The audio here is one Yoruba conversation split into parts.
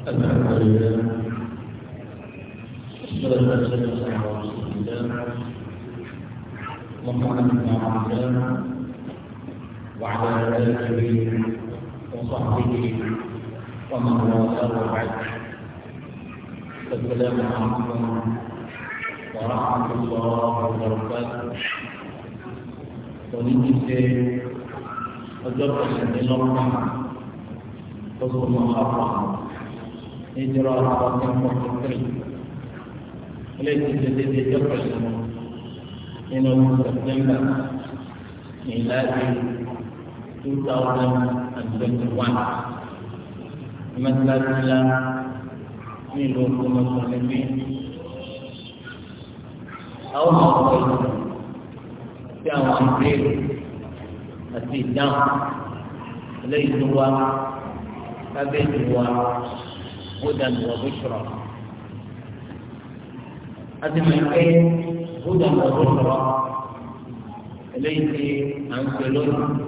الحمد لله والصلاة والسلام على رسول الله محمد بن عبد الله وعلى آله السلام ورحمة الله وبركاته ونجد أجر الذين الله وصلى الله هجرة عربية مستقرين ليس جديد يقرأ إنه سبتمبر ميلادي 2021 مثلا إلى ميلوك المسلمين أو مواقف في أوان àti ìdáhùn eléyìí tó wá lábẹ́ ìlú wa labe هدى وبشرى هذه من هدى وبشرى ليس عن كلهم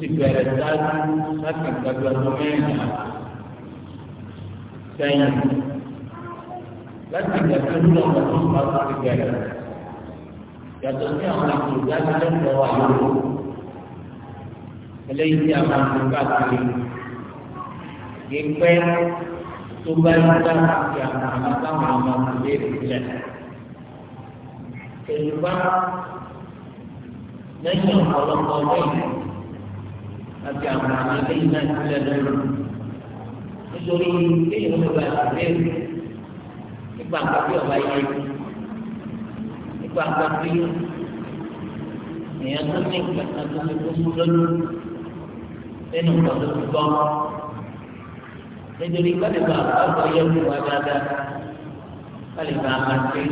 في كارثات لكن قبل زمانها لك لكن كلهم وبشرى في كارثات يتصنع نحن ذلك وهو ليس عن كلهم dipen tumbal tumbal yang nama nama nama diri kita. Kedua, nasib Allah Taala Nabi Amran Ali dan Ali Darul Juri ini adalah Azim Ibang Kapi Abai Ibang Kapi Ini adalah Ibang Kapi Ibang Kapi Ibang Kapi Ibang Kapi nítorí kita bá a bá yẹ kó wá dáadáa kálí bá a bá ti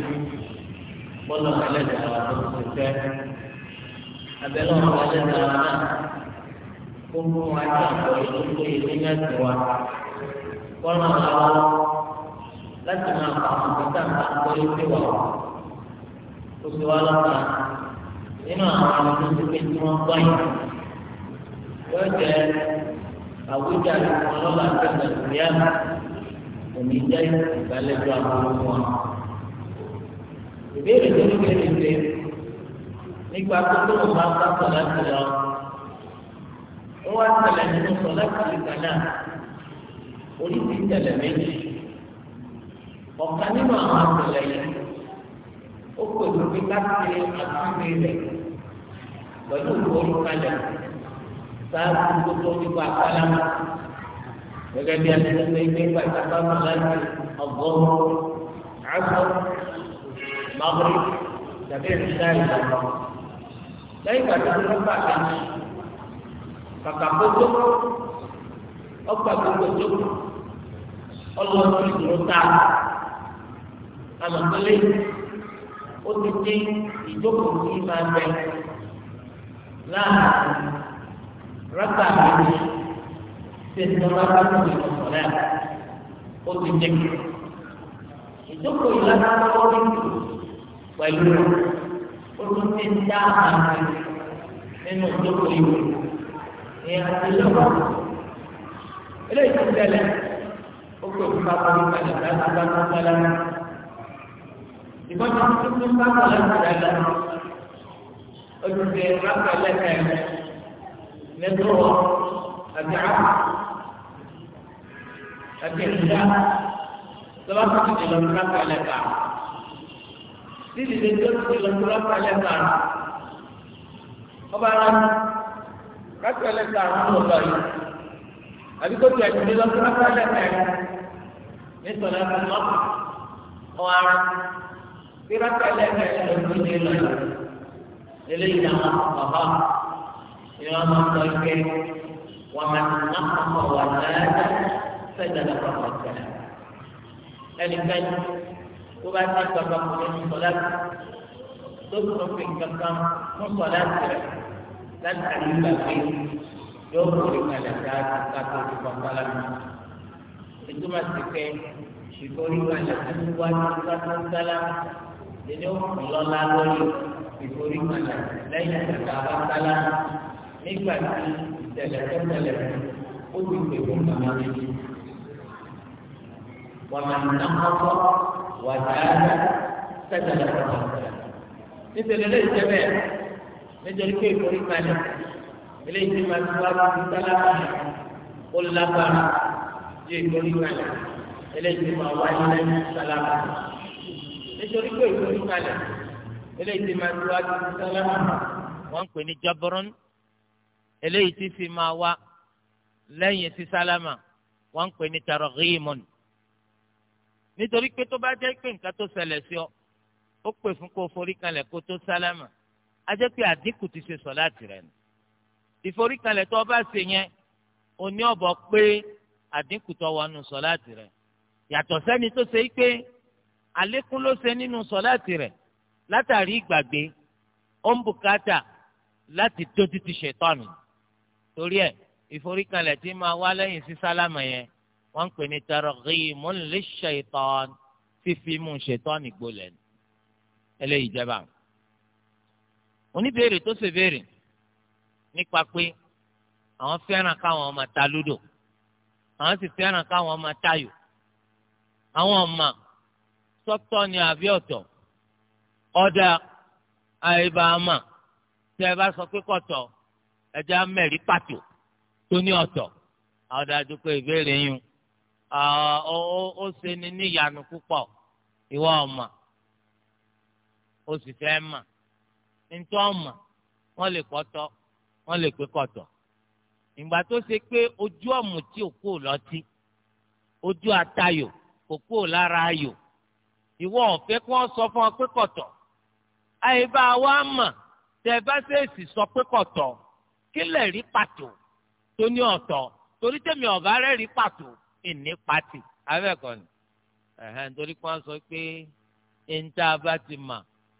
bọ́lá ọ̀lẹ́dẹ̀ àwọn àbẹ̀wò ti fẹ́ abẹ́lẹ́ ọ̀hún ọ̀lẹ́dẹ̀ àwọn náà kó mú wá ní àpò ìdókòwò ìdókòwò ìdókòwò wa kọ́nà àwọn ọ̀hún láti máa kọ́ àwọn òkúta àwùjáde wọn lọ́la tẹ̀lé ìyá òní jẹ́ ìgbàlejò àwọn wọn. ìbéèrè tó ní kéde ṣe nípa tó tó wọn bá bá sọ láti lọ ó wá tẹ̀lé nínú sọ láti lè kàn náà oríṣi tẹ̀lé méjì ọ̀kan nínú àwọn àtẹ̀lé yìí ó pè fún mi láti ṣe àtúnṣe rẹ̀ pẹ̀lú ìforúkalẹ̀ sáájú gbogbo nípa àkàlámà gẹ́gẹ́ bí alẹ́sẹ̀ ìgbé ìgbà ìtàkà mọ̀láńtì ọgọ́rùn-ún àgbọ̀ mọ́gírì tàbí ìrìnsá ìgbà lẹ́yìn ìgbà tó ń bá àkàlámà kàkà gbogbo ọgbà gbogbo ìjókòó ọlọ́ọ̀tún ìdúró táà àmọ̀tẹ́lẹ́ ó ti dín ìjókòó tí máa bẹ láàárín rákà méjì ṣe tó bá bá tó lè sọ̀rọ̀ náà ó ti jẹ́ kí. ìjókòó ìlànà lọ́wọ́ ní pẹ̀lú ó tún ti ń dá àmì nínú ìjókòó ìwé ní àtìlọ́wọ́. eléyìí ti tẹ̀lé ó pè fún bàbá mi pẹ̀lú bàbá bá tó pẹ̀lú ìbọn tó tún bá pẹ̀lú pẹ̀lú ó ti ṣe rákà يدعوه أبي عبد أبي عبد sebab itu dalam rangka lekar. Ini ditunjuk dalam rangka lekar. Kebaran rangka lekar mulai. Habis itu dia dalam rangka lekar. Ini solat Allah. Orang di rangka lekar yang berbunyi lekar. Ini nama Allah. إمام الطيب ومن نقص وزاد فزاد فقد سلم ẹnìkan tó bá ti gbàgbà kò ní sọlá tó tó fi kankan fún sọlá tẹ látàrí gbàgbé yóò kórè kalẹ̀ dáadáa kátó ti kọ́kọ́lá mi. ìtumọ̀ sí pé ìkórè kalẹ̀ tó ń wá ní kátó sálá lẹ́yìn òkùnlọ́lá lórí ìkórè kalẹ̀ lẹ́yìn ìgbàgbà sálá nígbà tí ìṣẹ̀lẹ̀ tó tẹ̀lẹ̀ ó ti pè fún màmá mi. Wọ́n máa ń ná ọkọ̀ wà dáadáa sẹ́tẹ̀lẹ̀ pọ̀. Nítorí ilé ìṣẹ́ bẹ́ẹ̀ nítorí pé ìforí kalẹ̀ ilé ìṣẹ́ máa ti wá láti sálábà ó lágbára ju ìforí kalẹ̀ ilé ìṣẹ́ máa wá ilé sálábà. Nítorí pé ìforí kalẹ̀ ilé ìṣẹ́ máa ti wá láti sálábà wọ́n ń pè ní jabrọ́nù eléyìí ti fi máa wá lẹ́yìn sí sálámà wọ́n ń pè ní targhimun nítorí pé tó bá jẹ́ pé nǹkan tó ṣẹlẹ̀ sí ọ ó pè fún kó forí kanlẹ̀ kó tó sálámà á jẹ́ pé àdínkù ti ṣe sọ̀láàtì rẹ̀ nù ìforí kanlẹ̀ tó bá ṣe yẹn òní ọ̀bọ̀ pé àdínkù tó wọnú sọ̀láàtì rẹ̀ yàtọ̀ sẹ́ni tó ṣe pé àlékún ló ṣe nínú sọ̀láàtì rẹ̀ látàrí ìgbàgbé ó ń bùkátà láti dójú ti ṣètọ́nù torí ẹ̀ ìforíkalẹ̀ tí máa wá lẹ́yìn sí sálámà yẹn wọ́n ń pè ní targhimun lish-shaytan fífi mú ṣètọ́nì gbolẹ̀ ni eléyìí jẹba. oníbèrè tó ṣe béèrè nípa pé àwọn fẹ́ràn káwọn ọmọ ta lúdò àwọn sì fẹ́ràn káwọn ọmọ tayò àwọn ọmọ sọ́tọ̀ ni àbí ọ̀tọ̀ ọ̀dà àìbàmà tẹ́ ẹ bá sọ pé kọ̀tọ̀ ẹja mẹ́rin pàtó tó ní ọ̀tọ̀ àwọn dájú pé ìbéèrè yín ó ṣe ni níyanu púpọ̀ ìwọ ọmọ ó sì fẹ́ mà nítorí ọmọ wọ́n lè kọ́tọ́ wọ́n lè pé kọ̀tọ̀ ìgbà tó ṣe pé ojú ọ̀mù tí ò kúrò lọ́tí ojú àtayò kò kúrò lára ayò ìwọ ọ̀fẹ́ kí wọ́n sọ fún ọ pé kọ̀tọ̀ àyè bá wa mà tẹ bá ṣèèṣì sọ pé kọ̀tọ̀ kílẹ̀ rí pàtó tó ní ọ̀tọ̀ torí tèmi ọ̀bá rẹ̀ rí pàtó ìní pàtì abẹ́ẹ̀kọ́ ni ẹ̀hẹ́n torí kí wọ́n sọ pé níta bá ti mà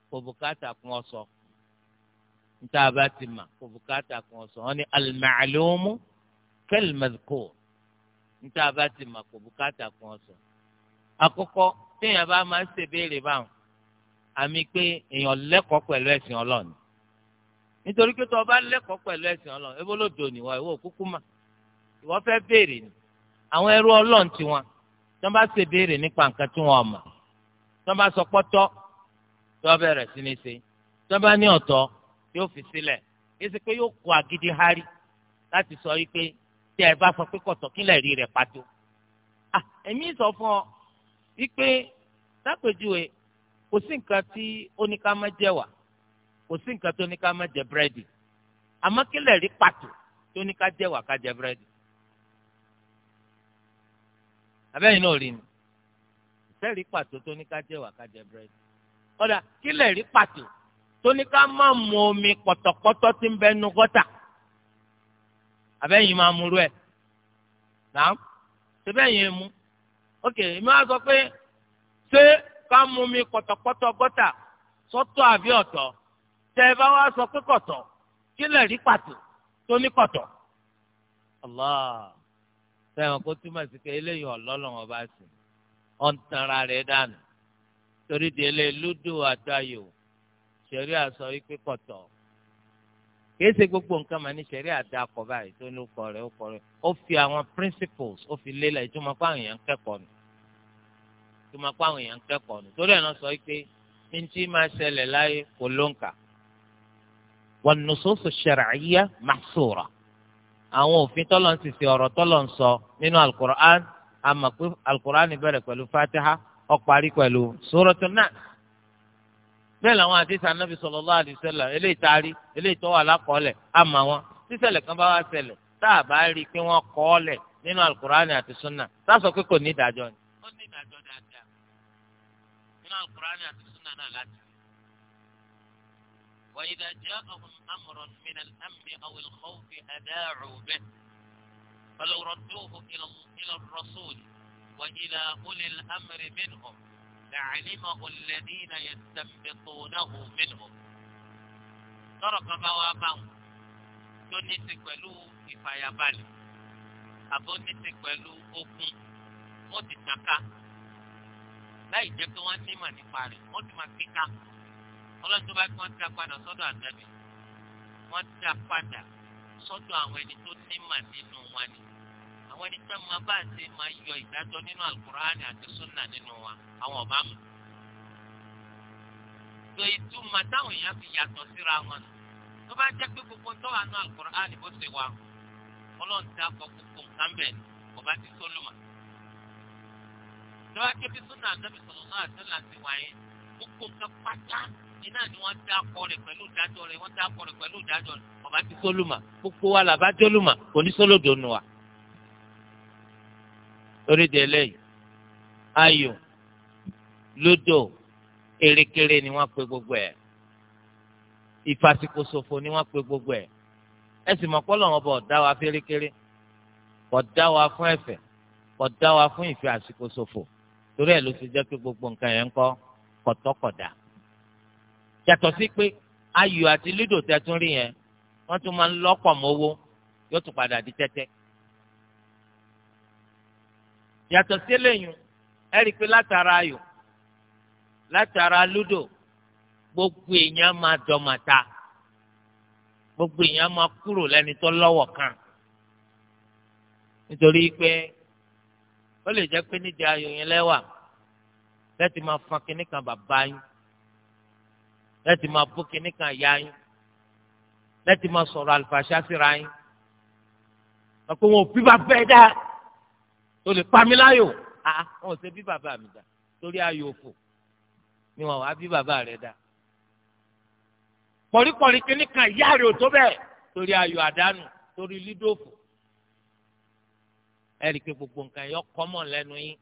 kò bùkátà kún ọ sọ níta bá ti mà kò bùkátà kún ọ sọ wọn ni al-ma'lumu níta bá ti mà kò bùkátà kún ọ sọ àkọ́kọ́ téèyàn bá máa ń ṣèbéèrè báwọn àmì pé èèyàn lẹ́kọ̀ọ́ pẹ̀lú ẹ̀sìn Ọlọ́run nítorí pé tó o bá lẹ́kọ̀ọ́ pẹ̀lú ẹ̀sìn ọlọ́run ebo ló dò níwọ̀ ìwọ òkúkú mà ìwọ fẹ́ béèrè ni àwọn ẹrú ọlọ́run tiwọn tí wọ́n bá ṣe béèrè nípa nǹkan tí wọ́n mọ̀ tí wọ́n bá sọ pọ́tọ́ tí wọ́n bẹ̀rẹ̀ sí ní ṣe tí wọ́n bá ní ọ̀tọ̀ yóò fi sílẹ̀ yé ṣe pé yóò kó agídí hárí láti sọ yí pé tí ẹ bá sọ pé kọ̀tọ̀ kílẹ̀ rí rẹ̀ pàtó. ẹ̀mí sọ kò sí nǹkan tó ní ká má jẹ búrẹ́dì àmọ́ kí lè rí pàtó tó ní ká jẹ wà ká jẹ búrẹ́dì. abẹ́yìn náà rí ni ìfẹ́ rí pàtó tó ní ká jẹ wà ká jẹ búrẹ́dì. ọ̀dà kí lè rí pàtó tó ní ká má mu omi pọ̀tọ̀pọ̀tọ̀ tí ń bẹ nu gọ́tà abẹ́yìn máa mu rú ẹ̀ náà ṣẹ́bẹ́yìn mu ok èmi á sọ pé ṣé ká mu omi pọ̀tọ̀pọ̀tọ̀ gọ́tà sọ́tọ̀ àbí ọ̀tọ̀ tẹ ẹ bá wá sọ pé kọ̀tọ̀ kí lè rí pàtó tó ní kọ̀tọ̀. Allah sẹ́wọ̀n kó túmọ̀ sí pé eléyìí ọlọ́lọ́run ọba sí ọ̀ ń tanra rẹ̀ dànù torí délé lúdò àdáyò ṣẹ̀rí àsọ wípé kọ̀tọ̀ kìí ṣe gbogbo nǹkan mà ní ṣẹ̀rí àdá kọ̀ báyìí tó ló kọ̀ rẹ̀ ó kọ̀ rẹ̀ ó fi àwọn principles ó fi lélẹ̀ ìtumọ̀ pé àwọn èèyàn ń kẹ́kọ̀ọ́ nù ìtumọ̀ pé àwọn èèyàn ń kẹ́kọ̀ọ́ nù torí ẹ̀ náà sọ wípé ní tí máa ṣẹlẹ̀ láyé kò ló والنصوص الشرعية محصورة أو في طلن ń sisi ọ̀rọ̀ tọ́lọ̀ ń sọ القرآن alukur'an àmọ́ pé alukur'an bẹ̀rẹ̀ pẹ̀lú fatiha ó parí pẹ̀lú sóròtún náà. bẹ́ẹ̀ làwọn àdìsí anábì sallallahu alaihi wasallam eléyìí taari eléyìí tó wà lákọọ́lẹ̀ àmọ́ wọn sísẹ̀lẹ̀ kan bá wá ṣẹlẹ̀ tá a bá rí i pé wọ́n kọ́ ọ́ lẹ̀ nínú alukur'an àti sunna tá a sọ pé kò ní ìdájọ́ ni. ó ní ìdájọ́ dáadáa nínú alukur'an àti sunna náà láti وإذا جاءهم أمر من الأمن أو الخوف أذاعوا به فلو ردوه إلى إلى الرسول وإلى أولي الأمر منهم لعلمه الذين يستنبطونه منهم tọrọ kan bá wá bá wọn tó ní ti pẹ̀lú ìfàyàbalẹ̀ àbó ní ti pẹ̀lú ọlọ́run tó bá kí wọ́n ti apádà sọ́dọ̀ ànábì wọ́n ti apádà sọ́dọ̀ àwọn ẹni tó ní mà nínú wọn ni àwọn ẹni tó máa bá ṣe máa yọ ìdájọ́ nínú alukur'ani àti sunna nínú wa àwọn ọba mọ̀ tó ìtumọ̀ táwọn èèyàn fi yàtọ̀ síra wọn nù tó bá jẹ́ pé gbogbo tó wà nínú alukur'ani bó ṣe wà ọlọ́run ti akọ gbogbo nǹkan bẹ̀ ni kò bá ti sólùmọ̀ tó bá jẹ́ pé sunna ànábì sọ̀rọ̀ náà àti iná ni wọ́n dá akọ rẹ̀ pẹ̀lú ìdájọ́ rẹ̀ wọ́n dá akọ rẹ̀ pẹ̀lú ìdájọ́ rẹ̀ bàbá ti sólùmà gbogbo wa làbá jólùmà kò ní sólòdò nù wa. torí de eléyìí ayò lódò erékeré ni wọ́n pe gbogbo ẹ̀ ìfàsíkòsòfò ni wọ́n pe gbogbo ẹ̀ ẹ sì mọ̀ pọ́lọ̀ wọn bọ̀ dá wa fún erékeré kò dá wa fún ẹ̀fẹ̀ kò dá wa fún ìfẹ́ àsìkò torí ẹ̀ ló ti jẹ́ pé gbogbo nǹkan yẹn ń kọ́ kọ̀tọ́kọ̀dà yàtọ̀ sí pé ayò àti lídò tẹ̀tún rí yẹn wọ́n tún máa ń lọ́pọ̀ mọ́wó yóò tún padà di tẹ́tẹ́. yàtọ̀ sí eléyìí ẹ rí i pé látara ayò látara lúdò gbogbo èèyàn máa dọ̀màta gbogbo èèyàn máa kúrò lẹ́ni tó lọ́wọ́ kan nítorí pé ó lè jẹ́ pé nídìí ayò yẹn lẹ́wà lẹ́tì máa fọn kínní kan bàbá yín láti máa bó kinní kan ya yín láti máa sọ̀rọ̀ àlùfàṣà síra yín ọ̀pọ̀ wọn ò bí bàbá ẹ̀ dá o lè pa láyò ah, wọn ò ṣe bí bàbá mi dá torí ayò òfò ni wọn wá bí bàbá rẹ̀ dá kọ̀ríkọ̀rí kinní kan ìyá rẹ̀ ò tó bẹ́ẹ̀ torí ayò àdánù torí lídòfò ẹ̀rí pé gbogbo nǹkan yọ kọ́mọ̀ lẹ́nu yín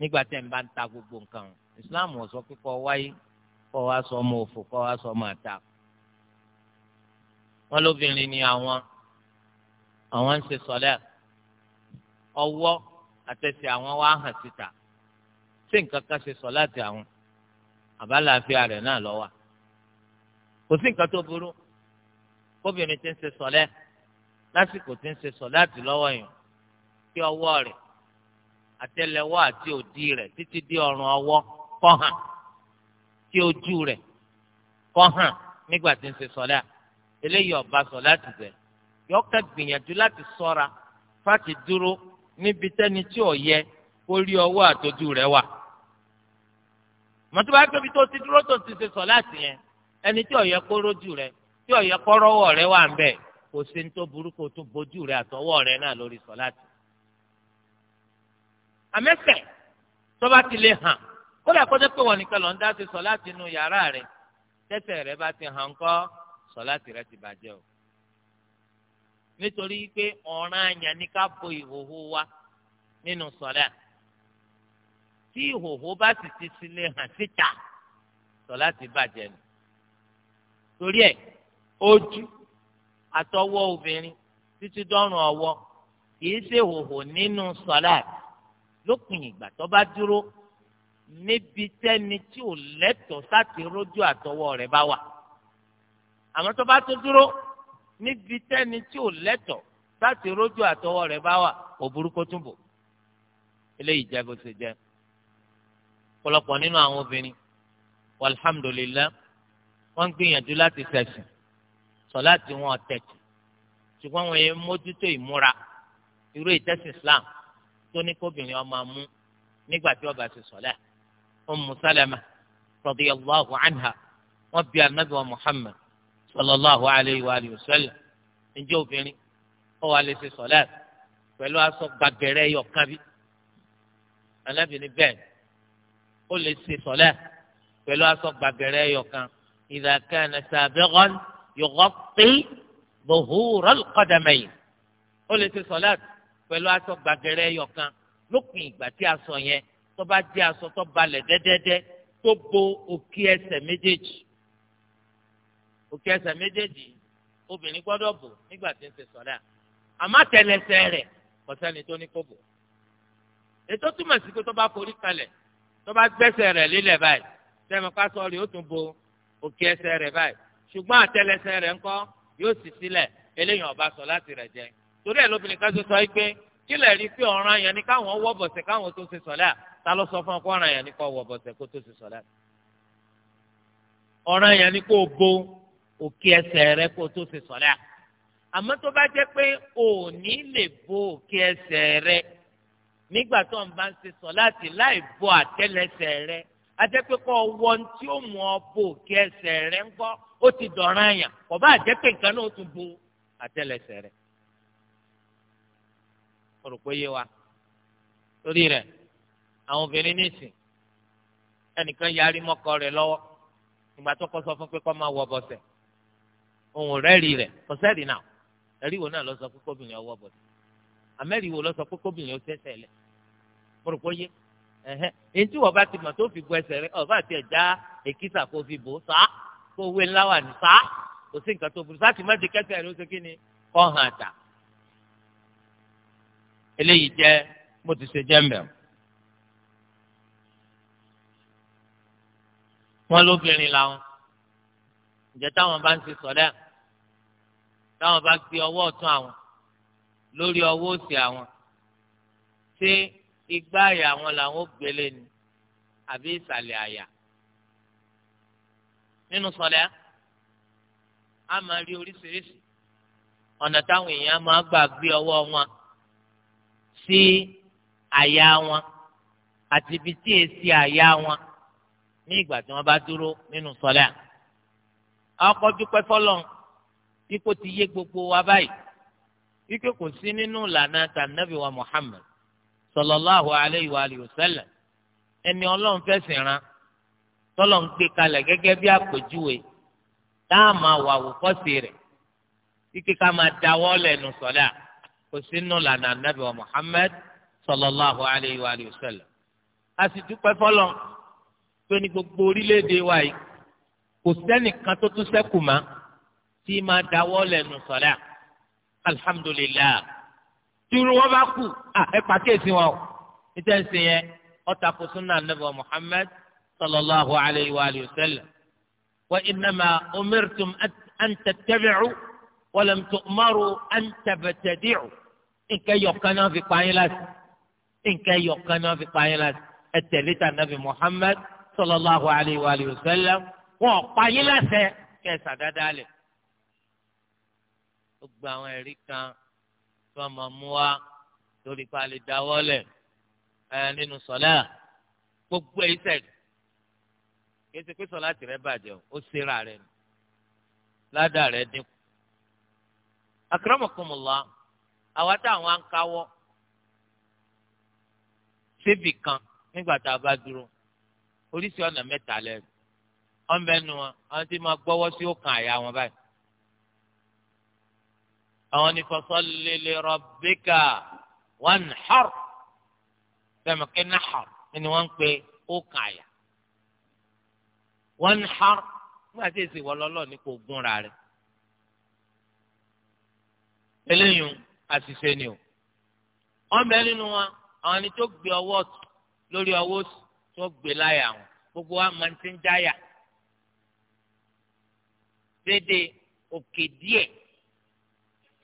nígbà tẹ̀ ń bá ń ta gbogbo nǹkan islam ò sọ wáyé kọ́ wá sọ ọmọ òfò kọ́ wá sọ ọmọ àta wọn lóbìnrin ni àwọn àwọn ń ṣe sọlẹ ọwọ́ àtẹsẹ̀ àwọn wá hàn síta tí nǹkan kan ṣe sọ láti àwọn àbálàáfíà rẹ̀ náà lọ wà kò sí nǹkan tó burú kóbìnrin ti ń ṣe sọlẹ lásìkò tí ń ṣe sọ láti lọ́wọ́ yẹn kí ọwọ́ rẹ̀ àtẹ́lẹwọ́ àti òdì rẹ̀ títí dé ọrùn ọwọ́ kọ́ hàn. kí ojú rẹ kọ hàn nígbà tí ń ṣe sọlá eléyìí ọba sọ́lá ti bẹ̀ yọ ká gbìyànjú láti sọ́ra fáti dúró níbi tí ò yẹ kó rí ọwọ́ àtọ́jú rẹ wà mọ̀tòbá tóbi tó ti dúró tó ti ṣe ẹni tí kó rójú rẹ tí rọ́wọ́ rẹ wà ń bẹ̀ kò sí ní tó burúkú tó bójú àtọwọ́ náà lórí kódà kọjá pé wọn nìkan lọ ń dá sí sọ láti inú yàrá rẹ tẹsẹ̀ rẹ bá ti hàn kọ sọ láti rẹ ti bàjẹ́ o nítorí pé ọ̀ràn àyàn ni ká bo ìhòhò wa nínú sọlá tí ìhòhò bá sì ti sílẹ̀ hàn síta sọ láti bàjẹ́ nù torí ẹ̀ ojú àtọwọ́ obìnrin títí dọ́rùn ọwọ́ kì í ṣe ìhòhò nínú sọlá lópin ìgbà tó bá dúró níbi tẹ́ni tí ò lẹ́tọ̀ọ́ sáti rójú àtọwọ́ rẹ̀ bá wà àmọ́ tó bá tó dúró níbi tẹ́ni tí ò lẹ́tọ̀ọ́ sáti rójú àtọwọ́ rẹ̀ bá wà kò burúkú tún bò eléyìí jẹ́ bó ṣe jẹ́ ọ̀pọ̀lọpọ̀ nínú àwọn obìnrin walhamdulillah wọ́n ń gbìyànjú láti ṣẹ̀sìn sọ láti wọn ọ̀tẹ̀kì ṣùgbọ́n wọn yẹn mójútó ìmúra irú ìtẹ́sìn Islam tó ní kóbìnrin ọmọ mú nígbà tí ó bá sọ̀lẹ́ ummu salama radiyallahu anha wọ́n bi anabi wa muhammad sallallahu alayhi wa alihi wa sallam ǹjẹ́ obìnrin ó wà lè ṣe sọ̀láàtì pẹ̀lú aṣọ gbàgbẹ́rẹ́ yọ kábí anabi ni bẹ́ẹ̀ ó lè ṣe sọ̀láàtì pẹ̀lú aṣọ gbàgbẹ́rẹ́ yọ kan idha kana sabiqan yughatti zuhural qadamayn ó lè ṣe sọ̀láàtì pẹ̀lú aṣọ gbàgbẹ́rẹ́ yọ kan lópin ìgbà tí aṣọ yẹn tó bá jẹ́ aṣọ tó balẹ̀ dẹ́dẹ́dẹ́ tó bo òkè ẹsẹ̀ méjèèjì òkè ẹsẹ̀ méjèèjì obìnrin gbọ́dọ̀ bò nígbà tí ń ṣe sọ̀dá àmọ́ tẹ̀lẹsẹ̀ rẹ̀ kò sẹ́ni tó ní kó bò ètò túmọ̀ sí pé tó bá forí kalẹ̀ tó bá gbẹ́sẹ̀ rẹ̀ lélẹ̀ báyìí sẹ́mi ká sọ rẹ̀ ó tún bo òkè ẹsẹ̀ rẹ̀ báyìí ṣùgbọ́n àtẹ̀lẹsẹ̀ rẹ̀ ńkọ́ yóò sì sílẹ̀ eléyìí ọba sọ láti rẹ̀ jẹ torí ẹ̀ lóbìnrin ká tó sọ yìí pé kílẹ̀ rí pé ọ̀ràn yẹn ni káwọn wọ́ bọ̀sẹ̀ káwọn tó ṣe sọ̀lá ta ló sọ fún ọ kó ọ̀ràn yẹn ni kó wọ bọ̀sẹ̀ kó tó ti sọ̀lá ọ̀ràn yẹn ni kó bo òkè ẹsẹ̀ rẹ kó tó ti sọ̀lá àmọ́ tó bá jẹ́ pé ò ní lè bo òkè ẹsẹ̀ rẹ nígbà tó ń bá ń ṣe sọ̀lá àti láì bo àtẹ́lẹsẹ̀ rẹ ajẹ́ pé kó wọ ohun ó mú ọ bo òkè ẹsẹ̀ rẹ ńkọ́ ó ti dọ̀ràn yẹn kò bá jẹ́ pé nǹkan náà ó tún bo àtẹ́lẹsẹ̀ rẹ. mo rò pé yé wa torí rẹ̀ àwọn obìnrin nísìn ẹnìkan yarí mọ́kọ rẹ̀ lọ́wọ́ ìgbà tó kọ́ sọ fún pé kọ́ máa wọ bọ̀sẹ̀ òun rẹ́rìí rẹ̀ kò sẹ́rìí náà ẹ̀rí wo náà lọ sọ pé kóbìnrin ọwọ́ bọ̀sẹ̀ àmẹ́rìí wo lọ sọ pé kóbìnrin ó sẹ́sẹ̀ lẹ̀ kórópó yé ẹ̀hẹ́n èyí tí wọ́n bá ti mọ̀ tó fi bu ẹsẹ̀ rẹ̀ ọ̀bá àti ẹ̀já èkìtà kó fi bò sá kó wé ńlá wà ní sá kò sí nǹkan tó burú sá ti má di kẹsẹ̀ rẹ̀ ó ṣe kí ni kọ́ hàn àtà eléyìí jẹ́ mo ti ṣe jẹ́ mẹ́rin. wọn lóbìnrin làwọn ǹjẹ́ táwọn bá ń ti sọ̀rẹ́ táwọn bá gbé ọwọ́ ọ̀tún àwọn lórí ọwọ́ òsì àwọn ṣé igbá àyà àwọn làwọn ó gbélé ni àbí ìsàlẹ̀ àyà nínú sọ̀rẹ́ a máa rí oríṣiríṣi ọ̀nà táwọn èèyàn máa gbà gbé ọwọ́ wọn sí àyà wọn àti ibi tí èsì àyà wọn ní ìgbà tí wọ́n bá dúró nínú sọlá àkọ́kọ́ dúpẹ́ fọ́lọ́run kíkó ti yé gbogbo wa báyìí kíkó kò sí nínú ìlànà tànàbí wa Muhammad sallallahu alayhi wa alihi wa sallam ẹni Ọlọ́run fẹsẹ̀ ran tọ́lọ̀ ń gbé kalẹ̀ gẹ́gẹ́ bí àpèjúwe tá a máa wà wòkọ́sì rẹ̀ kíkẹ́ ká máa dáwọ́ lẹ́nu sọ̀lá kò sínú lànà nàbì wa Muhammad sallallahu alayhi wa alihi wa sallam a sì dúpẹ́ fọlọ́n pé ní gbogbo orílẹ̀-èdè wa yìí kò sẹ́nìkan tó tún sẹ́kù mọ́ tí máa dáwọ́ lẹ́nu sọ̀lá alihamudulilayi tìrú wọn bá kù ẹ pàkíyèsí wọn o níta ń sìn yẹn ọta kò sunna anabi muhammed sallallahu alayhi wa sallam wa inama umirtum an tattabi'u walam tu'maru an tabtadi'u nǹkan yọkan náà fi pa yín láti nǹkan yọkan náà fi pa yín láti ẹ tẹ̀lé ta muhammed. صلى الله عليه وآله وسلم sallam wọn pa yín láṣẹ kẹsà dáadáa lẹ. ó gba àwọn ẹ̀rí kan tí wọ́n máa mú wá lórí pa lè dáwọ́ lẹ̀ ẹ nínú sọ̀lá gbogbo èyí sẹ́yìn kí ẹsẹ̀ pé sọ̀lá tìrẹ bàjẹ́ ó ṣera rẹ̀ nù ládàá dínkù. akramakumullah àwa táwọn á ń síbì kan nígbà tá a bá dúró oríṣi ọ̀nà mẹ́ta lẹ́nu wọ́n bẹ́ẹ̀ nu wọn àwọn tí máa gbọ́wọ́ sí òkàn àyà wọn báyìí. àwọn ní fasalli li rabbika wanhar sẹ́mi kí nahar ni wọ́n ń pe òkàn àyà. wanhar nígbà tí èsì wọ lọ́lọ́ ní kò gúnra rẹ̀. eléyìí àṣìṣe ni o. wọ́n bẹ́ẹ̀ nínú wọn àwọn ni tó gbé ọwọ́ lórí ọwọ́ tó gbé láyà wọn gbogbo wa máa ń ti ń jáyà dédé òkè díẹ̀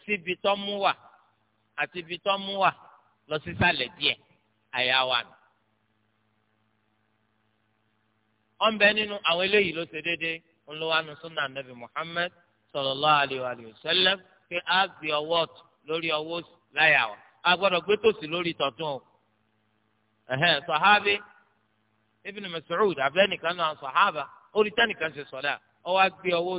síbi tó mú wà àti ibi tó mú wà lọ sísàlẹ̀ díẹ̀ àyà wa nù. ọ̀nbẹ nínú àwọn eléyìí ló ṣe dédé ńlọ́wọ́nù súnà nàbì Muhammad sallallahu alaihi wa sallam pé a gbé ọwọ́ lórí ọwọ́ láyà wa a gbọ́dọ̀ gbé tòsí lórí tọ̀tún o. ẹ̀hẹ́n sọ̀hábí. So ibn Mas'ud abẹ́nìkan náà sàhábà ó rí tẹ́nìkan ṣe sọ̀lá ó wá gbé ọwọ́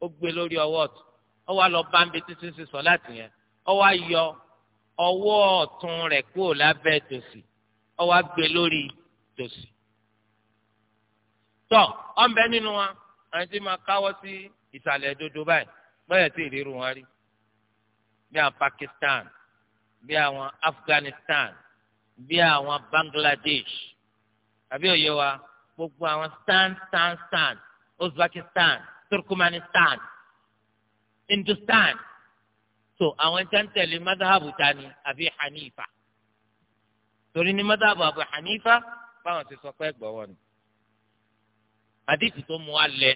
ó gbé lórí ọwọ́ ọ̀tún ó wá lọ bá ń bi títí ṣe sọ̀lá tìyẹn ó wá yọ ọwọ́ ọ̀tún rẹ̀ kúrò lábẹ́ tòsì ó wá gbé lórí tòsì. tọ́ ọ̀nbẹ nínú wa àwọn tí máa káwọ́ sí ìsàlẹ̀ dodo báyìí báyọ̀ tí ìrírun wọn rí bí àwọn Pakistan bí àwọn Afghanistan bí àwọn Bangladesh àbí òye wa gbogbo àwọn stand stand stand uzbekistan turkmenistan hindustan so àwọn tí wọn tẹ̀lé madhabu tani àbí hanifa torí ní madhabu àbí hanifa báwọn ti sọ pé gbọ́wọ́ ni àdìsí tó mú wa lẹ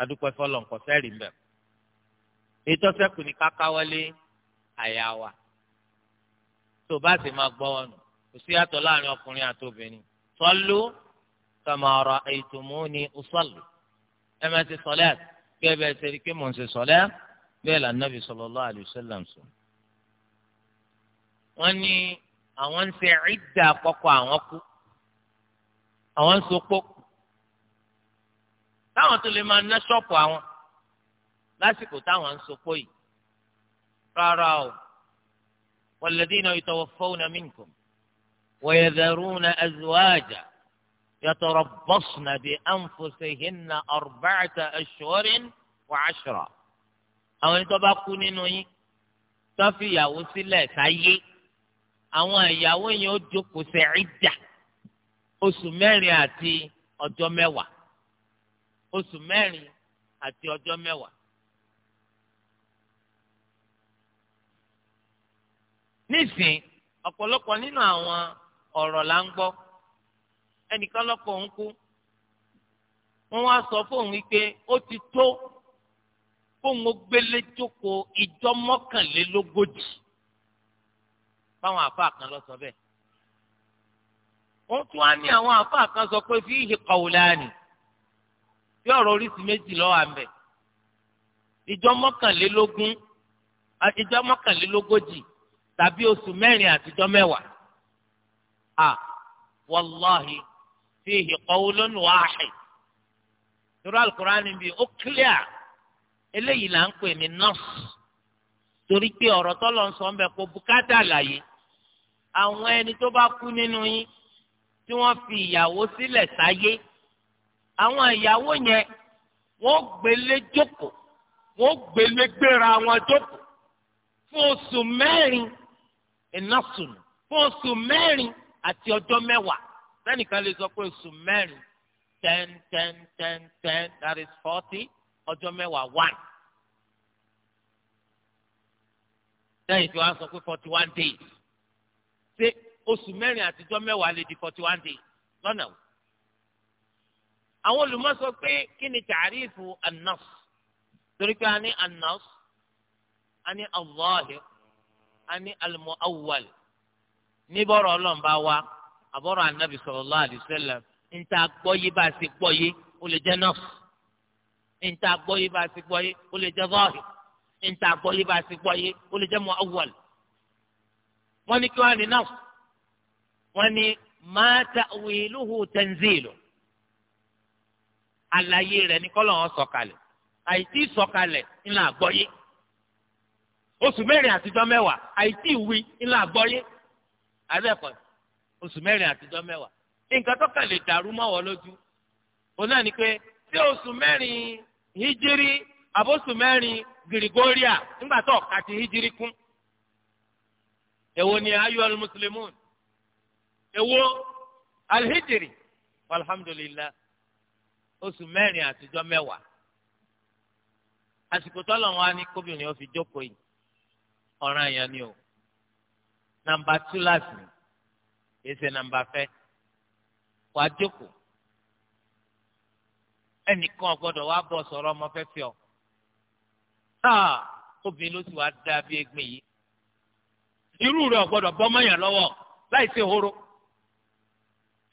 adúpẹ́ fọlọ́ nǹkan sẹ́rì ń bẹ̀ ètò sẹ́kù ní kákáwọlé àyà wa tó bá sì máa gbọ́wọ́ nù kò sí yàtọ̀ láàrin ọkùnrin àti obìnrin صلوا كما رأيتموني ọsọlù أما máa ti sọlẹ bẹ́ẹ̀ bẹ́ẹ̀ ṣe kí mò ń ṣe sọlẹ bẹ́ẹ̀ là nàbì sallallahu alaihi wasallam sọ. wọn ní àwọn ń ṣe ìdá àkọ́kọ́ àwọn kú àwọn táwọn tó lè máa ná ṣọ́ọ̀pù àwọn lásìkò táwọn ń sopó yìí rárá o walladhina yatawaffawna minkum. ويذرون أزواجا يتربصن بأنفسهن أربعة أشهر وعشرة àwọn ẹni tó bá kú nínú yín tó fi ìyàwó sílẹ̀ sáyé àwọn ìyàwó yẹn ó jókòó ṣe ìdà oṣù mẹ́rin àti ọjọ́ ati mewa. n'inu ọ̀rọ̀ la ń gbọ́ ẹnìkan lọ́kọ òun kú wọ́n wá sọ fóun wípé ó ti tó fóun ó gbélé jókòó ìjọ mọ́kànlélógójì báwọn kan lọ sọ bẹ́ẹ̀ wọ́n tún wá ní àwọn kan sọ pé fi ìhè kọ̀wùláàní bí ọ̀rọ̀ oríṣi méjì lọ́wọ́ ìjọ mọ́kànlélógún mọ́kànlélógójì tàbí oṣù a wàláhi fíhì qawlun wáhid torí alukur'ani bíi ó kílíà eléyìí là ń pè ní nọ́ọ̀sì torí pé ọ̀rọ̀ tọ́lọ̀ ń sọ ń bẹ kó bùkátà láyé àwọn ẹni tó bá kú nínú yín tí wọ́n fi ìyàwó sílẹ̀ sáyé àwọn ìyàwó yẹn wọ́n gbélé jókòó wọ́n gbélé gbéra wọn jókòó fún oṣù mẹ́rin fún àti ọjọ́ mẹ́wàá sẹ́nìkan lè sọ pé oṣù mẹ́rin ten ten ten ten that is forty ọjọ́ mẹ́wàá one. sẹ́yìn tí wọ́n sọ pé forty one days ṣé oṣù mẹ́rin àtijọ́ mẹ́wàá lè di forty one days lọ́nà o. àwọn olùmọ̀ sọ pé kí ni tàrífù an torí pé a ní an a ní al a ní al-mu'awwal níbọ̀rọ̀ ọlọ́run bá wá àbọ̀rọ̀ anabi sallallahu alaihi wasallam níta gbọ́yé bá a ṣe gbọ́yé ó lè jẹ́ nọ́ọ̀sì níta gbọ́yé bá a ṣe gbọ́yé ó lè jẹ́ zọ́ọ̀hì níta gbọ́yé bá a ṣe gbọ́yé ó lè jẹ́ mu awwal. wọ́n ní kí wọ́n ní nọ́ọ̀sì wọ́n ní ma ta'wiluhu tanzilu àlàyé rẹ̀ ní kọ́lọ́hún sọ̀kalẹ̀ àìtí sọ̀kalẹ̀ ńlá àgbọ́yé oṣù mẹ́rin àtijọ́ mẹ́wàá àìtí ìwí ńlá àgbọ́yé abẹ́ẹ̀kọ́ oṣù mẹ́rin àtijọ́ mẹ́wàá nǹkan tó kàn lè dàrú mọ́ wọ́n lójú òun náà ni pé oṣù mẹ́rin hijiri àbóṣù mẹ́rin gírígóríà nígbà tó ọ̀ka ti hijiri kún èwo ni ayọ̀l mùsùlùmùn èwo alhijiri alhamdulillah oṣù mẹ́rin àtijọ́ mẹ́wàá àsìkò tọ́lọ̀ wọn á kóbìnrin ó fi jókòó yìí ọ̀ràn yẹn nàmbà tú láti èsè nàmbà fẹ́ wàá jókòó ẹnìkan gbọ́dọ̀ wàá bọ̀ sọ̀rọ̀ ọmọ fẹ́ fi ọ táà obìnrin ló sì wàá dá bí egbin yìí irú rẹ̀ ọgbọ́dọ̀ bọmọyàn lọ́wọ́ láì sí ehoro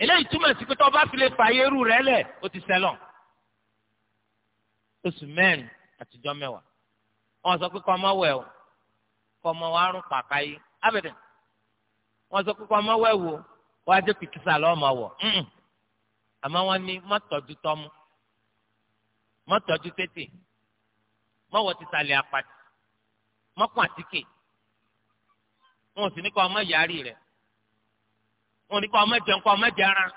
eléyìí túmọ̀ sí pé tó bá fi lè fààyè irú rẹ̀ lẹ̀ ó ti sẹ́lọ̀ oṣù mẹ́rin àtijọ́ mẹ́wàá wọn sọ pé kọ́ ọmọ wẹ̀ o kọ́ ọmọ wa rún pàkà yìí abẹ́dẹ̀ wọ́n sọ pípa ọmọ wẹ̀ wò wọ́n á jẹ́ pìkìsà lọ́ọ́ máa wọ̀ àmọ́ wọ́n ní mọ́tọ́jú tọ́mú mọ́tọ́jú tètè mọ́wọ́ ti sàlẹ̀ apàtì mọ́kùn àtìkè wọn ò sì ní kọ́ ọmọ yàrá rẹ̀ wọn ò ní kọ́ ọmọ jẹun kọ́ ọmọ jẹran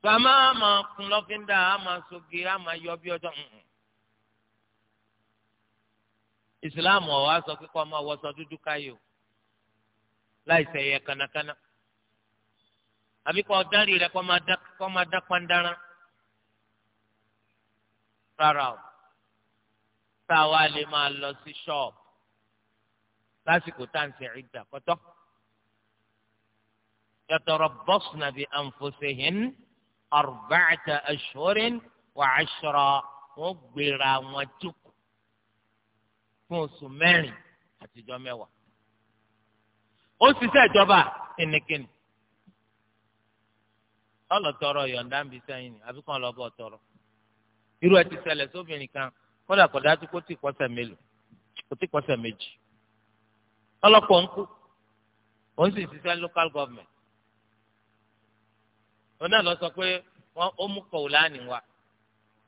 gbàmọ́ àmọ́ kun lọ́fíńdà àmọ́ soge àmọ́ yọ bí ọjọ́ ìsìláàmù ọ̀wá sọ pé kọ́ ọmọ wọ́sọ dúdú káyọ̀. láì sẹ̀yẹ kanakana àbí kọ́ dárì rẹ̀ kọ́ máa dá kọ́ dá pandara rárá o tá a wá lè máa lọ sí ṣọ́ọ̀bù lásìkò tá à ń ṣe ìdá kọ́tọ́ yàtọ̀rọ̀ wà á ṣọ̀rọ̀ wọn gbéra wọn jókòó fún oṣù mẹ́rin àtijọ́ mẹ́wàá ó ṣiṣẹ́ ìjọba ẹnìkìnnì ọlọ tọrọ yọ̀ǹda ń bi sẹ́yìn ni àbí kàn lọ́bọ̀ tọrọ irú ẹ ti ṣẹlẹ̀ sóbìnrin kan kódà kódà tó kó tí kọsẹ̀ mélòó kó tí kọsẹ̀ méjì ọlọ́pàá ń kú òun sì ṣiṣẹ́ local government òun náà lọ sọ pé wọ́n ó mú kọ̀ọ̀ láàánì wa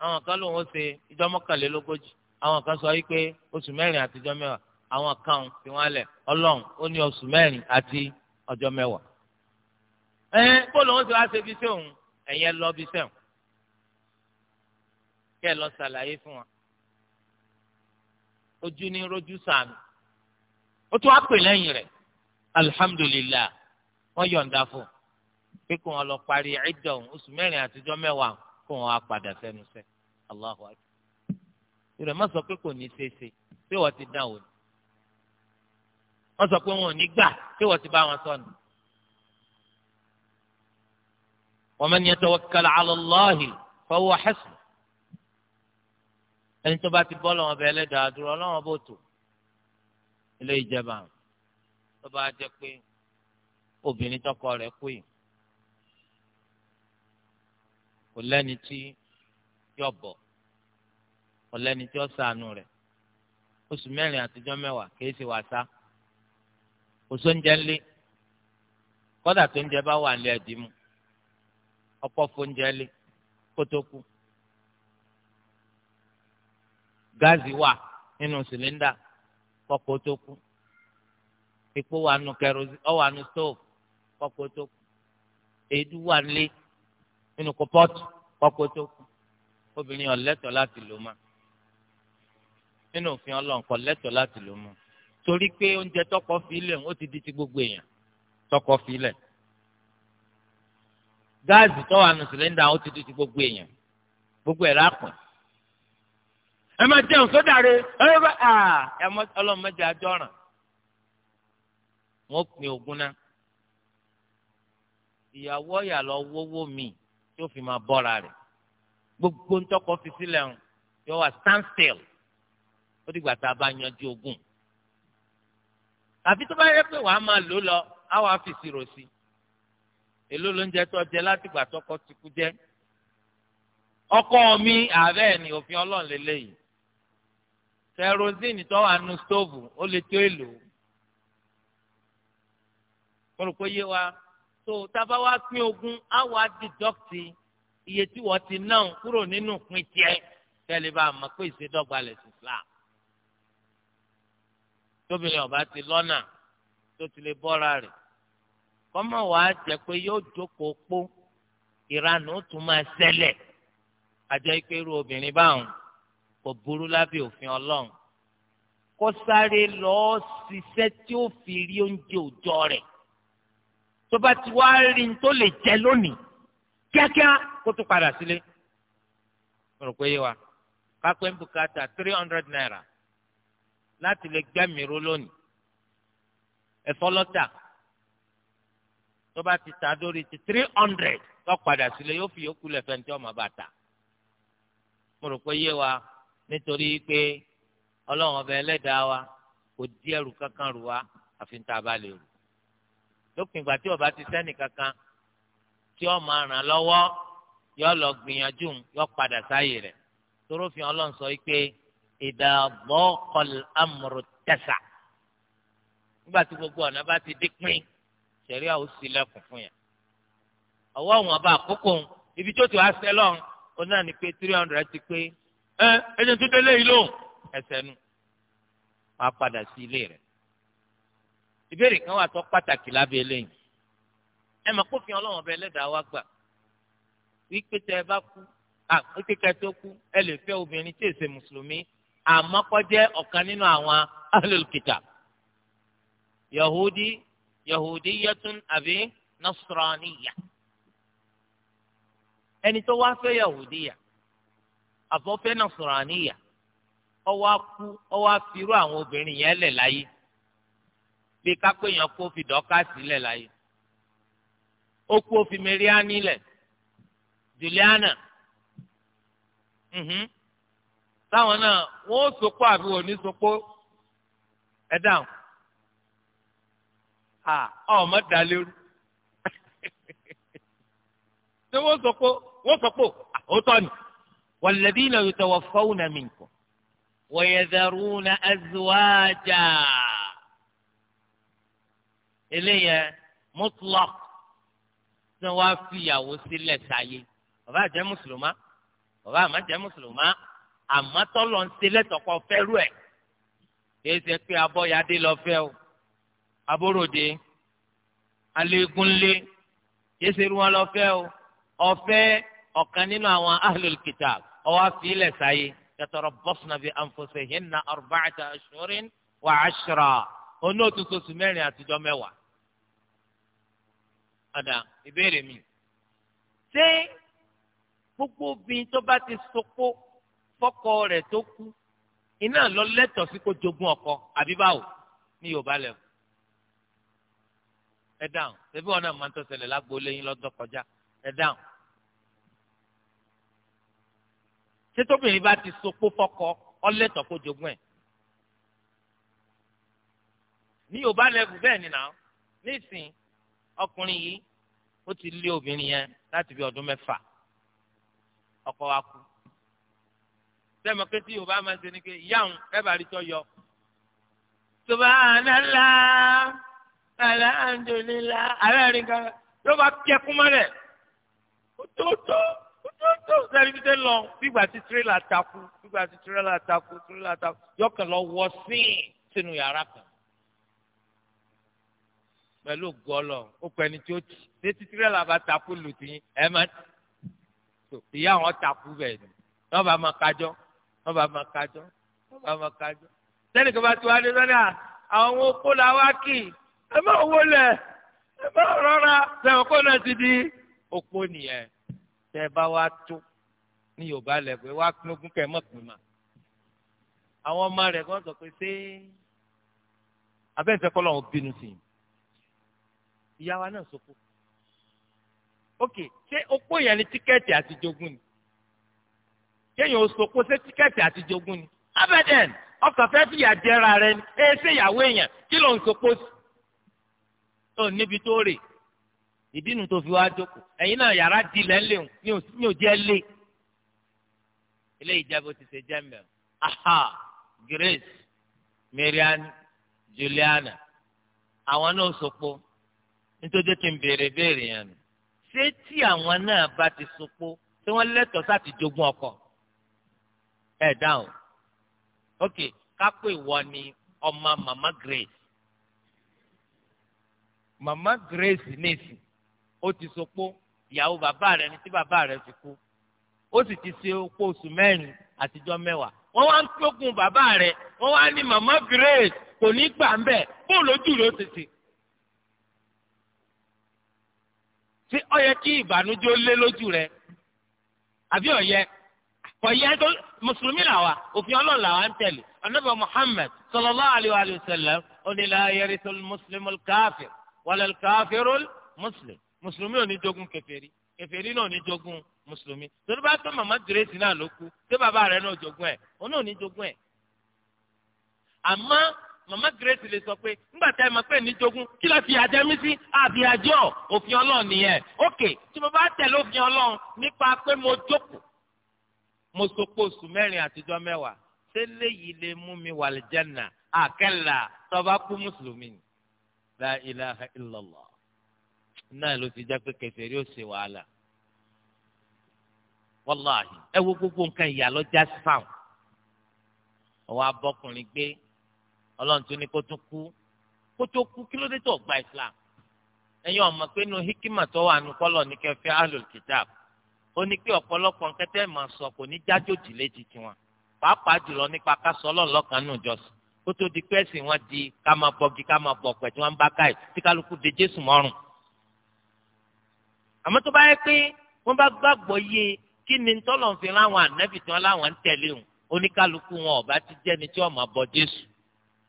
àwọn kan lòun ó ṣe ìjọ mọ́kànlélógójì àwọn kan sọ wípé oṣù mẹ́rin àtijọ́ mẹ́wàá àwọn kan tí wọ́n lẹ̀ ọlọ́run ó ní oṣù mẹ́rin àti ọjọ́ mẹ́wàá. ẹ kó lóun ti wá ṣe ibiṣẹ́ òun ẹ̀yẹn lọ ibiṣẹ́ òun kẹ́ ẹ lọ ṣàlàyé fún wa ojú ní rojú sàmì ó tún wá pè lẹ́yìn rẹ̀ alihamudulilayi wọ́n yọ̀ǹda fún pé kó wọn lọ parí ẹ̀dọ̀ oṣù mẹ́rin àtijọ́ mẹ́wàá kó wọn á padà sẹ́nu sẹ́ aláhu akí. ìrẹ̀ sọ pé kò ní ṣeéṣe pé wọ́n ti dán òní wọ́n sọ pé wọn ò ní gbà pé wọ́n ti bá wọn sọ ni. wa man yatawakkal ala Allahi fahuwa hasbuh ẹni tó bá ti bọ́ lọ́wọ́ bẹ́ẹ̀ lẹ́dàá dúró ọlọ́wọ́ bó tó ilé ìjẹba tó bá jẹ pé obìnrin tọkọ rẹ̀ kú kò lẹ́ni tí yọ bọ̀ kò lẹ́ni tí ó ṣàánú rẹ̀ oṣù mẹ́rin àtijọ́ mẹ́wàá kìí ṣe wàá òsó ń jẹ ńlé kọ́dà tó ń jẹ bá wà ńlé ẹ̀dín mu ọkọ̀ fóúnjẹ ńlé kótó kú gáàsì wà nínú sìlíńdà kọ́kọ́ tó kú epo wà nù kẹrosí ọ wà nù stóòfù kọ́kọ́ tó kú èédú wà ńlé nínú kọ́pọ́tù kọ́kọ́ obìnrin ọ̀lẹ́tọ̀ láti lò mọ́ nínú òfin ọlọ́nkọ lẹ́tọ̀ láti lò mọ́. torí pé oúnjẹ tọkọ filẹ̀ ó ti di ti gbogbo èèyàn tọkọ filẹ̀ gáàsì tó wà nù ó ti di ti gbogbo èèyàn gbogbo ẹ̀ lápọn ẹ máa jẹun sódà rẹ ẹ bá ẹ ọlọ́run mẹ́jọ àjọràn wọn pin ogun náà ìyàwó ọ̀yà lọ wọ́wọ́ mi tí ó fi máa bọ́ra rẹ̀ gbogbo ńtọ́kọ fi sílẹ̀ ń yọ wá stand still ó dìgbà tá a bá yanjú ogun àfi tó bá yẹ pé wàá máa lò lọ á wàá fi sírò sí èló ló ń jẹ tó jẹ látìgbà tọkọ ti kú jẹ ọkọ mi ààrẹ ni òfin Ọlọ́run lélẹyìí kerosene tó wà nù stóòvù ó lè tó èlò kórópó yé wa tó tábà wá pín ogún á wá dìdọ́kìtì iye tí wọ́n ti náà kúrò nínú pín tiẹ̀ kẹ́lẹ́ bá a mọ̀ pé ìṣèdọ́gba lẹ̀ sí Islam tóbìnrin ọba ti lọ́nà tó ti lè bọ́ra rẹ̀ kọ́mọ wàá jẹ́ pé yóò jókòó pó ìranù tún máa ṣẹlẹ̀ àjẹ́ pé irú obìnrin báwọn kò burú lábẹ́ òfin ọlọ́run kó sáré lọ́ọ́ ṣiṣẹ́ tí ó fi rí oúnjẹ òòjọ́ rẹ̀ tó bá ti wá rí n tó lè jẹ lónìí kíákíá kó tún padà sílé. mo rò pé yé wa ká ń bùkátà three hundred naira láti lè gbẹ́mìíró lónìí ẹ̀fọ́ lọ́tà tó bá ti ta dórí ti three hundred tó padà sílẹ̀ yóò fi yókù lẹ́fẹ̀ ní tí ọmọ bá ta mo rò pé yé wa nítorí pé ọlọ́run ọba ẹlẹ́dàá wa kò dí ẹrù kankan rù wá àfi tá bá lè rù lópin ìgbà tí ọba ti sẹ́nì kankan tí ọmọ ràn lọ́wọ́ yọ lọ gbìyànjú yọ padà sáyè rẹ̀ tó rófin ọlọ́run sọ yìí pé ìdá bọ́ọ̀kọ̀l amúrò tẹ̀sà nígbà tí gbogbo ọ̀nà bá ti dín pín ṣẹ̀rí àwọn sílẹ̀kùn fún yẹn ọwọ́ àwọn ọba àkókò ibi tó ti wá sẹ́lọ̀ ọ náà ni pé three hundred ti pé ẹ ẹni tó délé yìí lóhùn ẹsẹ̀ nu wàá padà sí ilé rẹ̀ ìbéèrè kan wà tó pàtàkì lábẹ́ eléyìí ẹ mà kófin ọlọ́wọ́n ọba ẹlẹ́dàá wa gbà wípé tẹ ẹ bá kú à wípé kú ẹ lè fẹ́ obìnrin tí èsè mùsùlùmí àmọ́ kó jẹ́ ọ̀kan nínú àwọn ahlul kitab yahudi yahudiyatun abi nasraniya ẹni tó wá fẹ́ yahudiya àbọ̀fẹ́ nasraniya ọwọ́ akú ọwọ́ afirú àwọn obìnrin yẹn lẹ̀ láyé bí kápẹ́ yẹn kó fi dọ́ka sílẹ̀ láyé ó kú òfin mẹ́ríà nílẹ̀ Juliana. Mm-hmm. táwọn náà wọn ò sopọ àbí wọn ò ní sopọ ẹ dáhùn à ọmọ dalérú ṣé wọn sopọ wọn sopọ àhótọ ni walladhina yatawaffawna minkum wa yadharuna azwaja eléyẹ mutlaq tí wọn wá fi ìyàwó sílẹ̀ sáyé bàbá àjẹ́ mùsùlùmá bàbá àmàjẹ́ mùsùlùmá àmọ́ tọ́lọ̀ ń ṣe lẹ́tọ̀kọ́ fẹ́rù ẹ̀ kìí ṣe pé abọ́yadé lọ fẹ́ o abóròde alẹ́gúnlé kìí ṣe irú wọn lọ fẹ́ o ọ̀fẹ́ ọ̀kan nínú àwọn ahlul kitab ọwọ́ àfihìlẹ̀ sáyé yatarabbasna bi anfusihinna arba'ata ashhurin wa 'ashra onótùtù mẹ́rin àtijọ́ mẹ́wàá. ọ̀dà ìbéèrè mi ṣé gbogbo obìnrin tó bá ti sopó fọ́kọ rẹ̀ tó kú iná lọ lẹ́tọ̀ọ́ sí kó jogún ọkọ àbí báwo ní yorùbá lẹ́wọ̀ ẹ dáhùn ṣebí wọn náà máa ń tọ́ ṣẹlẹ̀ lágbóolé yín lọ́dọ̀ kọjá ẹ dáhùn. ṣé bá ti sopó fọ́kọ ọlẹ́tọ̀ kó jogún ẹ̀ ní yorùbá lẹ́wọ̀ bẹ́ẹ̀ ni náà nísìnyí ọkùnrin yìí ó ti lé obìnrin yẹn láti bí ọdún mẹ́fà ọkọ wa kú sẹ́mi pé tí yorùbá máa ń ṣe ni pé yáwọn ẹ bá rí tọ́ yọ. subhanallah alhamdulillah alẹ́ rí nǹkan yóò bá kí ẹkún mọ́lẹ̀ ó tó tó ó tó tó sẹ́ni fi tẹ́ lọ bígbà tí tirẹ́là takú bígbà tí tirẹ́là takú tirẹ́là takú yọkàn lọ wọ sín sínú yàrá kan pẹ̀lú gọ́lọ̀ ó pẹ́ ni tí ó tì létí tirẹ́là bá takú lùtì ẹ̀ máa tì ìyá àwọn takú bẹ́ẹ̀ ni lọ́ba máa kájọ́ wọ́n bá máa kájọ́ wọ́n bá máa kájọ́ sẹ́ni kan bá ti wá dé sọ́dọ̀ àwọn opó la wá kì í ẹ má wọlé ẹ má rọra sẹ́wọ̀n kó náà ti di opó nìyẹn tẹ́ ẹ bá wá tó ní Yorùbá lẹ́gbẹ̀ẹ́ wá pinnu kẹ́ ẹ mọ̀ pé mà àwọn ọmọ rẹ̀ kan sọ pé ṣé abẹ́ǹfẹ́ kọ́lọ́ wọn bínú sí i ìyá wa náà sọ pé ókè ṣé opó yẹn ni tíkẹ́ẹ̀tì àti jogún ni kéèyàn ó sokó ṣé tíkẹ́ẹ̀tì àti jogún ni abẹ́dẹ̀n ọkàn fẹ́ fìyà jẹra rẹ ni ẹ ṣe ìyàwó èèyàn kí ló ń sokó sí. ó níbi tó rè ìdínú tó fi wá jókòó ẹ̀yin náà yàrá di lẹ́lẹ̀ ní òjẹ́ lé ilé ìjẹ́bù ti ṣe jẹ́ mẹ́rin aha Grace Marian Juliana àwọn náà sopó nítorí kí n béèrè béèrè yẹn nù ṣé tí àwọn náà bá ti sopó tí wọ́n lẹ́tọ̀ọ́ sáti jogún ọkọ ẹ dáhùn ok kápẹ́ ìwọ ni ọmọ mama grace mama grace nèsì ó ti sopó ìyàwó bàbá rẹ ní tí bàbá rẹ ti kú ó sì ti ṣe opó oṣù mẹ́rin àtijọ́ mẹ́wàá wọ́n wá ń tókun bàbá rẹ̀ wọ́n wá ní mama grace kò ní gbà ń bẹ̀ bó lójú ló tètè. ṣé ó yẹ kí ìbànújẹ́ ó lé lójú rẹ̀ àbí ó yẹ kò yẹ mùsùlùmí làwà òfin ọlọ́run làwà ń tẹ̀lé anábì muhammed sallallahu alayhi wa sallam ó ní la yarithul muslimul káfíìr walal káfíìrul mùsùlùm mùsùlùmí ò ní jogún kèfèrí kèfèrí náà ò ní jogún mùsùlùmí torí bá tó màmá dìrẹ́sì náà ló kú tó bàbá rẹ̀ náà jogún ẹ̀ òun náà ò ní jogún ẹ̀ àmọ́ mama grace lè sọ pé nígbà tá ẹ máa pè ní jogún kí ló fi àjẹmí sí àbí àjọ òfin ọlọ́run nìyẹn ok tí mo bá tẹ̀lé òfin ọlọ́run nípa pé mo jókòó mo sopọ̀ oṣù mẹ́rin àtijọ́ mẹ́wàá ṣé léyìí lè mú mi wà lìjẹ́nà àkẹ́là tọ́ba kú mùsùlùmí ni. la ilaha illallah náà ló ti jẹ́ pé kẹfẹ́rí ó ṣe wàhálà wàláhì ẹ wo gbogbo nǹkan ìyá lọ́jà sáwọn ọwọ́ abọ́kùnrin gbé ọlọ́run tún ní kó tún kú kó tó kú kí ló dé tó gba Islam ẹ̀yin ọmọ pé nu hikima tó wà nù kọ́lọ̀ ní kẹfẹ́ alul ó ní pé ọ̀pọ̀lọpọ̀ nǹkan tẹ́ máa sọ kò ní jájòjì létí tiwọn pàápàá jùlọ nípa kásọlọ lọkàn nù jọsìn kó tó di pé ẹ̀sìn wọn di ká máa bọgi ká máa bọ pẹ tí wọn bá káyì tí kálukú de Jésù mọ́rùn. àmọ́ tó bá yẹ pé wọ́n bá gbàgbọ́ yé kí ni tọ́lọ̀ fi láwọn ànábì tí wọ́n láwọn ń tẹ̀lé wọn oníkálukú wọn ọba ti jẹ́ni tí wọ́n máa bọ Jésù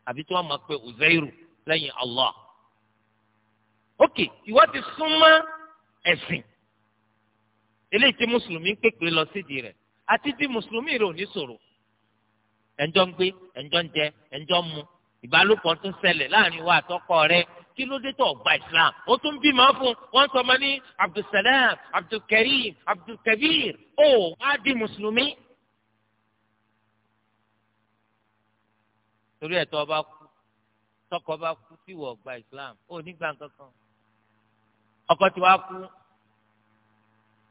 àbí tí wọ́n máa pe Uzairu lẹ́yìn Allah. ok ìwọ ti súnmọ́ ẹ̀sìn. E eléyìí tí mùsùlùmí ń pèpè lọ sídìí rẹ̀ àti tí mùsùlùmí rẹ̀ ò ní ṣòro ẹ̀ńjọ́ ń gbé ẹ̀ńjọ́ ń jẹ ẹ̀ńjọ́ ń mu ìbálòpọ̀ tún ṣẹlẹ̀ láàrin wa àtọkọ rẹ̀ kí ló dé tó ọgbà islam ó tún bí màá fún wọn sọ ma ní abdulsalam abdulkarim abdulkabir ó wá di mùsùlùmí. torí ẹ̀ tó ọba kú tọkọ bá kú tí wọ́n gba islam ó nígbà kankan ọkọ tí wàá kú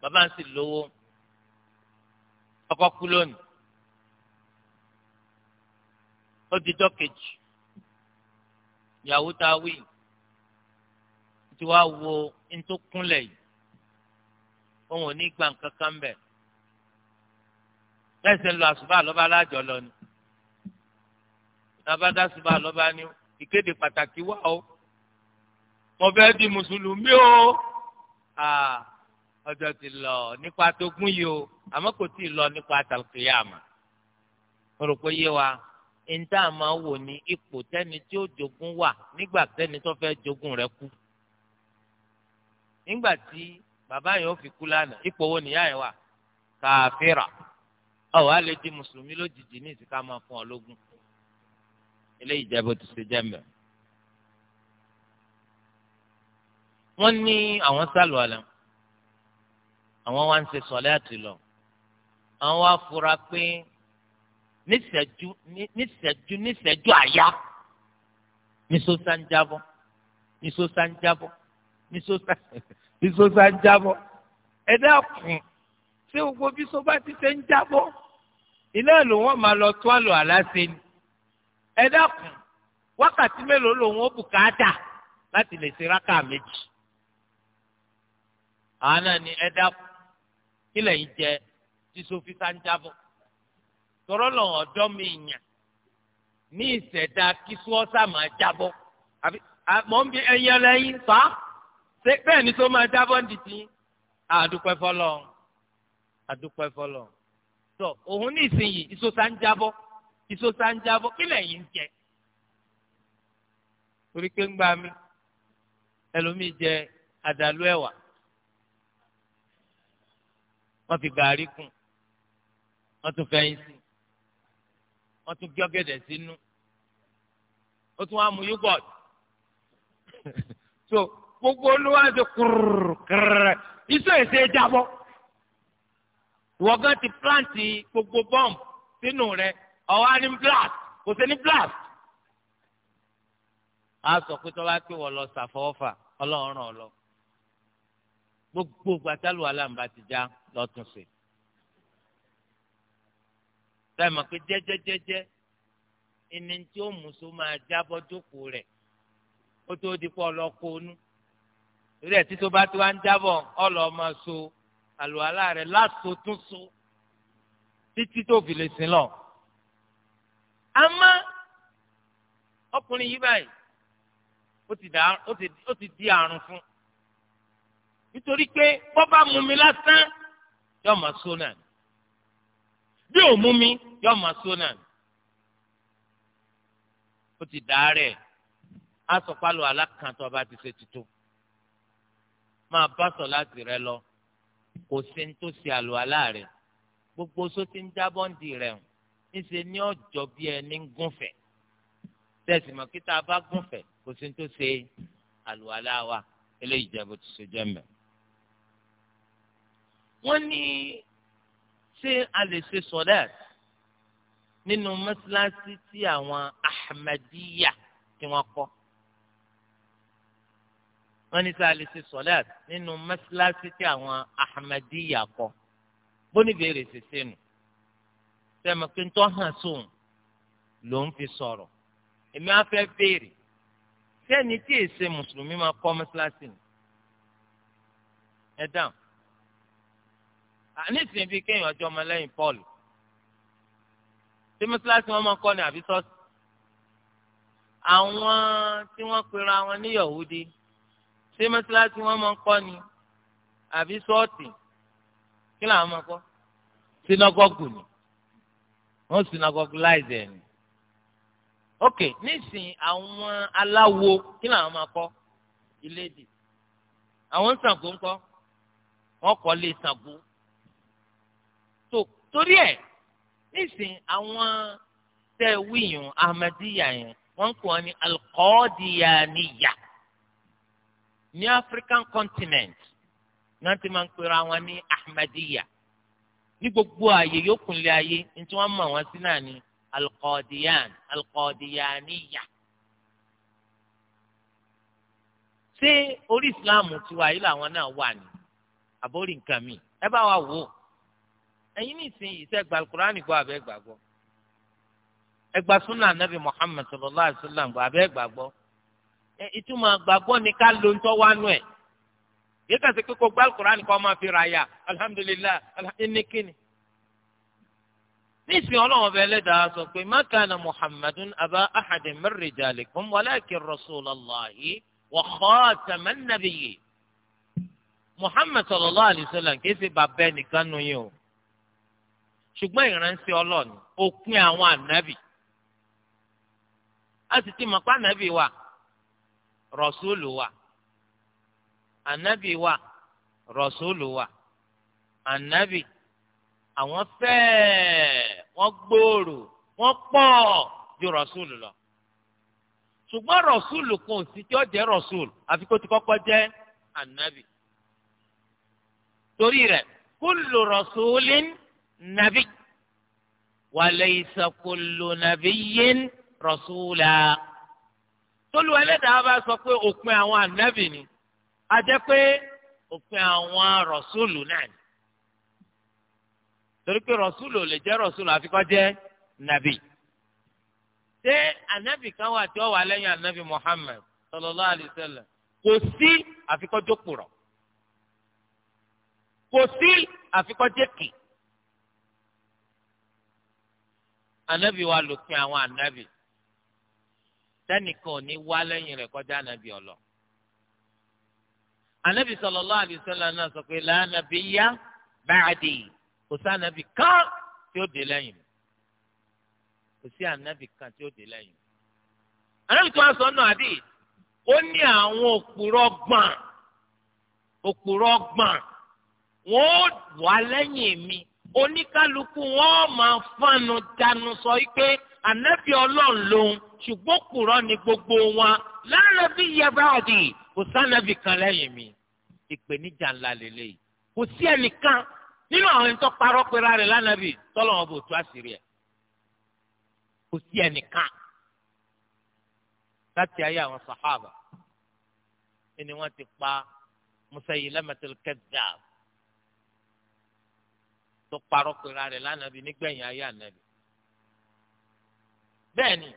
bàbá ń sì lówó ọkọ kú lónìí ó di dọ́kejì ìyàwó tá a wí tí wàá wo ní tó kúnlẹ̀ yìí òun ò ní gbà nǹkan kan bẹ̀ lẹ́sẹ̀ ń lọ àṣùbà lọ́ba alájọ lọ ni nàbàdà àṣùbà lọ́ba ni ìkéde pàtàkì wà ó mo fẹ́ di mùsùlùmí o. Ah ọjọ́ ti lọ nípa tó gún yìí o àmọ́ kò tí ì lọ nípa tàlùkìyàmà mo rò pé yé wa níta máa wò ní ipò tẹ́ni tí ó jogún wà nígbà tẹ́ni tó fẹ́ jogún rẹ̀ kú nígbà tí bàbá yẹn ó fi kú lánàá ipò wo nìyá yẹn wà kàfírà ọ̀hún á lè di mùsùlùmí lójijì ní ìsìká máa fún ọ lógún eléyìí jẹ́ bó ti ṣe jẹ́ mbẹ́. wọ́n ní àwọn sálọ̀ àlẹ́ àwọn wá ń ṣe sọ̀láàtì lọ àwọn wá fura pé níṣẹ́jú níṣẹ́jú níṣẹ́jú àyá níṣó sáńjábọ̀ níṣó sáńjábọ̀ níṣó sáńjábọ̀ ẹ dákun ṣé gbogbo bí so bá ti ṣe ń jábọ̀ iná ló wọ́n máa lọ tó àlọ́ àláṣẹ ni ẹ dákun wákàtí mélòó lòun ó bùkátà láti lè ṣe rákà méjì àánà ni ẹ dákun kílẹ̀ yìí jẹ tí sofi tọrọ lọ ọdọ mi yàn ní ìṣẹ̀dá kíso ọ̀sà máa àbí mọ̀ ń bí ẹyẹ lẹ́yìn fa bẹ́ẹ̀ ni tó máa jábọ́ ní ti àdúpẹ́ fọlọ́ àdúpẹ́ fọlọ́ tọ òun ní ìsinyìí iṣó sá ń jábọ́ iṣó sá ń jábọ́ kí lẹ́yìn jẹ torí pé ń gbà mí ẹlòmíì jẹ àdàlú ẹ̀wà wọ́n fi gàrí kùn wọ́n tún fẹ́yìn sí wọ́n tún gé ọ̀gẹ̀dẹ̀ sínú ó tún wá mu yúgọ̀t so gbogbo olúwa ṣe kúrúrú kẹrẹrẹ iṣẹ́ ìṣe jábọ́ ìwọ̀gán ti plant gbogbo bọ́m̀bù sínú rẹ̀ ọ̀wá ní blast kò sí ní blast a sọ pé tó bá pé wọ́n lọ ṣàfọwọ́fà ọlọ́run ràn ọ lọ gbogbo gbàtàlù aláǹbá ti já lọ́tún sí i. táì mọ̀ pé jẹ́jẹ́jẹ́jẹ́ ẹni tí ó mú so máa jábọ́ jókòó rẹ̀ ó tó di pọ̀ lọ́kọ́ onú. ìrẹ̀ tí tó bá ti wá ń jábọ̀ ọ̀lọ́ máa so àlùhàlà rẹ̀ láso tún so títí tó fi lè sin lọ. àmọ́ ọkùnrin yìí báyìí ó ti di àrùn fún un nítorí pé bọ́bá mú mi lásán yóò máa sọ náà bí ò mú mi yóò máa sọ náà ó ti dàárẹ̀ asọ̀pálọ̀ alákàntọ́ ọba ti ṣe tuntun máa bá sọ láti rẹ lọ kò sí ní tó ṣe àlọ́ aláàrẹ̀ gbogbo sóti ń jábọ́ ń di rẹ̀ níṣe ní ọjọ́ bí ẹni ń gúnfẹ̀ tẹ̀sí mọ̀ kí tá a bá gúnfẹ̀ kò sí ní tó ṣe àlọ́ aláwa eléyìí jẹ́ bó ti ṣe jẹ́ mẹ́rin wọ́n ní ṣé a lè ṣe sọ̀dáàt nínú mọ́ṣáláṣí tí àwọn ahmadiyya tí wọ́n kọ́ wọ́n ní ṣé a lè ṣe sọ̀dáàt nínú mọ́ṣáláṣí tí àwọn ahmadiyya kọ́ bóníbèrè ṣèṣe nù sẹ́mi pé ń tọ́ hàn sóun ló ń fi sọ̀rọ̀ èmi á fẹ́ béèrè sẹ́ni tí èsè mùsùlùmí máa kọ́ mọ́ṣáláṣí ni ẹ dáhùn àníṣin bíi kéèyàn ọjọ́ ọmọ lẹ́yìn Paul tí mọ́sálásí wọn máa kọ́ ni àbí sọ́ọ̀sì àwọn tí wọ́n pera wọn ní Yahudi tí mọ́sálásí wọn máa kọ́ ni àbí sọ́ọ̀tì kí làwọn máa kọ́ sinagogu ni wọ́n sinagogu láìsẹ̀ ni ok nísìnyí àwọn aláwo kí làwọn máa kọ́ ilé dì àwọn Ṣàngó ńkọ́ wọ́n kọ́ lé Ṣàngó torí ẹ̀ nísìn àwọn tẹ́ wíyùn ahmadiyya yẹn wọ́n kọ́ ni alqadiyaniya ní african continent náà ti máa ń pera wọn ní ahmadiyya ní gbogbo ààyè yókùnlé ayé ní tí wọ́n mọ̀ wọ́n sí náà ní alqadiyan alqadiyaniya. ṣé orí islam tiwa yìí làwọn náà wà ní àbórí nǹkan mi ẹ bá wa wò ó ẹ̀yin nísìnyí sẹ́ gba alukur'ani gbọ́ abẹ́ gbàgbọ́ ẹgba sunna anabi muhammed sallallahu alayhi wa sallam gbọ́ abẹ́ gbàgbọ́ ẹ ìtumọ̀ gbàgbọ́ ni ká ló ń tọ́ wá nù ẹ̀ yìí kàtí kíkó gba alukur'ani kọ́ máa fi ràyà alhamdulilayi alhamdulilayi nísìnyí ọlọ́wọ́n bẹ lẹ́dàá sọ pé má kàna muhammadun aba ahadin min rijalikum walakin rasulallahi wa khataman nabiyyi muhammed sallallahu alayhi wa sallam kì í ṣe bàbá ẹnìkan nù yín o ṣùgbọ́n ìránṣẹ́ ọlọ́ọ̀ni òpin àwọn ànábì a sì ti mọ̀ pé ànábì wà rọ̀ṣúlù wà ànábì wà rọ̀ṣúlù wà ànábì àwọn fẹ́ẹ̀ wọ́n gbòòrò wọ́n pọ̀ ju rọ̀ṣúlù lọ ṣùgbọ́n rọ̀ṣúlù kan sì tí ó jẹ́ rọ̀ṣúlù àfi kó ti kọ́kọ́ jẹ́ ànábì torí rẹ̀ kúlù rọ̀ṣúlù ń nàbí walaysa kullu nabiyyin rasúlà tólú ẹlẹ́dàá bá sọ pé òpin àwọn ànábì ni a jẹ́ pé òpin àwọn rọ̀súlù náà ni torí pé rọ̀súlù ò lè jẹ́ rọ̀súlù àfi kó jẹ́ nàbì ṣé ànábì kan wà tí ó wà lẹ́yìn ànábì Muhammad sallallahu alaihi kò sí àfi kó kò sí àfi kó anabi wa lòpin àwọn anabi sẹ́nìkan ò ní wá lẹ́yìn rẹ̀ kọjá anabi ọ̀lọ́ anabi sallallahu alaihi wasallam náà sọ pé la nabiyya ba'di kò sí anabi kan tí ó dé lẹ́yìn kò sí anabi kan tí ó dé lẹ́yìn anabi tó wá sọ náà àdì ó ní àwọn òpùrọ̀ gbọ̀n òpùrọ̀ gbọ̀n wọ́n wà lẹ́yìn mi oníkálukú wọn máa fánu dànù sọ pé ànábì ọlọ́run lòun ṣùgbọ́n kùrọ̀ ni gbogbo wọn lánàá bí yabáàdì kò sànàbì kan lẹ́yìn mi ìpèníjà ńlá lélẹ́yìí kò sí ẹnìkan nínú àwọn ẹni tó parọ́ pera rẹ̀ lánàbì tọ́lọ̀ wọn bò tú àṣírí ẹ̀ kò sí ẹnìkan láti ayé àwọn sàhábà ẹni wọ́n ti pa Musayilamatul Kazzab tó parọ́ pera rẹ̀ lánàbí nígbẹ̀yìn ayé ànàbí. bẹ́ẹ̀ni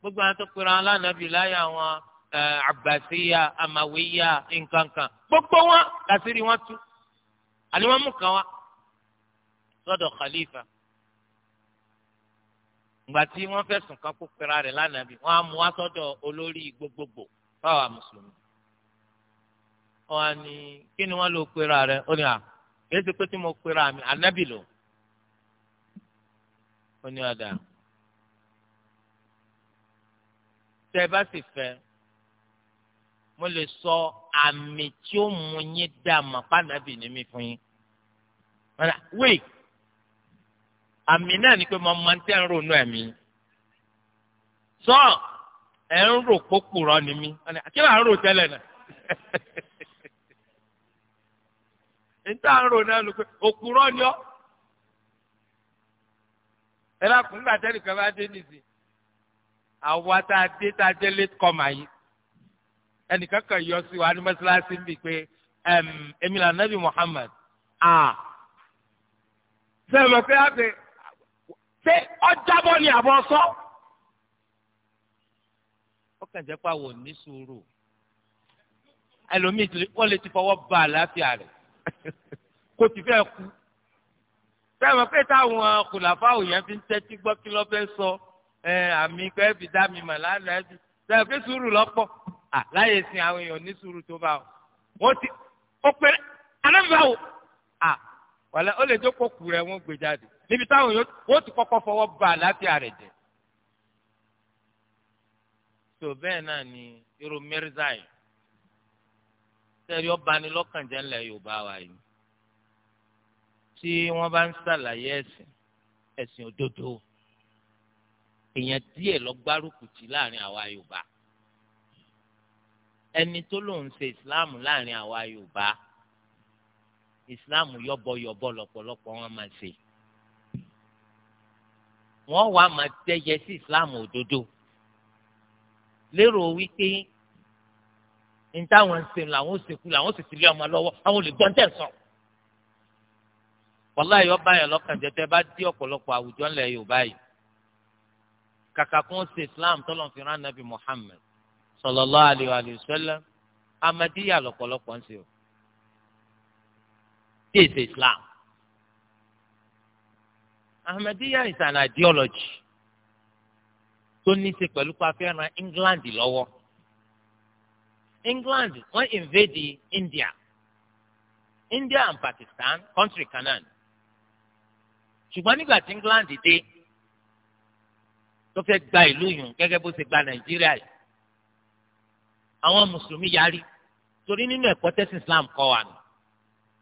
gbogbo àwọn tó pera lánàbí láyé àwọn àbàṣíyà àmàwíyà nkankan gbogbo wọn làṣírí wọn tú àní wọn mú kan wá sọ́dọ̀ khalifa gbàtí wọ́n fẹ̀sùn kan kó pera rẹ̀ lánàbí wọ́n á mú wá sọ́dọ̀ olórí gbogbogbò fáwọn mùsùlùmí. wọ́n á kí ni wọ́n lò pera rẹ̀ ó ní à kì í ṣe pé tí mo pera mi ànábì lò ó ní ọ̀dà tẹ ẹ bá sì fẹ́ mo lè sọ àmì tí ó mú yín dá mà pànábì ní mi fún yín wíì àmì náà ni pé mo máa ń tẹ́ ń ronú ẹ̀mí sọ ẹ̀ ń rò pópùrọ̀ ni mí kí wàá ń rò tẹ́lẹ̀ náà níta ń rò náà lùpẹ́ òkúrọ́ ni ọ́ ẹ lákùn nígbà tẹ́lẹ̀ kan bá dé nìsín àwa tá a dé tá a jẹ́ late comer yìí ẹnìkan kan yọ sí wa ní mọ́ṣáláṣí bíi pé èmi là nàbì Muhammad sẹ́mi pé a fẹ́ ṣé ọjàbọ̀ ni àbọ̀ sọ. ó kàn jẹ́ pé àwọn ò ní sùúrù ẹlòmíì wọ́n lè ti fọwọ́ ba àlàáfíà rẹ̀ kò tí fẹ́ kú sẹ́wọ̀n pé táwọn kùlàfà òyìn fi ń tẹ́tí gbọ́ kí lọ́ fẹ́ sọ ẹ àmì pé fi dá mi mà lánàá ẹbí sẹ́wọ̀n pé sùúrù lọ́pọ̀ à láyé sin àwọn èèyàn ní sùúrù tó bá wọn ti ó pé anábìbáwò à wàlẹ́ ó lè jókòó kù rẹ̀ wọ́n gbé jáde níbi táwọn èèyàn wọ́n ti kọ́kọ́ fọwọ́ ba àlàáfíà rẹ̀ jẹ́ tó bẹ́ẹ̀ náà ni irú mẹ́rìndínláì sẹ́rí ọba ni lọ́kànjẹ́ ńlẹ̀ Yorùbá wa yìí tí wọ́n bá ń ṣàlàyé ẹ̀sìn ẹ̀sìn òdodo èèyàn díẹ̀ lọ gbárùkù tì láàrin àwa Yorùbá ẹni tó lòun ṣe ìsìláàmù láàrin àwa Yorùbá ìsìláàmù yọbọyọbọ lọ́pọ̀lọpọ̀ wọn máa ṣe wọ́n wàá máa tẹyẹ sí ìsìláàmù òdodo lérò wípé ní táwọn ń sìn làwọn ó sèkú làwọn ó sì ti lé ọmọ lọ́wọ́ àwọn olè gbọ́n tẹ̀ sọ. wàlá yọ báyọ̀ lọ́kàn jẹ́ tẹ́ bá dí ọ̀pọ̀lọpọ̀ àwùjọ ńlẹ̀ Yorùbá yìí kàkà kún ṣe Islam tọ́lọ̀ fi rán nàbì Muhammad sallallahu alaihi wa sallam Ahmadiyya lọ́pọ̀lọpọ̀ ń ṣe o tí èsè Islam Ahmadiyya is an ideology tó ní í ṣe pẹ̀lú pàfẹ́ràn England lọ́wọ́. England wọ́n invade India India and Pakistan country kan náà ṣùgbọ́n nígbà tí England dé tó fẹ́ gba ìlú yùn gẹ́gẹ́ bó ṣe gba Nàìjíríà yìí àwọn mùsùlùmí yarí torí nínú ẹ̀kọ́ tẹ́sí Islam kọ́ wa nù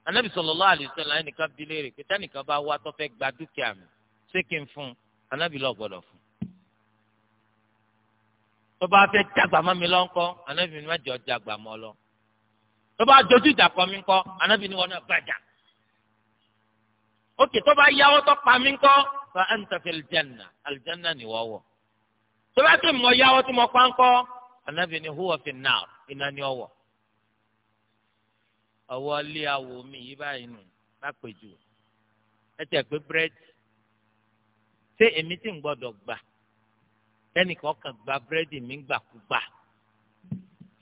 anabi sallallahu alaihi wasallam ẹnìkan bi léèrè pé tẹnìkan bá wá tó fẹ́ gba dúkìá mi ṣé kí n fún anabi lọ fún tó bá fẹ́ dàgbà mọ́ mi lọ́nkọ́ anábì ni wọ́n jọ dàgbà mọ́ lọ tó bá dojú ìjà kọ mi ńkọ́ anábì ni wọ́n náà bàjá òkè tó bá yáwó tó pa mí ńkọ́ fa anta fil janna aljanna ni wọ́n wọ̀ tó bá tẹ̀ mọ́ yáwó tí mo pa ńkọ́ anábì ni huwa fin nar iná ni ọwọ́ ọwọ́ lé awo mi yí báyìí nù lápèjú ẹ tẹ̀ pé búrẹ́dì ṣé èmi tí ń gbọ́dọ̀ gbà tẹ́nìkan kan gba búrẹ́dì mi gbàkúgbà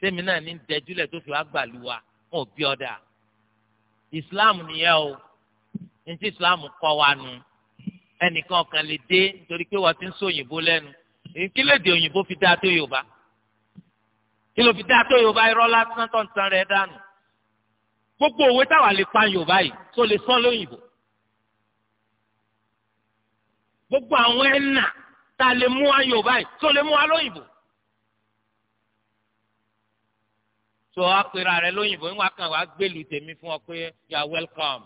sẹ́mi náà ní dẹ́júlẹ̀ tó fi wá gbàlúwa wọn ò bí ọ̀dà islam nìyẹn o ní ti islam kọ́ wa nu ẹnìkan kan lè dé nítorí pé wọ́n ti ń sóyìnbó lẹ́nu kí lè dé òyìnbó fi dáa tó yorùbá kí ló fi dáa tó yorùbá irọ́ lásán tó ń tan rẹ̀ dànù gbogbo òwe táwa lè pa yorùbá yìí tó lè sọ lóyìnbó gbogbo àwọn ẹ̀ nà tá a mú wa yorùbá yìí tó lè mú wa lóyìnbó. tó a pera rẹ lóyìnbó ń wá kan wá gbèlú tèmi fún ọ pé you are welcome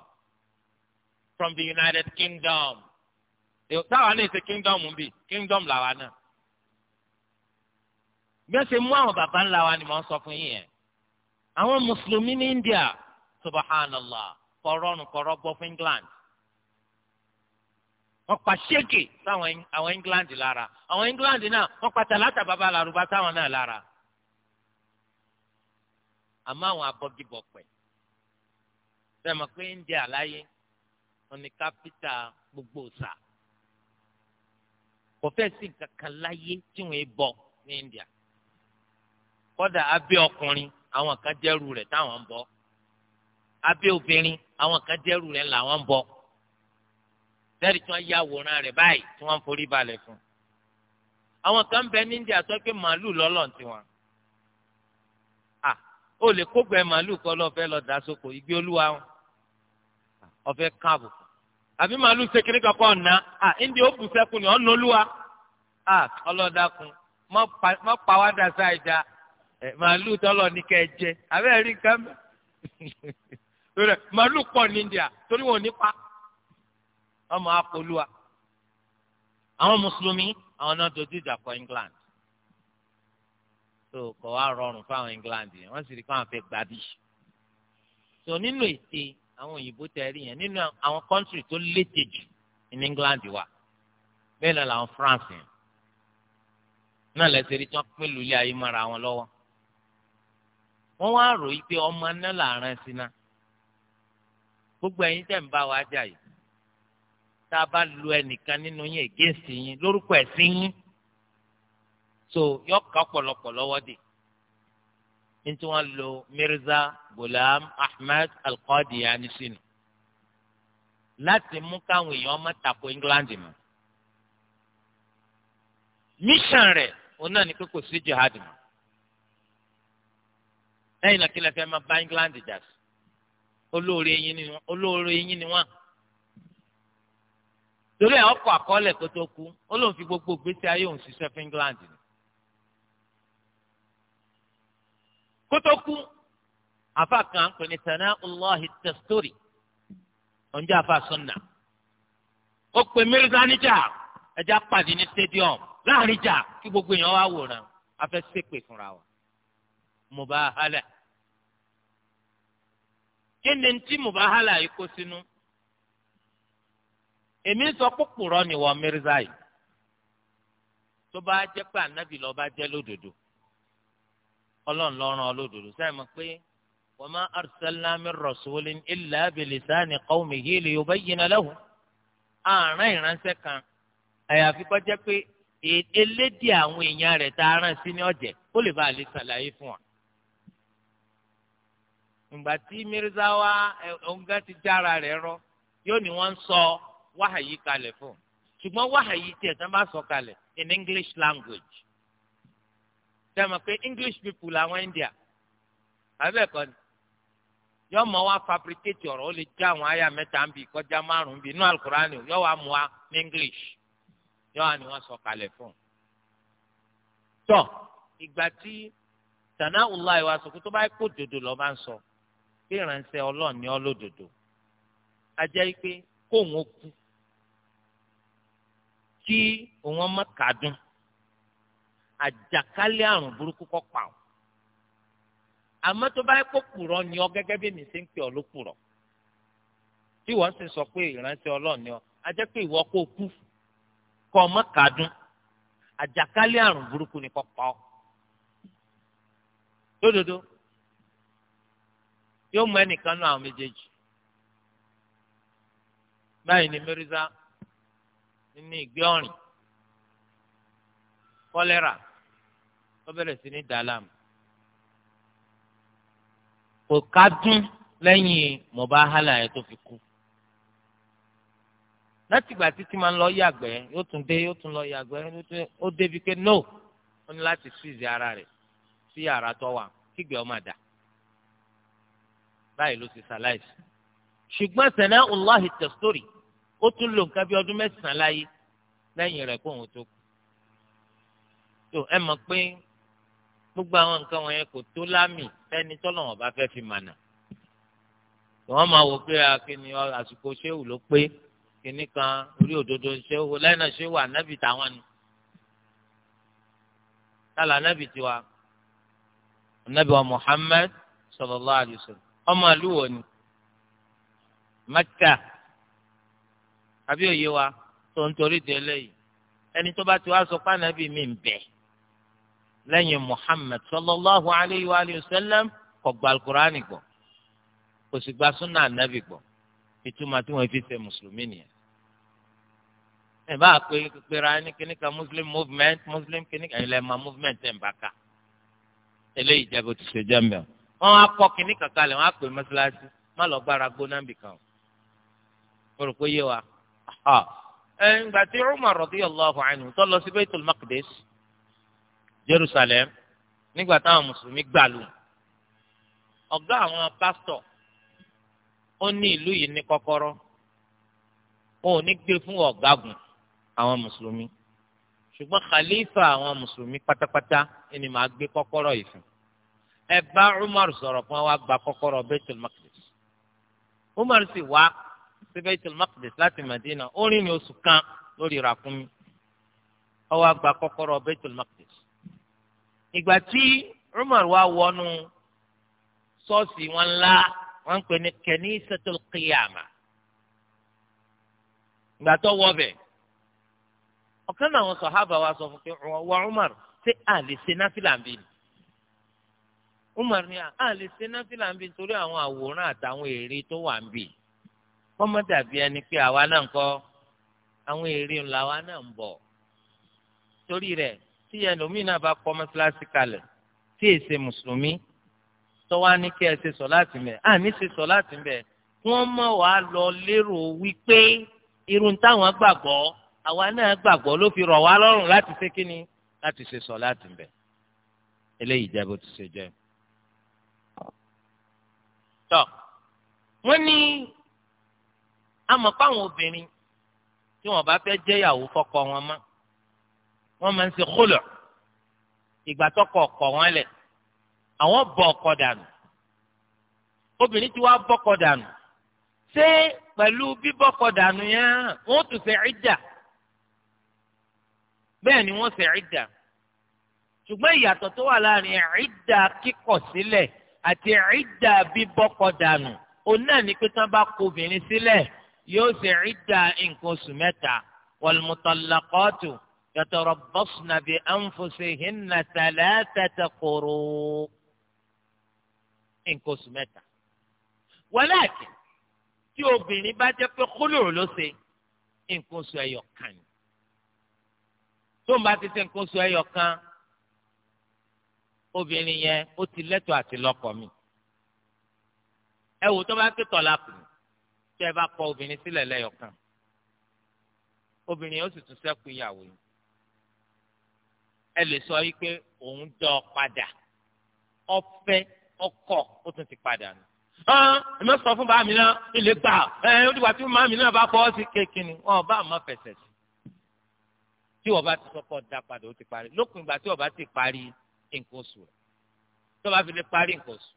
from the United Kingdom. táwa náà ṣe kingdom ń kingdom làwa náà. bí wọ́n ṣe mú àwọn bàbá ńlá wa ni mò ń sọ fún yín yẹn. àwọn mùsùlùmí ní India subhanallah kọ̀rọ̀nù kọ̀rọ̀ gbọ́ fún England wọ́n pa ṣéèkì sáwọn àwọn England lára àwọn England náà wọ́n pa tàlátà bàbá làrúbá sáwọn náà lára àmọ́ àwọn abọ́gibọ̀pẹ̀ sẹ́mi pé India láyé wọ́n ní kápítà gbogbo sà kò fẹ́ sí kankan láyé tí wọ́n bọ̀ ní India kọ́dà abẹ́ ọkùnrin àwọn kan dẹ́rù rẹ̀ táwọn ń bọ̀ abẹ́ obìnrin àwọn kan dẹ́rù rẹ̀ làwọn ń bọ̀ lẹ́rìí tí wọ́n yá àwòrán rẹ̀ báyìí tí wọ́n ń forí balẹ̀ fún. àwọn kan ń bẹ ní India sọ pé màálù lọ́lọ́ tiwọn. à ó lè kógbẹ màálù kọ́ lọ́ọ́ fẹ́ lọ dà sóko ìgbé olúwa wọn ọ̀fẹ́ káàbù. àbí màálù sekiri kankan ọ̀nà à Indi ó bù sẹ́kù ni ọ̀nà olúwa à ọlọ́dàkùn mọ́ pàwádà sáìdá màálù tọ́lọ̀ ní kẹ́ ẹ jẹ àbẹ́rẹ́ rí nǹkan màálù pọ̀ ní India torí wọn ò ní pa. ọmọ akọlùwà àwọn mùsùlùmí àwọn náà dojú ìjà kọ England so kò wá rọrùn fáwọn England yẹn wọ́n sì rí fáwọn fẹ́ gbàbí so nínú ète àwọn òyìnbó tẹ̀rí yẹn nínú àwọn country tó lété jù ní England wà bẹ́ẹ̀ náà làwọn France yẹn náà lẹ́sẹ̀ rí tí wọ́n pín lulẹ̀ ayé mọ́ra wọn lọ́wọ́ wọ́n wá rò yí pé ọmọ náà làárẹ̀ síná gbogbo ẹ̀yin tẹ̀ ń bá wa jà yìí tá a bá lu ẹnìkan nínú yín against yín lórúkọ ẹ̀sìn yín so yọ ká pọ̀lọpọ̀ lọ́wọ́ dè nítorí wọ́n lo Mirza Ghulam Ahmed Al-Qadiani sínú láti mú káwọn èèyàn má tako England mọ́ mission rẹ̀ òun náà ni pé kò sí jihad mọ́ lẹ́yìn náà kí lè fẹ́ máa bá England jà sí olóore yín ni wọ́n olóore yín ni wọ́n torí ẹ̀ ọkọ àkọọ́lẹ̀ kó tó kú ó lóun fi gbogbo gbèsè ayé òun ṣiṣẹ́ fún England ni. kó tó kú afa kan pè ní Sana'ullahi Tasturi ọ̀njẹ́ afa sunna ó pè Mirza níjà ẹja pàdé ní stadium láàrin jà kí gbogbo èèyàn wá wòran afẹ́ ṣépè fúnra wa mubahala kí ni ti mubahala yìí kó sínú. èmi sọ kúkúrọ ni wọ Mirza yìí tó bá jẹ́ pé ànábì lọ bá jẹ́ lódodo Ọlọ́run ló rán ọ lódodo sẹ́yìn mọ̀ pé wa ma arsalna min rasulin illa bilisani qawmihi liyubayyina lahum àárín ìránṣẹ́ kan àyàfi kó jẹ́ pé elédè àwọn èèyàn rẹ̀ tá a rán sí ní ọ̀jẹ̀ ó lè bá a lè fún wa. ìgbà tí wa ọ̀ǹgá ti dára rẹ̀ rọ yóò ní wọ́n sọ ọ́ wáhàyí kalẹ̀ fún ṣùgbọ́n wáhàyí tiẹ̀ tán bá sọ kalẹ̀ in English language tẹ́mọ̀ pé English people làwọn India abẹ́ẹ̀kọ́ ni yọ mọ wa fabricate ọ̀rọ̀ ó lè já àwọn àyà mẹ́ta ń bì kọjá márùn-ún bì inú wa wa ní English wa ni wọ́n sọ kalẹ̀ fún un. tọ́ ìgbà tí Sanaullah wa sọ pé tó dodo lọ bá ń sọ pé ìrànṣẹ́ Ọlọ́run ọlọ́dodo a jẹ́ pé kí òun má kàdún àjàkálẹ̀ àrùn burúkú kọ́ pa ọ́ àmọ́ tó bá yẹ kó kùrọ̀ ni ọ gẹ́gẹ́ bí mi ṣe ń pè ọ́ ló kùrọ̀ tí wọ́n sì sọ pé ìrántí ọlọ́run ni ọ a pé ìwọ kó kú kọ́ má àjàkálẹ̀ àrùn burúkú ni kọ́ pa ọ́ lódodo yóò mú ẹnìkan náà àwọn nínú ìgbẹ́ ọ̀rìn kọ́lẹ́rà ó bẹ̀rẹ̀ sí ní dàlámù kò ká dún lẹ́yìn mọ̀báhálà yẹn tó fi kú. látìgbà títí máa ń lọ yàgbẹ́ yóò tún dé yóò tún lọ yàgbẹ́ ó débi pé no ó ní láti ṣùzì ara rẹ̀ sí yàrá tó wà kígbe ọmọ àdá báyìí ló ti ṣàlàyé. ṣùgbọ́n ó tún lò nǹkan bí ọdún mẹ́sàn-án láyé lẹ́yìn rẹ̀ kó òun tó kú. tó ẹ mọ̀ pé gbogbo àwọn nǹkan wọ̀nyẹn kò tó lámì fẹ́ni tọ́lọ̀ wọn bá fẹ́ fi mànà. wọ́n máa wò pé akíní àsìkò ṣéwù ló pé kíní kan orí òdodo ṣéwù lẹ́nà ṣéwù ànábì táwọn ni. tálà ànábì tiwa ànábì wa Muhammad sallallahu alaihi wasallam ọmọ àlùwọ̀ ni Mẹ́kà àbí òye wa tó ń torí de eléyìí ẹni tó bá ti wá sọ pànàbí mi ń bẹ lẹ́yìn Muhammad sallallahu alayhi wa sallam kò gba alukur'ani gbọ́ kò sì gba sunna anabi gbọ́ ìtumọ̀ tí wọ́n fi ṣe mùsùlùmí nìyẹn ẹ bá pe pera ẹni kíní kan muslim movement muslim kíní kan ilẹ̀ ma movement ẹ̀ ń bá ka eléyìí jẹ́ bó ti ṣe jẹ́ mẹ́ọ̀ wọ́n á kọ́ kíní kankan wọ́n á pè mọ́sálásí má lọ gbára gbóná bìkan o rò pé yé wa. Ah. ẹ̀ǹgbà tí Umar radiyallahu anhu tó lọ sí Baitul Maqdis Jerusalem nígbà táwọn mùsùlùmí gbàlù ọ̀gá àwọn pásítọ̀ ó ní ìlú yìí ní kọ́kọ́rọ́ ó ní gbé fún ọ̀gágun àwọn mùsùlùmí ṣùgbọ́n khalifa àwọn mùsùlùmí pátápátá ẹni máa gbé kọ́kọ́rọ́ yìí fún ẹ bá Umar sọ̀rọ̀ fún wa gba kọ́kọ́rọ́ Baitul Maqdis Umar sì wá sí Baitul Maqdis láti Madina ó rìn ní oṣù kan lórí ràkúnmí ó wá gba kọ́kọ́rọ́ Baitul Maqdis. ìgbà tí Umar wá wọnú ṣọ́ọ̀ṣì wọn ńlá wọ́n ń pè ní Kanisatul Qiyamah ìgbà tó wọ bẹ̀ ọ̀kan náà àwọn sọ̀hábà wa sọ fún pé Umar ṣé àlè ṣe náfìlà ń bí ni Umar ni àlè ṣe náfìlà ń bí nítorí àwọn àwòrán àtàwọn ère tó wà ń bí kọ́mọ dàbí ẹni pé àwa náà ń kọ́ àwọn èrè ńlá wa náà ń bọ̀ torí rẹ̀ tí ẹlòmíràn bá kọ́ mọ́sálásí kalẹ̀ tí èsè mùsùlùmí tọ́wá ní kí ẹ ṣe sọ láti mẹ́ àní ṣe sọ láti mẹ́ wọ́n mọ̀ wá lọ lérò wípé irun táwọn gbàgbọ́ àwa náà gbàgbọ́ ló fi rọ̀ wá lọ́rùn láti ṣe kíni láti ṣe sọ láti mẹ́ eléyìí jẹ́ bó ti ṣe jẹ́. tọ́ wọ́n ní àmọ́ fáwọn obìnrin tí wọ́n bá fẹ́ jẹ́yàwó fọ́kọ wọn mọ́ wọ́n máa ń ṣe kólọ̀ ìgbà tọkọ ọkọ wọn lẹ̀ àwọn bọ̀ ọkọ dànù obìnrin tí wàá bọ́kọ dànù ṣé pẹ̀lú bíbọ́kọ dànù yẹn wọ́n tún ṣe ìdà bẹ́ẹ̀ ni wọ́n ṣe ìdà ṣùgbọ́n ìyàtọ̀ tó wà láàrin ìdà kíkọ̀ sílẹ̀ àti ìdà bíbọ́kọ dànù òun náà ni pé tí wọ́n bá kọ obìnrin sílẹ̀ yóò ṣe ìdá nǹkan oṣù mẹ́ta wàlmùtàlákọ́tù yàtọ̀rọ̀ bọ́sùnà bíi ànfọ̀sẹ̀ hìnnà tàlẹ́tẹ̀tẹ̀ kóró nǹkan oṣù mẹ́ta. wàláàkì tí obìnrin bá jẹ́ pé kólòrò ló ṣe nǹkan oṣù ẹyọ kan tó ń bá ti ṣe nǹkan oṣù ẹyọ kan obìnrin yẹn ó ti lẹ́tọ̀ọ́ àti lọ́kọ mi ẹ wò tó bá ké tọ́lá kù tẹ́ ẹ bá kọ obìnrin sílẹ̀ lẹ́yọ̀kan obìnrin yóò sì tún ṣẹ́kù ìyàwó yìí ẹ lè sọ yìí pé òun dọ̀ ọ́ padà ọ̀fẹ́ ọkọ̀ ó tún ti padà nù. ẹ má sọ fún bàmí náà ilé gbà ẹ ó dìgbà tí màmí náà bá kọ́ ọ́ sí kékeré wọn bá àmọ́ fẹsẹ̀ sí tí wọ́n bá ti sọ́kọ̀ dá padà ó ti parí lókun ìgbà tí wọ́n bá ti parí nǹkan oṣù rẹ̀ tí wọ́n bá fi lè parí nǹkan oṣù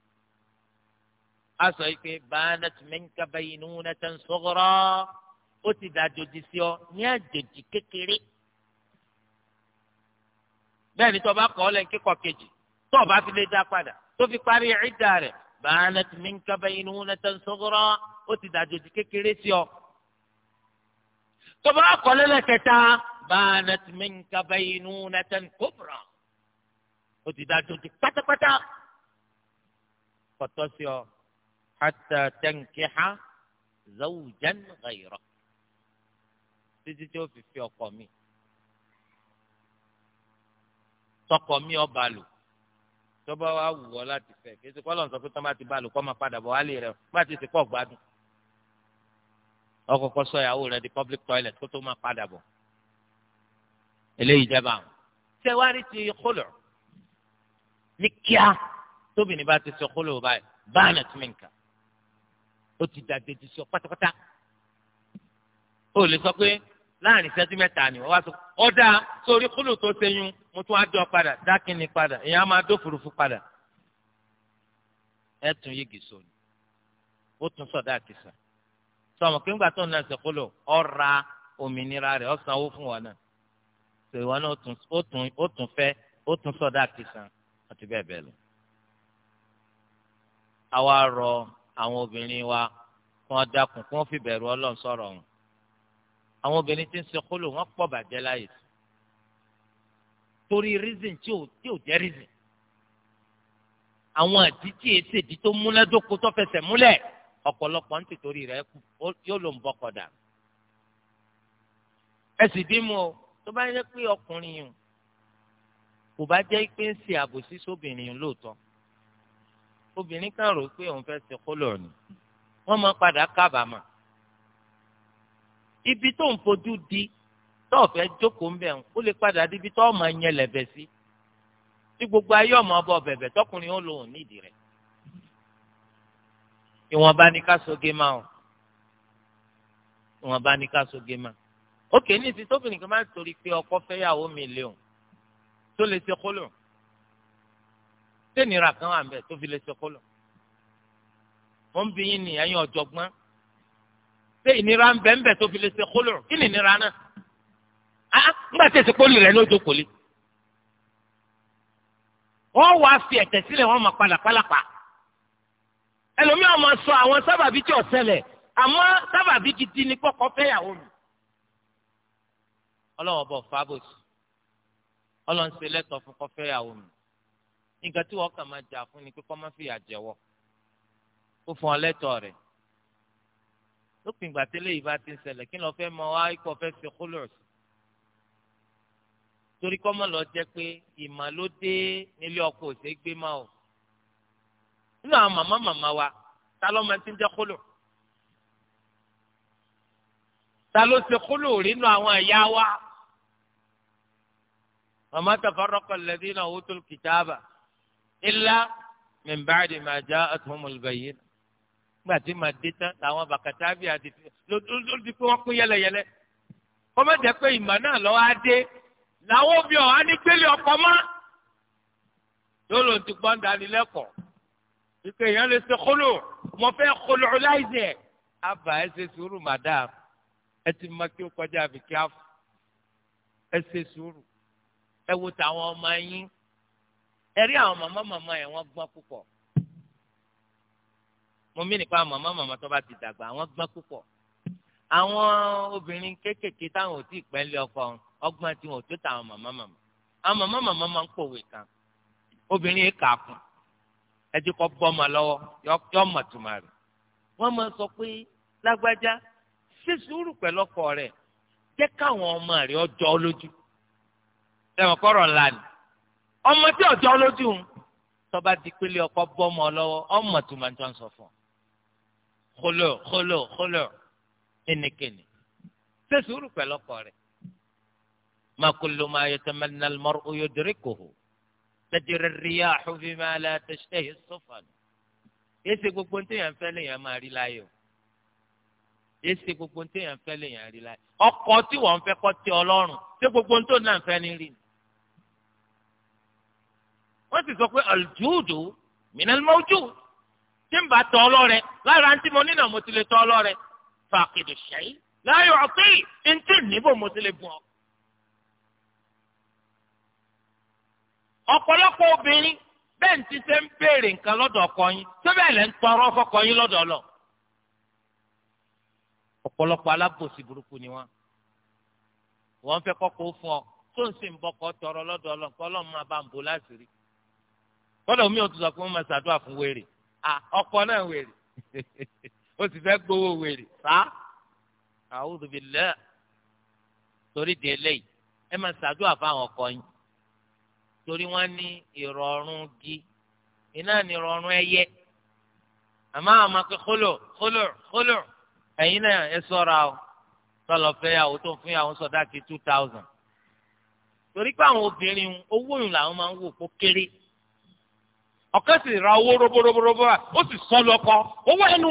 a sọ yìí pé bánat minka baynunatan sughra ó ti dà àjòjì sí ọ ní àjòjì kékeré bẹ́ẹ̀ ni tó bá kọ́ lẹ́yìn kíkọ́ kejì tó bá fi lè dá padà tó fi parí ìdá rẹ̀ bánat minka baynunatan sughra ó ti dà àjòjì kékeré sí ọ tó bá kọ́ lẹ́lẹ́ kẹta bánat minka baynunatan kubra ó ti dà àjòjì pátápátá kọ̀tọ́ sí ọ hatta tankiha zawjan ghayra títí tí ó fi fi ọkọ mi tọkọ mi ọba lò tọba wa wù ọ láti fẹ́ kéésì kọ́ lọ́n sọ pé tọ́ba ti bá lò kọ́ máa padà bọ̀ wálé rẹ̀ bá ti ti kọ́ gbádùn ọkọ̀ọ̀kọ̀ sọ ìyàwó rẹ̀ di public toilet kó tó máa padà bọ̀ eléyìí jẹba àwọn. sẹ́wárí ti kólọ̀ ní kíá tóbi ní bá ti sọ kólọ̀ báyìí báyìí tún mí nǹkan ó ti dàgbèjì sọ pátápátá ó lè sọ pé láàrin ìṣẹ́jú ni wọ́n wá sọ ọ̀dà sórí kúlù tó ṣẹyún mo tún á dán padà dákínni padà èèyàn á máa dó furuufu padà ẹ tún yégi sọ ni ó tún sọdá àkìsà sọmọ kí n gbà tó ń nàṣẹ kúlù ọ̀ra òmìnira rẹ̀ ọ̀sánwó fún wa náà sọ ìwọ náà ó tún fẹ́ ó tún sọdá àkìsà àti bẹ́ẹ̀ bẹ́ẹ̀ lọ. àwa rọ àwọn obìnrin wa kí wọ́n dákun kí wọ́n fi bẹ̀rù Ọlọ́run sọ̀rọ̀ wọn àwọn obìnrin tí ń ṣe kólò wọ́n pọ̀ bàjẹ́ láyè torí reason tí ò tí ò jẹ́ reason àwọn àdí tí èsì èdí tó múlẹ̀ dóko tó fẹsẹ̀ múlẹ̀ ọ̀pọ̀lọpọ̀ ń tìtorí rẹ̀ yóò ló ń bọkọ̀dà ẹ bímọ tó bá yẹ pé ọkùnrin yìí kò bá jẹ́ pé ń ṣe àbòsí sóbìnrin lóòótọ́ obìnrin kan rò pé òun fẹ́ ṣe kólọ̀ ni wọ́n máa padà kábàámà ibi tó ń fojú di tó ọ̀fẹ́ jókòó ń bẹ̀ ń ó lè padà di ibi tó ọmọ yẹn lẹ̀bẹ̀ sí tí gbogbo ayé ọmọ ọba ọbẹ̀bẹ̀ tọkùnrin ó lòun nídìí rẹ̀ ìwọ̀nba ni ká soge máa o ìwọ̀nba ni ká soge máa òkè ní ìsìn tóbìnrin kan máa ń torí pé ọkọ fẹ́yàwó mi lé òun tó lè ṣe kólọ̀ sẹ́nira kan wà nbẹ tó fi lè sọkó lọ. mo ń bi yín ní ẹ̀yin ọ̀jọ̀gbọ́n ṣé ìnira ń bẹ ń bẹ tó fi lè sọkó lọ kí ni ìnira náà. a ah, ńgbà ah, tẹ̀sí pólì rẹ̀ ní ojú kò le. wọ́n wá fi ẹ̀tẹ̀ sílẹ̀ wọ́n máa padà pálapà. ẹlòmíràn máa sọ àwọn sábàbí tí ò ṣẹlẹ̀ àmọ́ sábàbí gidi ni kọ́kọ́ fẹ́yàwó mi. ọlọ́wọ́ bọ̀ fábọ̀sì ọlọ́run ṣe lẹ́tọ̀ fún kọ́fẹ́yàwó mi nǹkan tí wọ́n kàn máa jà fún ni pé kọ́ máa fìyà jẹ̀wọ́ ó fún ọ lẹ́tọ̀ọ́ rẹ̀ lópin ìgbà tẹ́lẹ̀ yìí bá ti ń ṣẹlẹ̀ kí lọ́ọ́ fẹ́ mọ wá ikọ̀ fẹ́ fi kólọ̀s torí kọ́ mọ̀ lọ jẹ́ pé ìmà nílé ọkọ òsè gbé má o nínú àwọn màmá màmá wa ta ló máa ti ń jẹ́ kólọ̀ ta ló ṣe kólọ̀ rí nínú àwọn ẹ̀yà wa màmá tafarraqa alladhina utul kitaba ilá min ba'di ma ja'athumul bayyinah nígbà tí màá dé tán làwọn bàkàtà bíi àti lójú pé wọ́n pín yẹlẹyẹlẹ kọ́mọ jẹ́ pé ìmọ̀ náà lọ́wọ́ á dé làwọn òbí ọ̀hán ní gbélé ọkọ̀ mọ́ yóò lòun ti gbọ́n dánilẹ́kọ̀ọ́ ike èèyàn lè ṣe kólò mo fẹ́ kólò láìsí ẹ̀ àbá ẹ ṣe sùúrù madam ẹ ti mọ kí ó kọjá àbíkí àfọ ẹ ṣe sùúrù ẹ wo tàwọn ọmọ yín ẹ̀rí àwọn màmá màmá yẹn wọ́n gbọ́n púpọ̀ mo mí nípa màmá màmá bá ti dàgbà àwọn obìnrin kéékèèké táwọn ò tí ì ọkọ ọgbọ́n tí wọn ò tó ta àwọn màmá màmá àwọn màmá màmá máa ń kan obìnrin yìí kà á ọmọ sọ pé lágbájá sùúrù pẹ̀lú ọkọ jẹ́ káwọn ọmọ rẹ̀ ọjọ́ lójú ẹ̀wọ̀n kọ́rọ̀ ńlá ni ọmọ tí ọjọ́ lójú ń tọ́ba di pélé ọkọ bọ́mọ lọ́wọ́ ọmọ tó máa ń tán sọ fún ọ. kóló kóló kóló ẹnikẹ́ni ṣe sùúrù pẹ̀lú ọkọ rẹ̀. ma kullu ma yatamanna al-mar'u yudrikuhu tajri ar-riyahu bima la tashtahi as-sufun. èsì gbogbo ntẹ̀yàn fẹ́ lèèyàn máa rí láyò. èsì gbogbo ntẹ̀yàn fẹ́ lèèyàn rí láyò. ọkọ tí wọ́n fẹ́ kọ́ tí ọlọ́run ṣé gbogbo ntọ́ náà fẹ́ ní rí ni wọ́n sì sọ pé aljudu minal mawjud tí ń bá tọ́ ọlọ́rẹ lára ń tí mo nínà mo ti lè tọ́ ọlọ́rẹ fàkìdù ṣẹ́yí láyọ̀ ọ̀pẹ́ yìí ń tí níbò mo ti lè bùn ọ. ọ̀pọ̀lọpọ̀ obìnrin bẹ́ẹ̀ ń ti ṣe ń béèrè nǹkan lọ́dọ̀ ọkọ yín tó bẹ́ẹ̀ lẹ́ ń tọrọ fọkọ yín lọ́dọ̀ ọlọ. ọ̀pọ̀lọpọ̀ alábòsí burúkú ni wọ́n wọ́n fẹ́ kọ́kọ́ fún ọ tó ń sìn bọ́kọ tọrọ lọ́dọ̀ ọlọ kọ́dọ̀ omi ò tún sọ pé wọ́n máa ṣàdúrà fún wèrè ọkọ náà wèrè ó sì fẹ́ gbowó wèrè sá a'udhu billah torí di eléyìí ẹ máa ṣàdúrà fáwọn ọkọ yín torí wọ́n ní ìrọ̀rùn gi iná ní ìrọ̀rùn ẹyẹ àmọ́ àwọn máa pe kólò kólò kólò ẹ̀yin náà ẹ sọ́ra o sọlọ fẹ́ yàwó tó ń fún yàwó sọdá kí two thousand torí pé àwọn obìnrin owó yìí làwọn máa ń wò kó kéré ọ̀kan sì ra owó roborobo ó sì sọ lọ́kọ owó ẹnu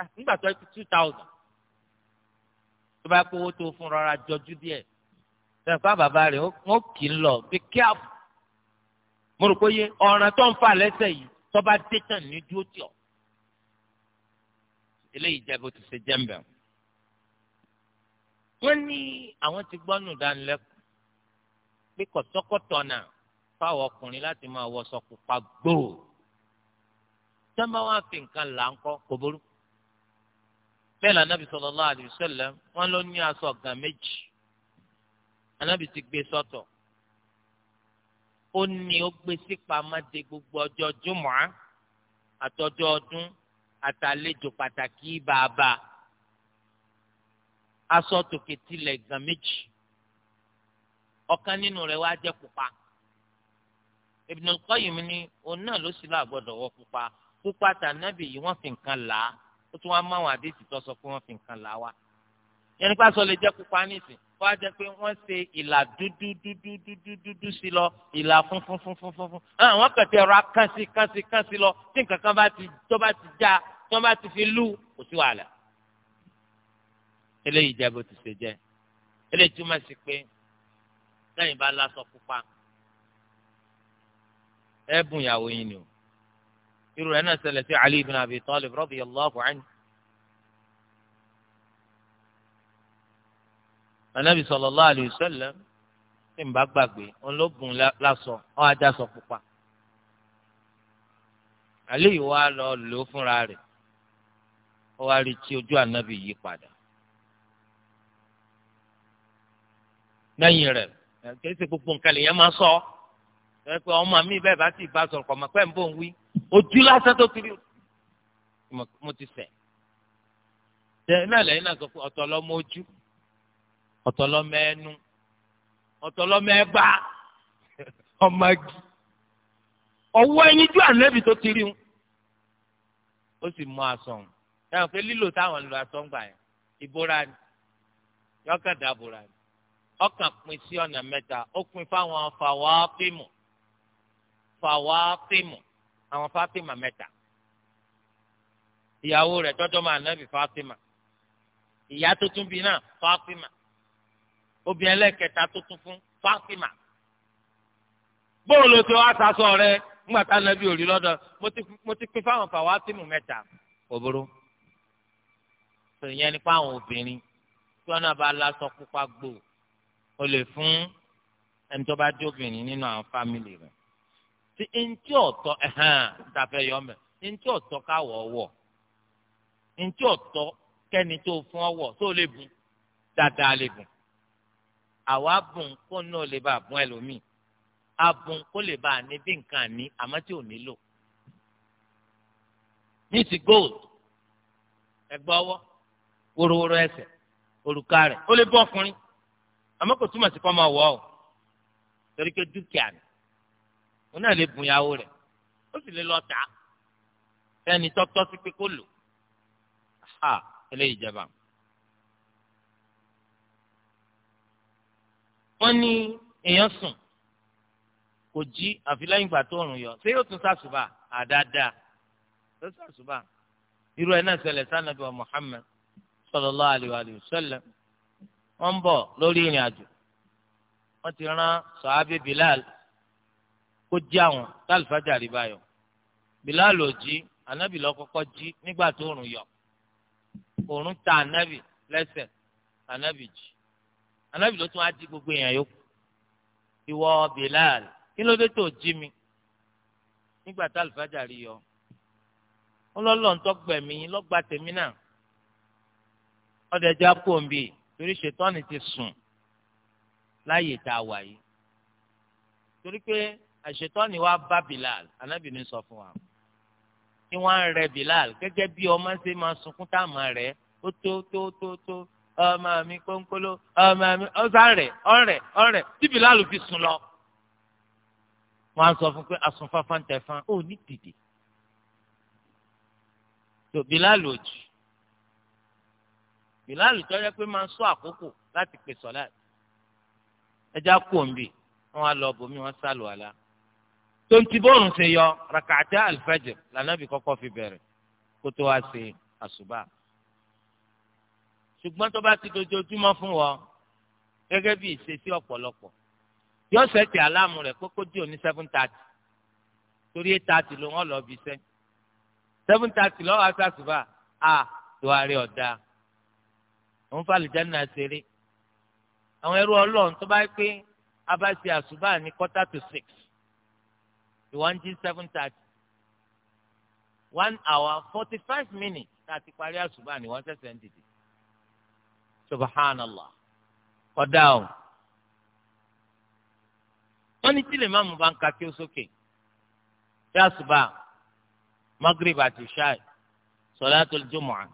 ah, nígbà tó ti two thousand tó bá pé tó fún rọra jọjú díẹ̀ sẹ̀fà bàbá rẹ̀ wọ́n kì í lọ bí kíá mo rò pé ọ̀ràn tó ń fà lẹ́sẹ̀ yìí tó bá dé tàn ní dúró tì ọ́ eléyìí jẹ́ bó ti ṣe jẹ́ mbẹ́ wọ́n ní àwọn ti gbọ́nù dánilẹ́kọ̀ọ́ pé kọ̀tọ́kọ̀tọ̀ náà fáwọn ọkùnrin láti máa wọṣọ pupa gbòò tí wọ́n bá wá fi nǹkan là ń kọ́ kò burú bẹ́ẹ̀ ni anabi sallallahu alaihi wasallam wọ́n ló ní aṣọ ọ̀gá méjì anabi ti gbé sọ́tọ̀ ó ní ó gbé sípamọ́ gbogbo ọjọ́ jùmọ̀ àtọjọ́ ọdún àtàlejò pàtàkì bàbà aṣọ tòkè tilẹ̀ gan méjì ọ̀kan nínú rẹ̀ wá jẹ́ pupa. Ibn al-Qayyim ni òun náà ló sì là gbọ́dọ̀ wọ pupa pupa tànàbì yìí wọ́n fi nǹkan là á ó tún wá máwọn àdéhìí tó sọ pé wọ́n fi nǹkan là á wá. yẹn nípa sọ lè jẹ́ pupa nísìn kó a jẹ́ pé wọ́n ṣe ìlà dúdú dúdú dúdú dúdú sí lọ ìlà funfun àwọn kẹ̀tẹ́ ọ̀rọ̀ kánsi kánsi kánsi lọ tí nǹkan kan bá ti tó bá ti já tó bá ti fi lú kò sí wàhálà. eléyìí jẹ́ bó ti ṣe jẹ́ eléyìí túmọ̀ sí pé ẹ̀bùn ìyàwó yín ni o irú náà sí Ali ibn Abi Talib radiyallahu anhu. anabi sallallahu alayhi wa sallam tí n bá gbàgbé òun ló bùn lásọ ọ pupa aliyu wa lọ lò fúnra rẹ̀ ó wá rí tí ojú anabi yí padà lẹ́yìn rẹ̀ kí gbogbo nǹkan máa sọ. ẹ pé ọmọ mi bẹ́ẹ̀ bá sì bá sọ̀rọ̀ kọ̀ mọ̀ pé ń bò ń wí ojú lásán tó kiri mo ti sẹ̀. náà lẹ́yìn náà sọ pé ọ̀tọ̀ lọ́mọ ojú ọ̀tọ̀ lọ́mọ ẹnu ọ̀tọ̀ lọ́mọ ẹgbà ọmọ igi ọwọ́ ẹyin ju ànẹ́bì tó ti rí ó sì mú aṣọ òun pé lílo táwọn lo aṣọ gbà yẹn ìbora ni yọkàdá bora ni ọkàn pín sí ọ̀nà mẹ́ta ó pín fáwọn afàwọ́ pímù fàwátìmù àwọn fátìmà mẹ́ta ìyàwó rẹ̀ tọ́jọ́ máa nẹ́bí fátìmà ìyá tó tún bí náà fátìmà obìnrin ẹlẹ́kẹta tó tún fún fátìmà bóòlù tí wàá sasọ rẹ ńgbà tá nẹ́bí ò lọ́dọ̀ mo ti pín fáwọn fàwátìmù mẹ́ta òbúrú tòyẹn nípa àwọn obìnrin tí wọn náà bá lásọ pupa gbò ó lè fún ẹni tó bá jóbìnrin nínú àwọn fámìlì rẹ̀ ti ntí ọ̀tọ̀ ẹ̀hán tàfẹ́ yọ mẹ́ ntí ọ̀tọ̀ káwọ̀ ọwọ́ ntí ọ̀tọ̀ kẹ́ni tó fún ọwọ́ tó lè bùn dáadáa lè bùn àwa bùn kó náà lè bá bùn ẹlòmíì abùn kó lè bá ní bí nǹkan ní àmọ́ tí ò nílò ní ti gold ẹgbẹ́ ọwọ́ wórówóró ẹsẹ̀ òrùka rẹ̀ ó lè bọ́ ọkùnrin àmọ́ kò túmọ̀ sí kọ́ máa wọ̀ ọ́ torí pé dúkìá ni òun náà lè bùn ìyàwó rẹ̀ ó sì lè lọ tà á fẹ́ni tọ́tọ́ sí pé kó lò ha eléyìí jẹba. wọ́n ní èèyàn sùn kò jí àfi lẹ́yìn ìgbà tó rùn yọ ṣé yóò tún sàṣùbà àdáadáa tó sàṣùbà irú ẹ̀ náà ṣẹlẹ̀ sànàbí wa Muhammad sallallahu alaihi wa sallam wọ́n ń bọ̀ lórí ìrìn àjò wọ́n ti rán sọ̀hábí Bilal kó já wọn tálífàjà rí báyọ bilal ò jí anabi lọ kọ́kọ́ jí nígbà tó òrùn yọ òrùn ta anabi lẹ́sẹ̀ anabi jí anabi ló tún á jí gbogbo èèyàn yòókù ìwọ bilal kí ló dé tó jí mi nígbà tálífàjà rí yọ ọlọ́lọ́ntọ́ gbẹ̀mí lọ́gbà tèmi náà ọ̀dẹ̀já kò ń bì torí ṣètọ́ni ti sùn láàyè tá a wà yìí torí pé àṣetọ́ni wa bá Bilal anábì ní sọ fún wa tí wọ́n ń rẹ Bilal gẹ́gẹ́ bí ọmọ ṣe máa sunkún tá a máa rẹ ó tó tó tó tó ọmọ mi kónkóló ọmọ mi ọ̀sán rẹ̀ ọ̀rẹ̀ ọ̀rẹ̀ tí Bilal fi sùn lọ. wọ́n á sọ fún pé asunfáfán tẹ fán ó ní dìde tó Bilal ò jù Bilal tó pé máa ń sọ àkókò láti pè sọ́láàtì ẹja kò ń bì wọ́n á lọ bòmí wọ́n sálò tonti bóòrùn ṣe yọ rakata alifajr lànàbì kọ́kọ́ fi bẹ̀rẹ̀ kó tó wá ṣe àṣùbà ṣùgbọ́n tó bá ti dojoojúmọ́ fún wọn gẹ́gẹ́ bí ìṣesí ọ̀pọ̀lọpọ̀ yóò ṣẹ̀tì aláàmù rẹ̀ kókó dì òní seven thirty torí eight thirty ló wọ́n lọ́ọ́ bí sẹ́ seven thirty lọ́wọ́ aṣáṣùbà a tó àárẹ̀ ọ̀dà òun fàlùjáná ṣeré àwọn ẹrú ọlọ́run tó bá pé a bá ṣe àṣùbà ní quarter to six ìwọ ń seven thirty one hour forty five minutes láti parí àṣùbà ni wọ́n ṣẹ̀ṣẹ̀ ń dìde subhanallah kódà o wọ́n ní tílé máàmù bá ń ka kí ó sókè bí àṣùbà magrib àti shai sọlátul jumu'a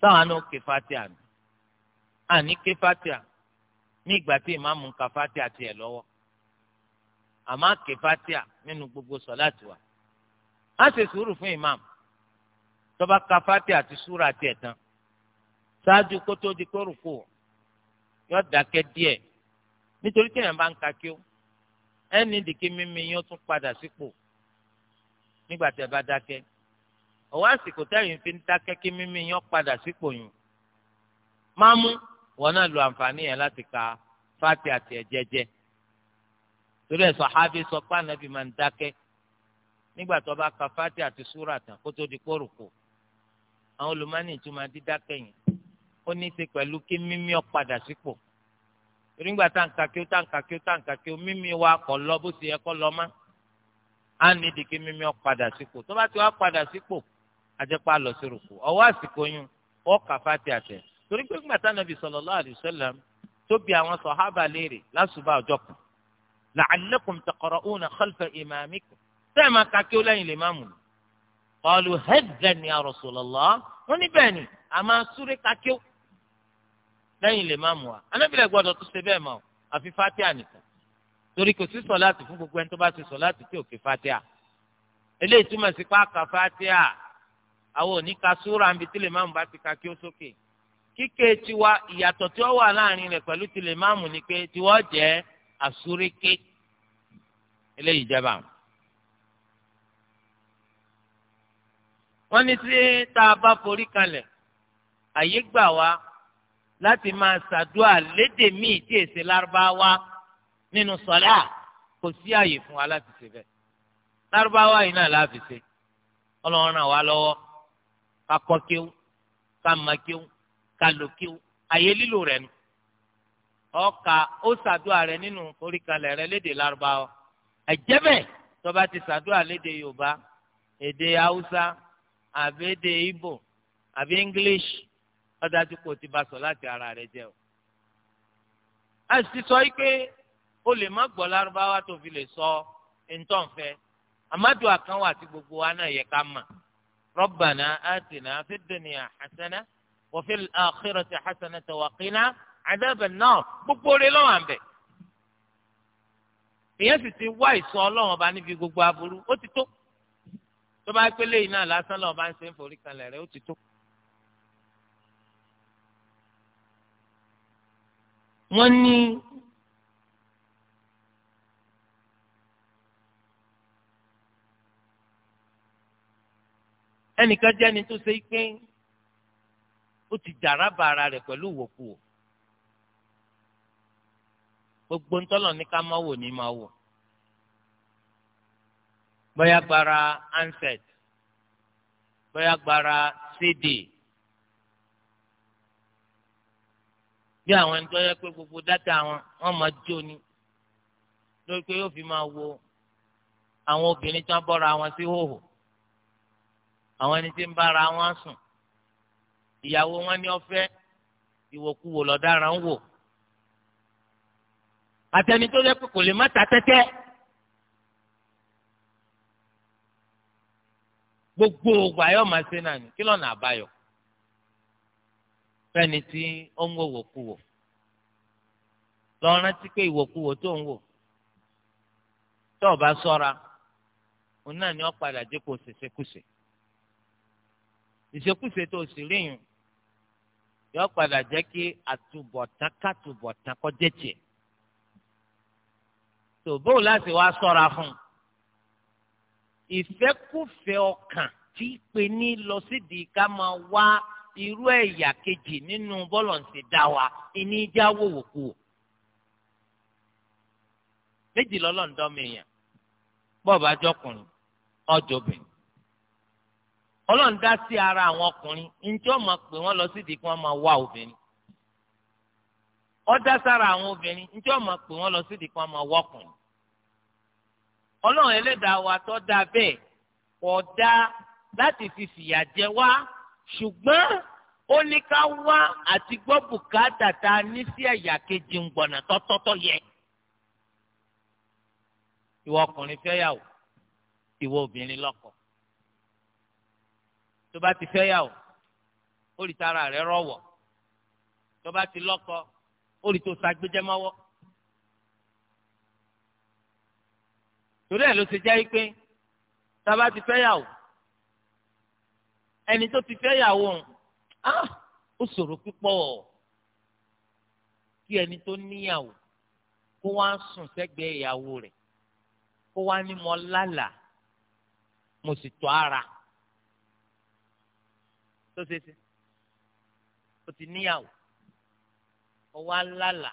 táwọn àna òkè fatia ni àní ké fatia ní ìgbà tí ìmáàmù ń ka fatia tiẹ̀ lọ́wọ́ àmọ́ àké fatia nínú gbogbo sọ̀láàtì wa á ṣe sùúrù fún imam tó bá ka fatia àti súra tiẹ̀ tán ṣáájú kó tó di kórùkù yóò dákẹ́ díẹ̀ nítorí tí èèyàn bá ń ka kí ó ẹni dìkì mímí yóò tún padà sípò nígbà tí bá dákẹ́ ọwọ́ àsìkò tẹ́yìn fi ń dákẹ́ kí mímí yóò padà sípò yìí máa mú wọn náà lo àǹfààní yẹn láti ka fatia àti jẹ́jẹ́ torí ẹ̀ sọ̀hábí sọ pé ànábì máa ń dákẹ́ nígbà tó bá ka fati àti súrà tán kó tó di pòròkò àwọn olùmọ́ni ìtumọ̀ dídákẹ́ yìí ó ní í ṣe pẹ̀lú kí mímí ọ sípò torí nígbà tá à ń ka ó tá à ń ka ó tá à ń ka ó mímí wa kọ̀ lọ bó ti yẹ kọ́ lọ mọ́ á ní di kí mímí ọ sípò tó bá ti wá padà sípò àjẹpá lọ sí rògbò ọwọ́ àsìkò yún ọ kà fati àtẹ torí pé nígbà tá ànábì sallallahu alaihi wasallam tó bi àwọn sọ̀hábà la'allakum taqra'una khalfa imamikum sẹ́ẹ̀ máa ka kí ó lẹ́yìn lè má mú un. qalu hadhan ya Rasulullah wọ́n ní bẹ́ẹ̀ ni a máa súré ka kí ó lẹ́yìn lè má mú wa. anábìlẹ̀ gbọ́dọ̀ tó ṣe bẹ́ẹ̀ mọ́ àfi fatia nìkan torí kò sí sọláàtì fún gbogbo ẹni tó bá ti sọláàtì tí ò ké fatia eléyìí túmọ̀ sí páàkà fatia àwọn oníka súra ń bi tí lè má mú bá ti ka kí ó sókè kíkẹ́ tiwa ìyàtọ̀ tí ó wà láàrin rẹ̀ pẹ̀lú ti lè má mú ni pé tiwọ́ jẹ́ àsúrékè eléyìí jẹba wọn ní sí tá a bá forí kalẹ̀ àyè gbà wá láti máa ṣàdúà lédè míì tí èsè lárúbáwá nínú sọlá kò sí àyè fún wa láti ṣe bẹ́ẹ̀ lárúbáwá yìí náà láàfin ṣe ọlọ́run ràn wá lọ́wọ́ ká kọ́ kéwú ká ma kéwú ká lò kéwú àyè lílò rẹ̀ nù ọkà ó ṣàdúrà rẹ nínú oríkalẹ̀ rẹ lédè lárúbáwá ẹ̀jẹ̀bẹ̀ tó bá ti ṣàdúrà lédè yorùbá èdè haúsá àbí èdè ìgbò àbí english ọ̀dájú kò ti bá sọ láti ara rẹ jẹ́ o. a sì sọ yìí pé o lè má gbọ́ lárúbáwá tó fi lè sọ ntọ́nfẹ́ amadu akan wà tí gbogbo wa náà yẹ ká mà rabbana atina fid dunya hasana wa fil akhirati hasanatan wa qina àdàbẹ̀ náà gbogbo rẹ lọ́wọ́ àbẹ̀ èèyàn sì ti wá ìsọ ọlọ́run ọba níbi gbogbo aburú ó ti tó tó bá pélé yìí náà lásán lọ́wọ́ bá ń ṣe ń forí kanlẹ̀ rẹ ó ti tó. wọ́n ní ẹnìkan jẹ́ ẹni tó ṣe é pé ó ti dàrábà ara rẹ̀ pẹ̀lú ìwòkuwò gbogbo ntọ́lọ̀ ní ká má wò ní má wò bóyá gbára handset bóyá gbára CD bí àwọn ẹni tó yẹ pé gbogbo dátà wọn wọn máa jó ni lórí pé yóò fi máa wo àwọn obìnrin tí wọn bọ́ra wọn sí hòhò àwọn ẹni tí ń bára wọn sùn ìyàwó wọn ní ọ̀fẹ́ ìwòkuwò lọdaràn wò. àtẹni tó yẹ pé kò lè má ta gbogbo ògbà yóò máa ṣe náà ní kí lọ́nà àbáyọ fẹ́ni tí ó ń wò wòkúwò lọ rántí pé ìwòkúwò tó ń wò tó o sọ́ra òun náà ni ó padà jẹ́ ṣèṣekúṣe ìṣekúṣe tó o sì ríyìn yóò kí àtúbọ̀tán kọjẹ́ tó bóun láti wá sọ́ra fún un ìfẹ́kùfẹ́ ọkàn tí pe ní lọ sídìí ká máa wá irú ẹ̀yà kejì nínú bọ́lọ̀ǹsì dá wa ìní já wòwò o. méjì lọ́lọ́ǹdọ́ mi yàn bọ́ọ̀bù ajọ́kùnrin ọjọ́bìnrin ọlọ́ǹda sí ara àwọn ọkùnrin njẹ́ ọmọ pé wọ́n lọ sídìí kí wọ́n máa wá obìnrin ọdá sára àwọn obìnrin ní tí wọn máa pè wọn lọ sídìí kan máa wọkùn Ọlọ́run Ẹlẹ́dàá wa tó dá bẹ́ẹ̀ kò dá láti fi fìyà jẹ wá ṣùgbọ́n ó ní ká wá àti gbọ́ bùkátà tá a ní sí ẹ̀yà kejì ń gbọ̀nà tọ́tọ́tọ́ yẹ. ìwọ ọkùnrin fẹ́yàwó ìwọ obìnrin lọ́kọ. tó bá ti fẹ́yàwó ó rí tara rẹ̀ rọ̀wọ̀ tó bá ti lọ́kọ ó rí tó sagbéjẹ́ mọ́wọ́. torí ẹ̀ ló ṣe jẹ́ pé sábà ti fẹ́ yàwó ẹni tó ti fẹ́ yàwó ah, ó ṣòro pípọ̀ kí ẹni tó níyàwó kó wá sùn sẹ́gbẹ̀ẹ́ ìyàwó rẹ̀ kó wá ní mọ́ lálàá mo sì tọ́ ara tó ṣe ṣe ó ti níyàwó ọwọ́ alálà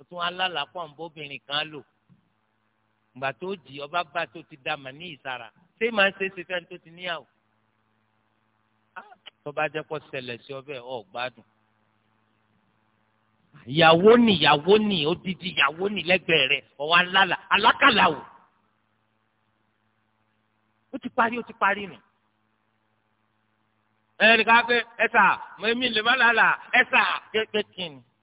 ó tún alálà pọ̀ ń bóbìnrin kan lò ìgbà tó jì ọba bá tó ti dá mà ní ìsara ṣé màá ṣe é ṣe fẹ́ni tó ti níyàwó ah, tó bá jẹ́ pọ̀ ṣẹlẹ̀ sí ọbẹ̀ ọ̀ gbádùn ìyàwó ni ìyàwó ni odidi ìyàwó ni lẹ́gbẹ̀ẹ́ rẹ̀ ọwọ́ alálà alákàlà wò ó ti parí ó ti parí nù ẹnì kan pé ẹsà mọ èmi lè má lálà ẹsà kékeré kìnnì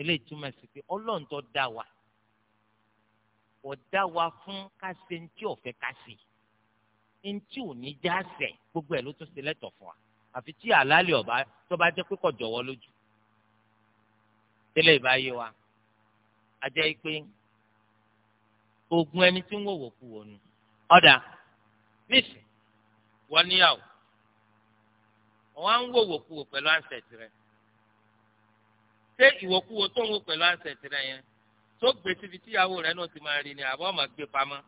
eléyìí túmọ̀ sí pé ọlọ́run tó dá wa kò dá wa fún kásẹ̀ ntí ọ̀fẹ́ kásì ntí ò ní já sẹ̀ gbogbo ẹ̀ ló tún ṣe lẹ́tọ̀ fún wa àfi tí àlálẹ̀ ọ̀bá tó bá jẹ́ pé jọ̀wọ́ lójú tẹ́lẹ̀ ìbáyé wa ajẹ́ pé ogun ẹni tí ń wòwò kú wọnú ọ̀dà nísìn wọ́n níyàwó wọ́n á ń wòwò kú wò pẹ̀lú àǹsẹ̀tì rẹ̀ ṣé ìwòkuwò tó ń wò pẹ̀lú àṣẹ̀tì rẹ̀ yẹn tó gbé síbi tí ìyàwó rẹ̀ náà ti máa rí ni àbọ̀ ọmọ gbé pamọ́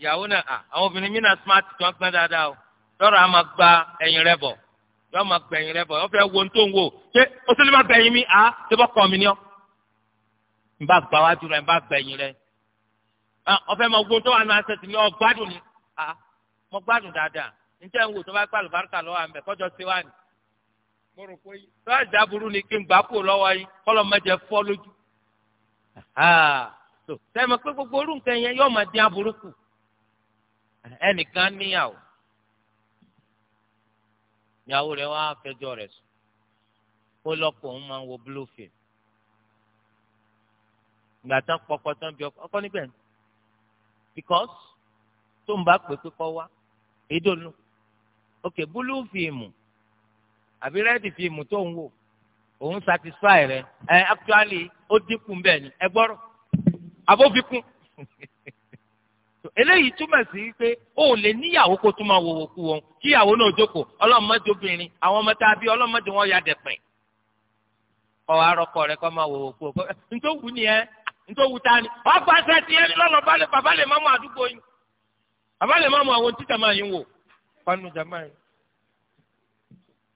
ìyàwó náà à àwọn obìnrin mí smart tó ń pẹ́ dáadáa o lọ́rọ̀ á máa gba ẹ̀yìn rẹ̀ bọ̀ yọ́ máa gba ẹ̀yìn rẹ̀ bọ̀ wọ́n fẹ́ wo tó ń wò ṣé o sì lè má gbẹ̀yìn mi à ṣé bọ́ kọ́ mi ni ọ́ n bá gba wájú rẹ̀ n bá gbẹ̀yìn rẹ̀ ọ̀fẹ́ máa wo tó wà ní mo rò pé tó àjà burú ni kí n gbà kó lọ́wọ́ yín kọ́lọ́ mẹ́jẹ fọ́ lójú. sẹ́mi pé gbogbo orú nǹkan yẹn yóò máa dín aburú kù ẹnìkan níyàwó ìyàwó rẹ̀ wá fẹjọ́ rẹ̀ sùn ó lọ́kọ máa ń wo blue ìgbà tán pọpọ tán bí ọkọ níbẹ̀ ni because tó ń bá pè pé kọ́ wá èyí tó lù ok blue àbí rẹ́ẹ̀dì fíìmù to ń wò òun satisfy rẹ ẹ actually ó dínkù bẹ́ẹ̀ ni ẹ gbọ́rọ̀ àbófikún eléyìí túmọ̀ sí pé o ò lè níyàwó kó tún máa wòwò kú wọn kí ìyàwó náà jókòó àwọn ọmọ tá a bí ọlọ́mọdé wọn ya dẹ̀pẹ̀ kọ́ arọ́kọ rẹ kọ́ máa wòwò kú wù ni ẹ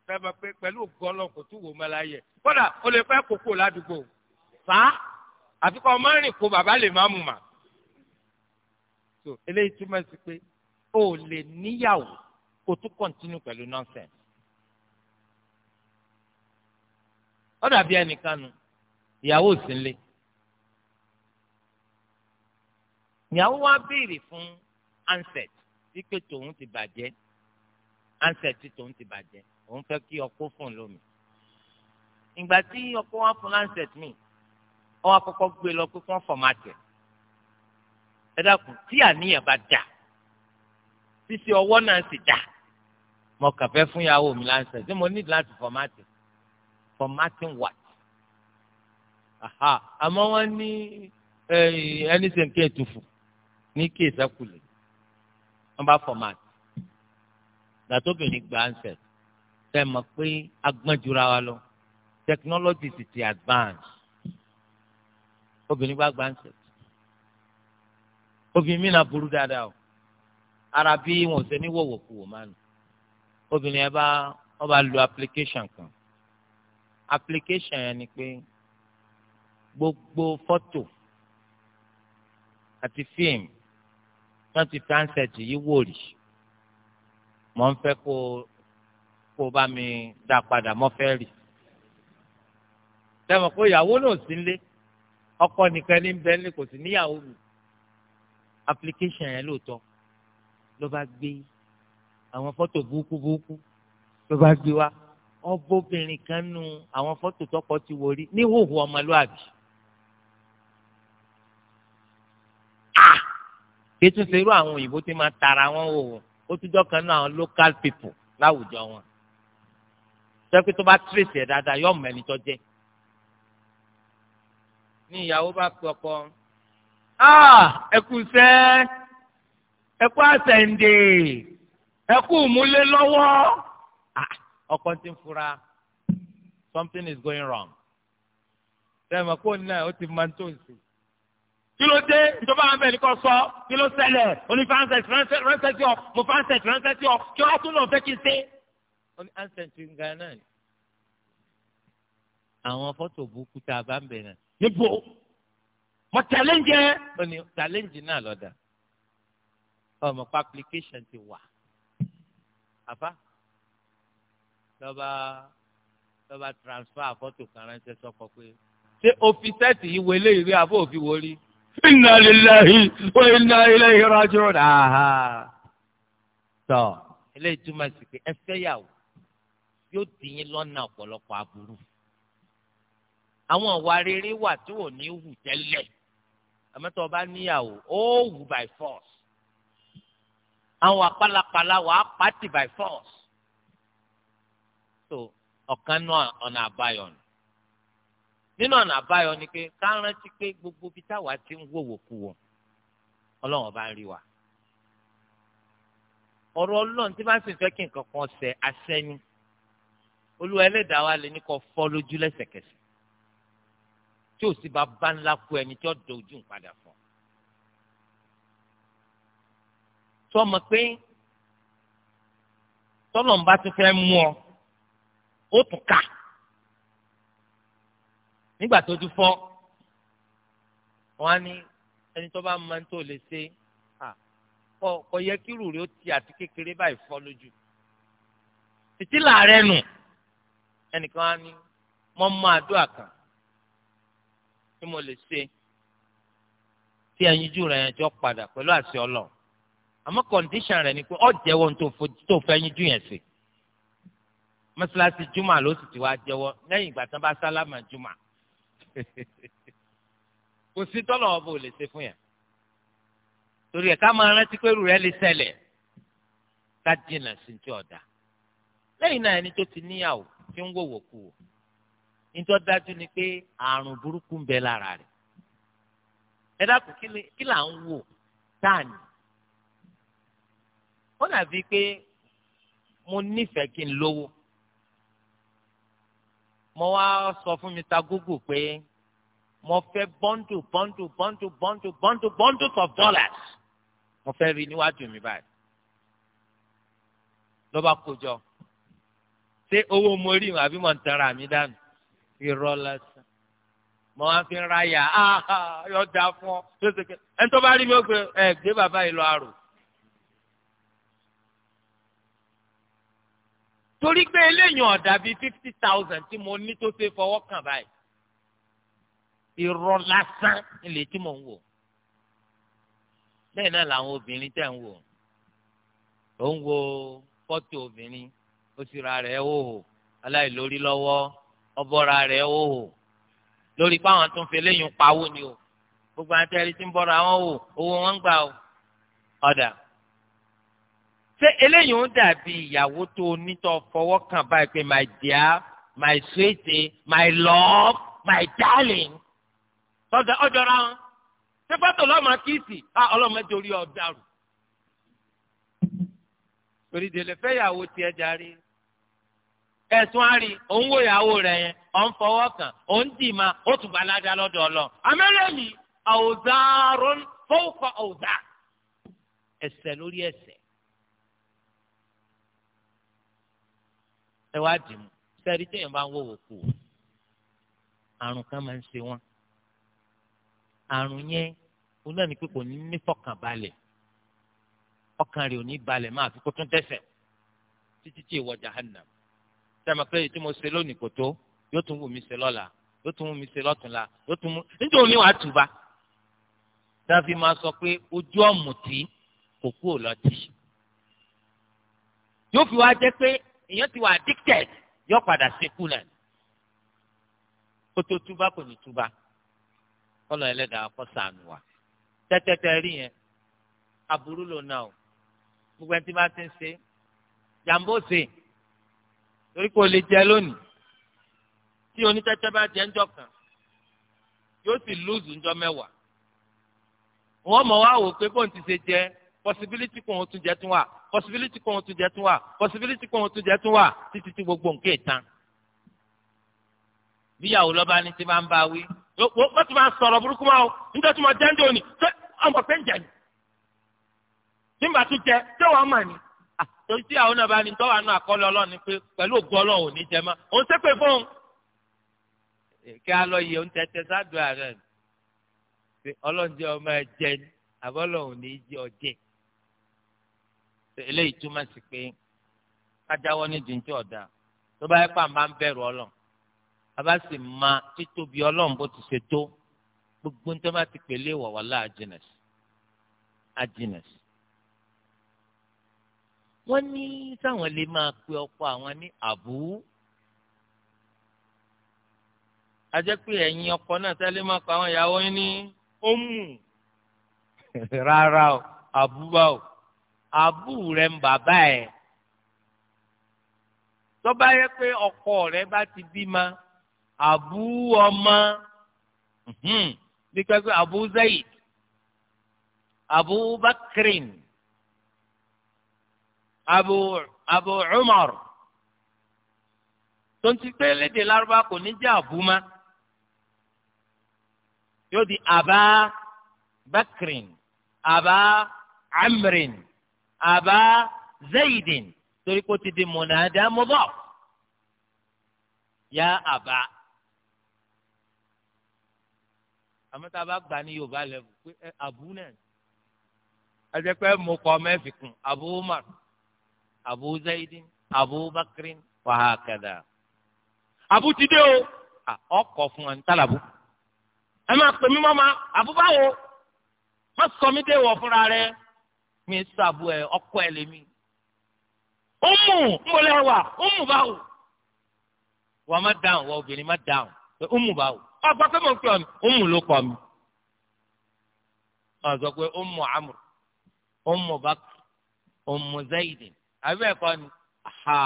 fẹ́ẹ́ pé pẹ̀lú gọ́lọ̀ kò tún wò ó mẹ́láyẹ kódà o lè fẹ́ kókó ládùúgbò fà á àfi kọ́ máa rìn kó bàbá lè má mú mà. so eléyìí túmọ̀ sí pé o lè níyàwó kó tún kọ́ntínú pẹ̀lú nọ́ọ̀sẹ̀nsì. ó dàbí ẹnìkan nu ìyàwó sì ń lé. ìyàwó wa béèrè fún ansẹt wípé tòun ti bàjẹ́ ansẹt tí tòun ti bàjẹ́ òun fẹ́ kí ọkọ fún un lómi ìgbà tí ọkọ wa fún lancet mi ọ wa kọ́kọ́ gbé lọ pé kán fọmátì ẹ dákun tí àníyàn bá dà ṣíṣe ọwọ́ náà sì dà mo kàn fẹ́ fún ìyàwó mi lancet tí mo nílò láti fọmátì fọmátì what àmọ́ wọ́n ní ẹni sèǹkẹ́ ètùfù ní kí èsàkùlẹ̀ wọ́n bá fọmátì gbàtóbìnrin gba lancet tẹ mọ̀ pé agbọ́njura wa lọ technology ti ti advance obìnrin bá gba ń sẹ̀tì obìnrin mi náà burú dáadáa o ara bí wọn ò ṣe ní wọ̀wọ̀ kú wò máa nù obìnrin yẹn bá wọn bá lo application kan application yẹn ni pé gbogbo fọ́tò àti fíìmù wọn ti tánṣẹ̀tì yìí wò rí mọ̀ ń fẹ́ kó kó bá mi dá padà mọ́fẹ́ rì dẹ́mọ̀ pé ìyàwó náà sí nílé ọkọ nìkan ní bẹ́ẹ̀ ni kò sí níyàwó mi application yẹn lóòótọ́ ló bá gbé àwọn fọ́tò burúkú burúkú ló bá gbé wá ọbọbìnrin kan nu àwọn fọ́tò tọkọ ti wò ní hòhò ọmọlúàbí. Ah! kí irú àwọn òyìnbó tí máa tara wọn hòhò ó tún jọ́ kan náà àwọn local people láwùjọ wọn sẹ́kì tó bá tírèsì ẹ̀ dáadáa yọ ọmọ ẹni tó jẹ́. ní ìyàwó bá pe ọkọ ẹkú sẹ́ ẹkú àsẹ̀ǹdè ẹkú múlé lọ́wọ́ ọkọ ti ń fura something is going wrong. sẹ́yìn mọ̀ kó náà ó ti máa ń tó ìsìn kí ló dé ìjọba àwọn abẹ́ni sọ kí ló ṣẹlẹ̀ onífàǹsẹ̀ ránṣẹ́ sí ọ mo fàǹsẹ̀ ránṣẹ́ sí ọ kí wọ́n á tún lọ fẹ́ kí n ṣe ó ní ancestry nǹkan náà ni àwọn fọ́tò burúkú tá a bá ń bẹ̀rẹ̀ níbo mo challenge ẹ. ó ní challenge náà lọ́dà ọmọ pa application ti wà àbá lọ́ba lọ́ba transfer fọ́tò kan ránṣẹ́ sọ́kọ pé ṣé ọ́fíìsẹ́ẹ̀tì yìí wọlé ìrí àbó òfin wọlé. inna lillahi wa inna ilayhi raji'un. tọ́ eléyìí túmọ̀ sí pé ẹ fẹ́ yàwó yóò dì yín lọ́nà ọ̀pọ̀lọpọ̀ aburú àwọn ọ̀wà rere wà tí ò ní wù tẹ́lẹ̀ àmọ́tọ́ ọba níyàwó ó wù by force àwọn àpàlàpàlà wà á pàtì by force so ọ̀kan náà ọ̀nà àbáyọ ni nínú ọ̀nà àbáyọ ni pé ká rántí pé gbogbo bí táwa ti ń wòwò kú wọn ọlọ́run ọba ń rí wa ọ̀rọ̀ ọlọ́run tí bá ń fẹ́ kí nǹkan kan ṣe àṣẹ olúwa ẹlẹ́dàá wa lè ní kọ́ fọ́ lójú lẹ́sẹ̀kẹsẹ̀ tí ò sì bá bá ńlá kú ẹni tí ó dojú padà fún ọ. sọmọ pé tọ́lọ̀ ń bá tún fẹ́ mú ọ ó tún kà nígbà tó tún fọ́ wọn á ní ẹni tó bá máa ń tó lè ṣe kọ yẹ kí rúurú ó ti àti kékeré báyìí fọ́ lójú títí làárẹ̀ nù. No ẹnìkan á ní mọ́ mọ́ àdúrà kan tí mo lè ṣe tí ẹyin jù rẹ̀ yẹn jọ padà pẹ̀lú àṣẹ ọlọ́run àmọ́ kọ̀ǹdíṣàn rẹ̀ ni pé ọ́ jẹ́wọ́ tó fẹ́yìn jù yẹn sí mọ́ṣáláṣí jùmọ̀ ló sì ti wá jẹ́wọ́ lẹ́yìn ìgbà tán bá sálámà jùmọ̀ kò sí tọ́lọ̀ ọba ò lè ṣe fún yẹn torí ẹ̀ ká máa rántí pé irú lè ṣẹlẹ̀ ká dínà sí ti ọ̀dà lẹ́yìn náà ẹni tó ti níyàwó tí ń wòwò kù o nítorí dájú ni pé àrùn burúkú ń bẹ lára rẹ̀ ẹ dákun kí là ń wò táàní ó dàbí pé mo nífẹ̀ẹ́ kí n lówó mo wá sọ fún mi ta Google pé mo fẹ́ bọ́ńdù bọ́ńdù bọ́ńdù bọ́ńdù bọ́ńdù bọ́ńdù of dollars mo fẹ́ rí níwájú mi báyìí ló bá ṣé owó mo rí wọn àbí mo ń tanra mi dànù irọ́ lásán mo máa fi ráyà yọjà fún ọ tó ṣe kẹ ẹni tó bá rí mi ó gbé ẹ gbé bàbá yìí lọ àrò. torí pé eléyìí ọ̀dà bíi fifty thousand tí mo ní tó ṣe fọwọ́ kàn báyìí irọ́ lásán ilé tí mò ń wò bẹ́ẹ̀ náà làwọn obìnrin tẹ̀ ń wò ó ń wo fọ́tò obìnrin ó sì ra rẹ̀ hóhò aláìlórí lọ́wọ́ ọbọ̀ra rẹ̀ hóhò lórí páwọn tó ń fi eléyìí pawó ni o gbogbo àti ẹni tí ń bọ́ra wọn wò owó wọn ń gbà o ọ̀dà ṣé eléyìí ń dàbí ìyàwó tó nítọ́ fọwọ́ kàn báyìí pé my dear my sweetie my love my darling tọ́jà ọjọ́ ra wọn ṣé pátó lọ́mọ kìsì á ọlọ́mọ ẹjọ́ orí ọ̀daràn torí délé fẹ́ yàwó tiẹ̀ járe ẹ̀sùn àárí òun wò ìyàwó rẹ̀ yẹn òun fọwọ́ kàn òun dì má ó tún balada lọ́dọ̀ ọlọ. amẹ́rẹ́lì awzarun fawqa awzar ẹ̀ṣẹ̀ lórí ẹ̀ṣẹ̀. ẹ wá dì mú sẹ́ẹ̀rí téèyàn bá ń wòwò kù àrùn kan máa ń ṣe wọ́n àrùn yẹn òun náà pé kò ní ní fọkànbalẹ̀ ọkàn rẹ̀ ò ní balẹ̀ máa fi kó tún dẹ́ṣẹ̀ títí tí ìwọ jahannam sẹ́mi pé tí mo ṣe lónìí kò tó yóò tún wù mí ṣe lọ́la yóò tún wù mí ṣe lọ́túnla yóò tún mú níjẹ́ òní wàá tùbá. sáfi máa sọ pé ojú ọ̀mùtí kò kú ò lọ́tì. yóò fi wá jẹ́ pé èèyàn ti wà addicted yóò padà ṣekú náà. kó tó túbá kò ní túbá kọ́lọ̀ ẹlẹ́dàá kọ́ sànù wa. tẹ́tẹ́tẹ́ rí yẹn aburú ló náà o gbogbo ẹni tí bá ti ń ṣe jàǹbó ṣe torí kò lè jẹ lónìí tí onítẹ́tẹ́ bá jẹ ńjọ́ kan yóò sì lùzù ńjọ́ mẹ́wàá wọ́n mọ̀ wá wò pé bóun ti ṣe jẹ possibility kan ó tún jẹ tún wà possibility kan ó tún jẹ tún wà possibility kan ó tún jẹ tún wà títí tí gbogbo nǹkan ìtàn bíyàwó lọ́ba ní ti máa ń bá wí wọ́n ti máa sọ̀rọ̀ burúkú máa o nítorí tí mo jẹ́ ń jẹ́ ṣé ọmọ pé ń jẹ ni nígbà tó jẹ ṣé wàá mà ni torí tí àwọn náà bá ní tọ́wọ́ àánú àkọlé ọlọ́run ni pé pẹ̀lú ògùn ọlọ́run ò ní jẹ mọ́ òun ṣépè fóun. kí a lọ yẹ oúnjẹ tẹ sáàdùn ààrẹ ni ọlọ́run jẹ́ ọmọ ẹ̀jẹ̀ ni àbọ̀lọ́run ò ní jẹ́ ọjẹ́. eléyìí túmọ̀ sí pé kájáwọ́ ní dùn ọ̀dà tó bá yẹ pà máa ń bẹ̀rù ọlọ́run a bá sì ma títóbi ọlọ́run bó ti ṣe tó gbogbo ní tó wọ́n ní sáwọn lè máa pe ọkọ àwọn ní àbú ajẹ́ pé ẹ̀yin ọkọ náà tẹ́lẹ̀ máa pa àwọn ìyàwó yín ní ọmú rárá o àbúrò o àbú rẹ̀ ń bàbá ẹ̀ tó bá yẹ pé ọkọ rẹ̀ bá ti bímọ àbú ọmọ hmm, bí kẹ́kẹ́ àbú Zaid àbú Bakrin abu abu umar tó ń ti pé léde lárúbá kò ní jẹ́ àbúmá yóò di aba bakrin aba amrin aba zaidin torí kó ti di mọ̀nàdá mọ́bọ̀ yá aba. àmọ́ tá a bá gbà ní yorùbá lẹ́bù pé abu náà ẹ jẹ́ pé mo kọ́ mẹ́fì kún abu umar abu zaidin abu bakrin wa hakada abu ti dé o ọkọ fún wa ń tàlàbù ẹ máa pè mí mọ́mọ́ abu báwo má sọ mí dé wọ fúnra rẹ mi sàbù ẹ ọkọ ẹ lèmi ọmọ mbọlẹ wa ọmọ báwo wọ́n má dáhùn wọ́n obìnrin má dáhùn pé ọmọ báwo ọgbà pé mo ń pè ọ ní ọmọ ló kọ mi wọ́n sọ pé ọmọ amr ọmọ bakr ọmọ zaidin àbí ẹ̀kọ́ ni ha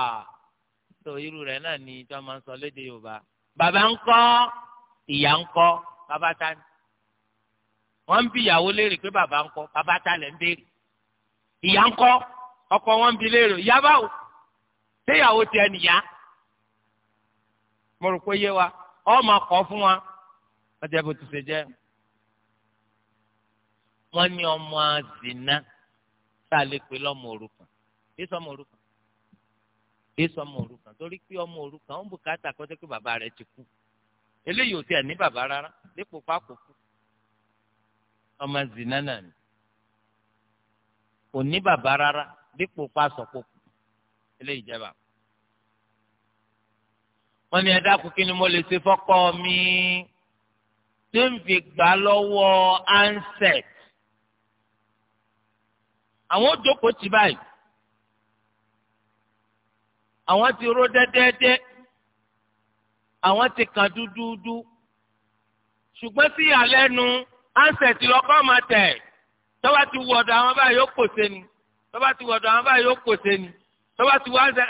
tó irú rẹ̀ náà ni tí wọ́n máa ń sọ léde yorùbá bàbá ń kọ́ ìyá ń kọ́ bàbá ta ni wọ́n ń bi ìyàwó léèrè pé bàbá ń kọ́ bàbá ta lẹ̀ ń béèrè ìyá ń kọ́ ọkọ wọn ń bi léèrè ìyá báwo ṣé ìyàwó tiẹ̀ nìyá mo rò pé yé wa ọ máa kọ́ fún wa ọjà bó ti ṣe jẹ́ wọ́n ní ọmọ zina tá a lè pè lọ́mọ òrùka èso ọmọ òrukàn èso ọmọ òrukàn torí pé ọmọ òrukàn ó ń bùkátà kó jẹ́ pé bàbá rẹ̀ ti kú eléyìí ò tiẹ̀ ní bàbá rárá dípò pákó kú ọmọ zinana ni kò ní bàbá rárá dípò pásọpọ̀ kú eléyìí jẹba wọ́n ní ẹ dákun kí ni mo lè ṣe fọ́kọ mi tó ń fi gbà lọ́wọ́ ansẹt àwọn òjòkó ti báyìí àwọn ti ró dẹ́dẹ́dẹ́ àwọn ti kàn dúdúdú ṣùgbọ́n sí ìyàlẹ́nu ansẹ̀tì lọ́kọ́ máa tẹ̀ tọ́ba ti wù ọ̀dọ̀ àwọn báyìí ó kò sẹ́ni tọ́ba ti wù ọ̀dọ̀ àwọn báyìí ó kò sẹ́ni tọ́ba ti wù ansẹ̀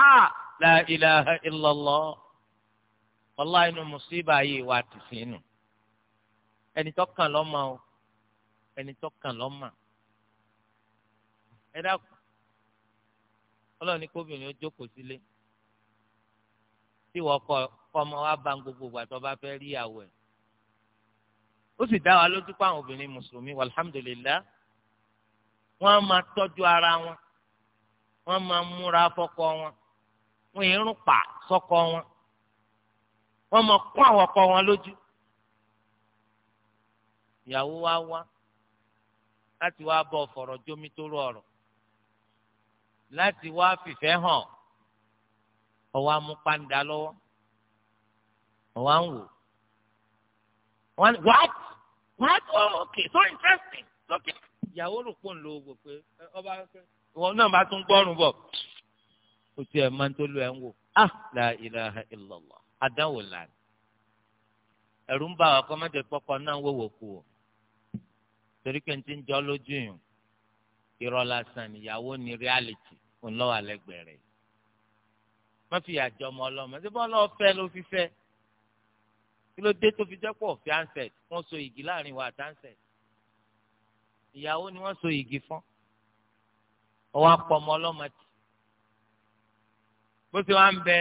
la ilaha illallah wallahi inú mùsíbà yìí wà tì sí inú ẹni tó kàn lọ́mọ o ẹni tó kàn lọ́mọ ẹ dákun ọlọ́run ní kóbìnrin ó jókòó sílé tí wọ́n kọ ọmọ wa bá gbogbo ìgbà tó bá fẹ́ rí ìyàwó ẹ̀ ó sì dá wa lójú pé àwọn obìnrin mùsùlùmí alhamdulillah wọ́n á máa tọ́jú ara wọn wọ́n á máa múra fọ́kọ wọn wọ́n yìí rún pa sọ́kọ wọn wọ́n máa kún àwọn ọkọ wọn lójú ìyàwó wa wá láti wá bọ̀ fọ̀rọ̀ jómi tó rú ọ̀rọ̀ láti wá fìfẹ́ hàn ọwọ́ amúpáńdà lọ́wọ́ ọwọ́ ń wò wọ́n what what oh okay so interesting so okay. ìyàwó rò pọ̀ ń lo ogbò pé ọba ìwọ náà bá tún gbọ́rùn bọ̀ o tiẹ̀ máa ń tó lu ẹ̀ ń wò ah la ilaha illallah adáwò lànà ẹ̀rù ń bá wa kọ́ pọ́pọ́ náà wòwò kú o torí pé n ti ń jọ́ lójú yìí irọ́ ìyàwó ni reality òun lọ́wọ́ alẹ́gbẹ̀ẹ́ rẹ̀ má fi àjọ ọmọ ọlọ́mọ ṣé bọ́ọ̀ lọ́ọ́ fẹ́ ló fi fẹ́ kí ló dé tó fi jẹ́ pọ̀ fi ansẹ̀t wọ́n so igi láàrin wa àti ìyàwó ni wọ́n so igi fún ọwọ́ apọ̀ ọmọ ọlọ́mọ tì bó ti wá ń bẹ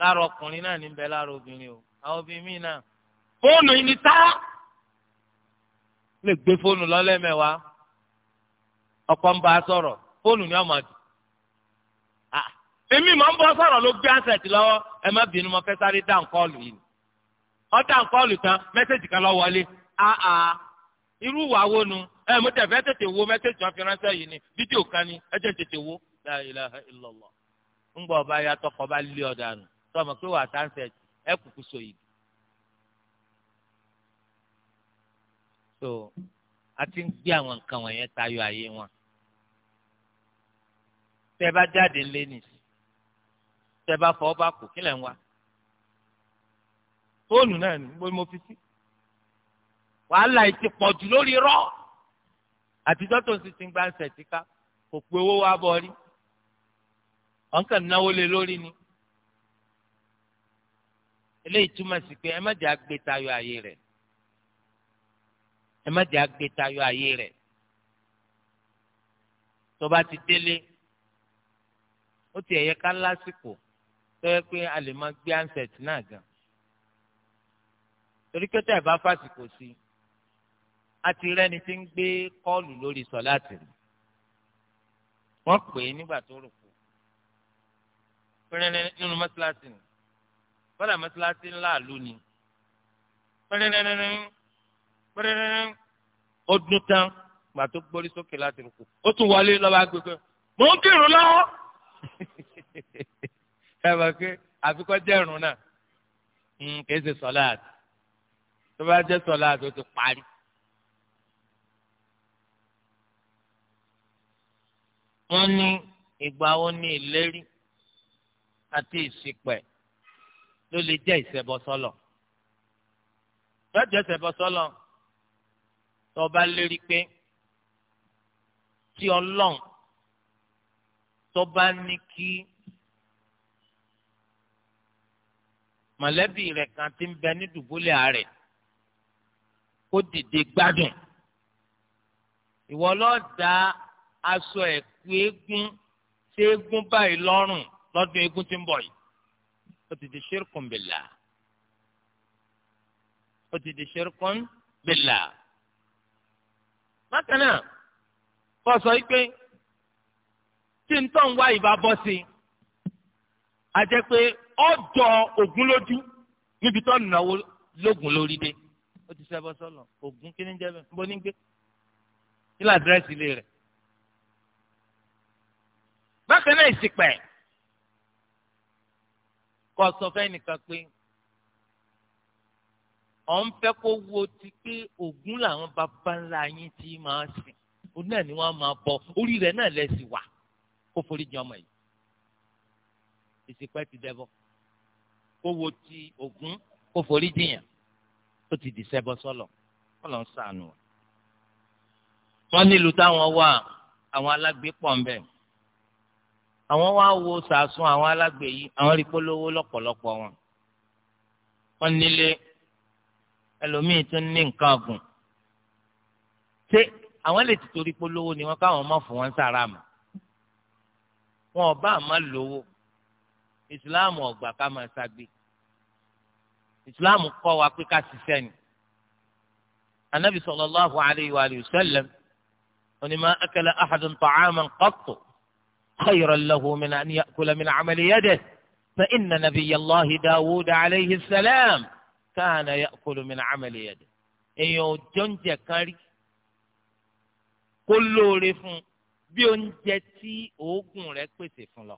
lára ọkùnrin náà ní bẹ lára obìnrin o àwọn obìnrin míì náà fóònù yìí ni tá lè gbé fóònù lọ́lẹ́mẹ̀wá ọkọ ń bá a sọ̀rọ̀ fóònù ni ọmọ àdùn. Ah, èmi máa ń bọ́ sọ̀rọ̀ ló gbé ansẹ̀tì lọ́wọ́ ẹ má bínú mo fẹ́ sáré dá nkọ́ọ̀lù yìí ọ dá nkọ́ọ̀lù tán mẹ́sẹ̀jì kan lọ wọlé ah, ah, irú wà wo nu ẹ mo tẹ̀ fẹ́ tètè wo mẹ́sẹ̀jì wọn fi ránṣẹ́ yìí ni fídíò kan ni ẹ jẹ́ tètè wo la ilaha illallah ńgbọ́ ọba ya tọkọ bá lé ọ̀dà nù tọmọ pé wà sánsẹ̀tì ẹ kùkù so yìí. so a ti ń gbé àwọn nǹkan wọ̀nyẹn tayọ ayé wọn tẹ bá jáde ńlẹ nìsí tẹ bá fọ ọba kù kílẹ̀ ń wa fóònù náà ni mo fi sí wàhálà yìí ti pọ̀ jù lórí rọ́ àtijọ́ tó ń sì ti ń gbà ń sẹ̀tíká kò pé owó wa bọ̀ rí ọ̀nkàn náwó lé lórí ni eléyìí túmọ̀ sí pé ẹ má jẹ́ àgbé tayọ ààyè rẹ̀ ẹ má jẹ́ àgbé tayọ ààyè rẹ̀ tó bá ti délé ó ti ẹ̀yẹ ká lásìkò tó yẹ pé a lè máa gbé ansẹ̀tì náà gan torí kẹta ìbá fàsìkò sí a ti rẹ́ni tí ń gbé kọ́ọ̀lù lórí sọ̀láàtì rẹ̀ wọ́n pè é nígbà tó rò kú pẹ́rẹ́nẹ́ nínú mọ́sálásí ni kọ́dà mọ́sálásí ńlá ló ni pẹ́rẹ́nẹ́rẹ́rẹ́ pẹ́rẹ́nẹ́rẹ́ ó tán gbà tó gbórí sókè láti rò kú ó tún wọlé lọ́ba gbẹgbẹ́ mò ń kírun lọ́wọ́ ẹ bá pé àfikọ́ jẹ́rùn náà hmm, kì í ṣe sọ́láàtì tó bá jẹ́ sọ́láàtì ó ti parí. wọ́n ní ìgbà wo ní ìlérí àti ìṣìpẹ̀ ló lè jẹ́ ìṣẹ̀bọ̀sọ́lọ̀ lọ́jọ́ ìṣẹ̀bọ̀sọ́lọ̀ tó bá lérí pé tí ọlọ́run tó bá ní kí mọ̀lẹ́bí rẹ̀ kan ti ń bẹ ní dùbúlẹ̀ ààrẹ kó dìde gbádùn ìwọ lọ́ọ́ da aṣọ ẹ̀kú eégún ṣé eégún báyìí lọ́rùn lọ́dún eégún tí ń bọ̀ yìí ó ti di ṣírkùn bìlà ó ti di ṣírkùn bìlà bákan náà kọ́ sọ pé tí ń tọ́ ń wá ìbá bọ́ sí i a jẹ́ pé ọjọ́ ògún lójú níbi tó náwó lógun lórí dé ó ti sẹ́bọ̀ sọ́nà ògún kí ni jẹ́ bẹ́ẹ̀ bó ní gbé kí ló àdírẹ́sì ilé rẹ̀. bákan náà ìsìpẹ̀ kò sọ fẹ́ nìkan pé ọ̀ ń fẹ́ kó wo ti pé ògún làwọn baba ńlá yín ti máa sìn òun náà ni wọ́n máa bọ̀ orí rẹ̀ náà lẹ̀ wà kó forí jìn ọmọ yìí ìsìnkú ẹ ti dẹbọ kó wo ti ògún kó forí jìyàn ó ti dì sẹbọ sọlọ ọlọ ń sànù wọn nílùú táwọn wà àwọn alágbé pọ̀ ńbẹ àwọn wá wo sàásùn àwọn alágbé yìí àwọn rí polówó lọ́pọ̀lọpọ̀ wọn wọn nílé ẹlòmíín tún ní nǹkan ọ̀gùn ṣé àwọn lè ti torí polówó ni wọn káwọn má fún wọn sára mọ́ wọn ò bá àmọ́ lówó ìsìláàmù ò gbà ká máa ṣagbe ìsìláàmù kọ́ wa pé ká ṣiṣẹ́ ni anabi sallallahu alayhi wa sallam onímọ̀ akala ahadun ta'aman qattu khayran lahu min an ya'kula min amali yadihi fa inna nabiyallahi dawud alayhi salam kana ya'kulu min èèyàn ò jọ́njẹ kan rí kó lóore fún un bí oúnjẹ tí òógùn rẹ̀ pèsè fún lọ.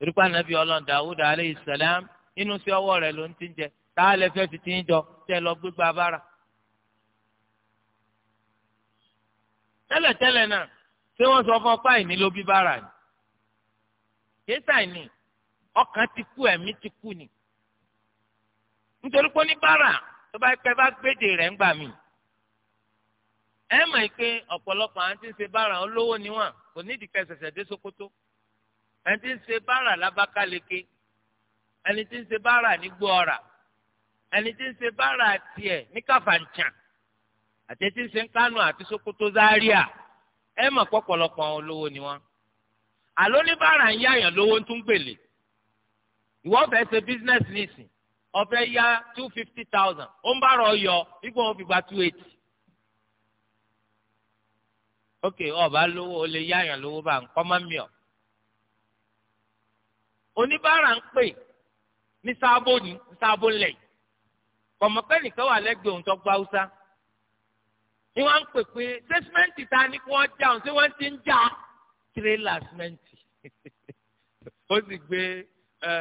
erékùn anabi ọlọ́run dawud aleyhi salam inú sí ọwọ́ rẹ̀ ló ń ti jẹ tá a lè fẹ́ fi ti ń jọ tẹ́ lọ gbégbá bára. tẹ́lẹ̀tẹ́lẹ̀ náà ṣé wọ́n sọ fún ọpá ìní ló bí bára ni. kéésà ni ọkàn ti kú ẹ̀mí ti kú ni. nítorí pé ní bára tó bá pẹ́ bá gbèdè rẹ̀ ń gbà míì ẹ mọ̀ yìí pé ọ̀pọ̀lọpọ̀ àwọn tí ń ṣe bára olówó níwọ̀n kò nídìí ká ṣẹ̀ṣẹ̀ dé Sokoto ẹni tí ń ṣe bára lábákáleke ẹni tí ń ṣe bára ní gbọ́ọ̀rà ẹni tí ń ṣe bára tiẹ̀ ní Kàfàǹchàn àti tí ń ṣe ń Kánò àti Sokoto Zaria ẹ mọ̀ pọ̀pọ̀lọpọ̀ àwọn olówó níwọ̀n àló ní bára ń yáyàn lówó tún gbèlè ìwọ fẹ́ ṣe business nísìn ó fẹ́ two fifty thousand ó ń bára ọ yọ ipò two eighty ok ọba lówó o lè yáyàn lówó bá nǹkan má mi ọ oníbàárà ń pè ní sáàbò ní sáàbò lẹ kọmọpẹ nìkan wà lẹ́gbẹ̀ẹ́ òun tó gba haúsá ni wọn ń pè pé sẹsímẹǹtì ta ni kí wọn já òun tí wọn ti ń já tirẹlà símẹǹtì ó sì gbé ẹ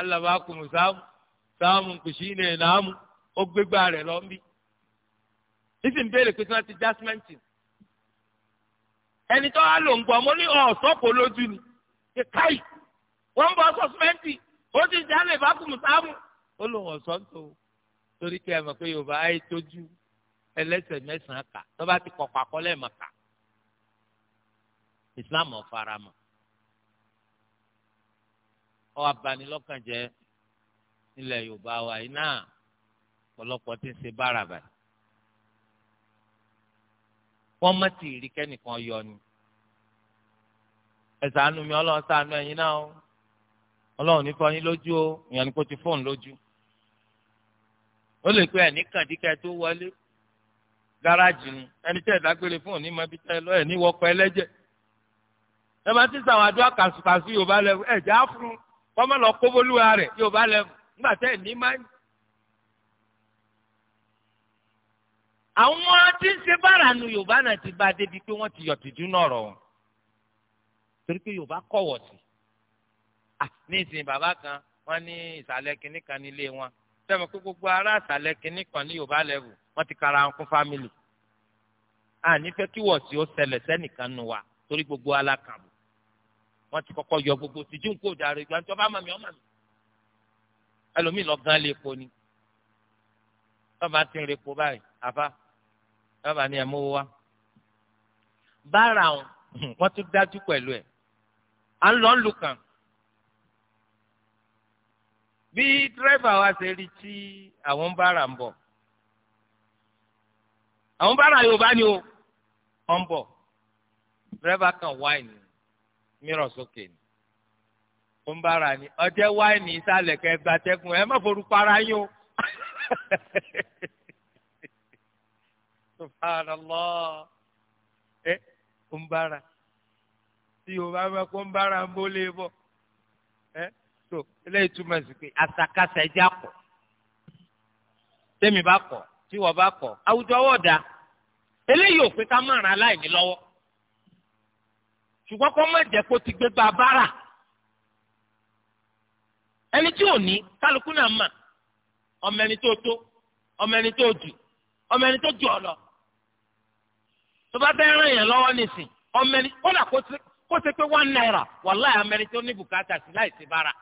alábàákùnrin sáàmù sáàmù kùsì ní ìnáàmù ó gbégbá rẹ̀ lọ ń bí nísìnyí béèrè pé tí wọn ti já símẹǹtì ẹni tó wá lò ń gbọ́ mo ní ọ̀sọ́kò lójú ni kíkáì wọ́n ń bọ́ sọ́símẹ́ǹtì ó ti jẹ́ àlè bá kùn sáàmù ó lò ọ̀sọ́ tó torí pé ẹ mọ̀ pé yorùbá ayé tójú ẹlẹ́sẹ̀ mẹ́sàn-án kà tó bá ti kọ̀pọ̀ àkọlẹ̀ mọ̀ kà islam ọ̀faramọ̀ ọ abanilọ́kànjẹ́ ilẹ̀ yorùbá wa iná ọ̀pọ̀lọpọ̀ ti ń ṣe bárabàá wọ́n má ti rí kẹ́nìkan yọ ni. ẹ ṣàánú mi ọlọ́run ṣàánú ẹ̀yin náà o ọlọ́run ní fọyín lójú o ìyẹn ni kò ti fóònù lójú. ó lè pe ẹ̀ní kàdíkẹ́ tó wọlé gáràjì ni ẹni tẹ́ ìdágbére fóònù ní mọ́bí tẹ́ lọ ẹ̀ ní wọ́pọ̀ ẹlẹ́jẹ̀. ẹ máa ti sàwọn àdúrà kàṣùkàṣù yorùbá lẹ́wọ̀ ẹ̀jẹ̀ á fún un kọ́mọ́ lọ kóbólúwa rẹ̀ yorùbá lẹ́wọ̀ nígbà tẹ́ ẹ̀ ní máa ń àwọn tí ń ṣe bára nu yorùbá náà ti bá a débi pé wọ́n ti yọ tìjú náà rọ̀ wọn torí pé yorùbá kọ̀wọ̀ sí ní ìsìn bàbá kan wọ́n ní ìsàlẹ̀ kínní kan nílé wọn sẹ́mi pé gbogbo ará ìsàlẹ̀ kínní kan ní yorùbá lẹ́wù wọ́n ti kara wọn fún fámìlì àní fẹ́ kí wọ̀sí ó ṣẹlẹ̀ sẹ́nìkan nu wa torí gbogbo alákàbò wọ́n ti kọ́kọ́ yọ gbogbo tìjú nǹkó dàrú ìgbà tí wọ́n bá mọ̀ ọmọ mi ẹlòmíì lọ gán lè po ni wọ́n ti ń repo báyìí bàbá ni ẹ̀ mú wa bára wọn tún dájú pẹ̀lú ẹ̀ à ń lọ ń lu kàn bí dírẹ́fà wa ṣe rí tí àwọn bára ń bọ̀ àwọn bára Yorùbá ni o ọ̀ ń bọ̀ dírẹ́fà kan wáìnì mìíràn sókè ni ó ń bára ni ọjẹ́ wáìnì ìsàlẹ̀ kẹgbàtẹ́kùn ẹ má forúkọ ara yín o subhanallah ẹ ń bára tí o bá bá kó ń bára ń bó lè bọ̀ ẹ tó eléyìí túmọ̀ sí pé àṣàkáṣà ẹ já kọ̀ tẹ́mi bá kọ̀ tí wọ́n bá kọ̀ àwùjọ wọ̀dà eléyìí ò pé ká má ràn aláìní lọ́wọ́ ṣùgbọ́n kó má jẹ́ kó ti gbégbá bára ẹni tí ò ní kálukú náà mà ọmọ ẹni tó tó ọmọ ẹni tó jù ọmọ ẹni tó jù ọ lọ tó bá fẹ́ ràn yẹn lọ́wọ́ nìsín ọmọnì kódà kó ṣe pé one naira wàláhì amẹ́rin tó ní bùkátà sí láì sí bára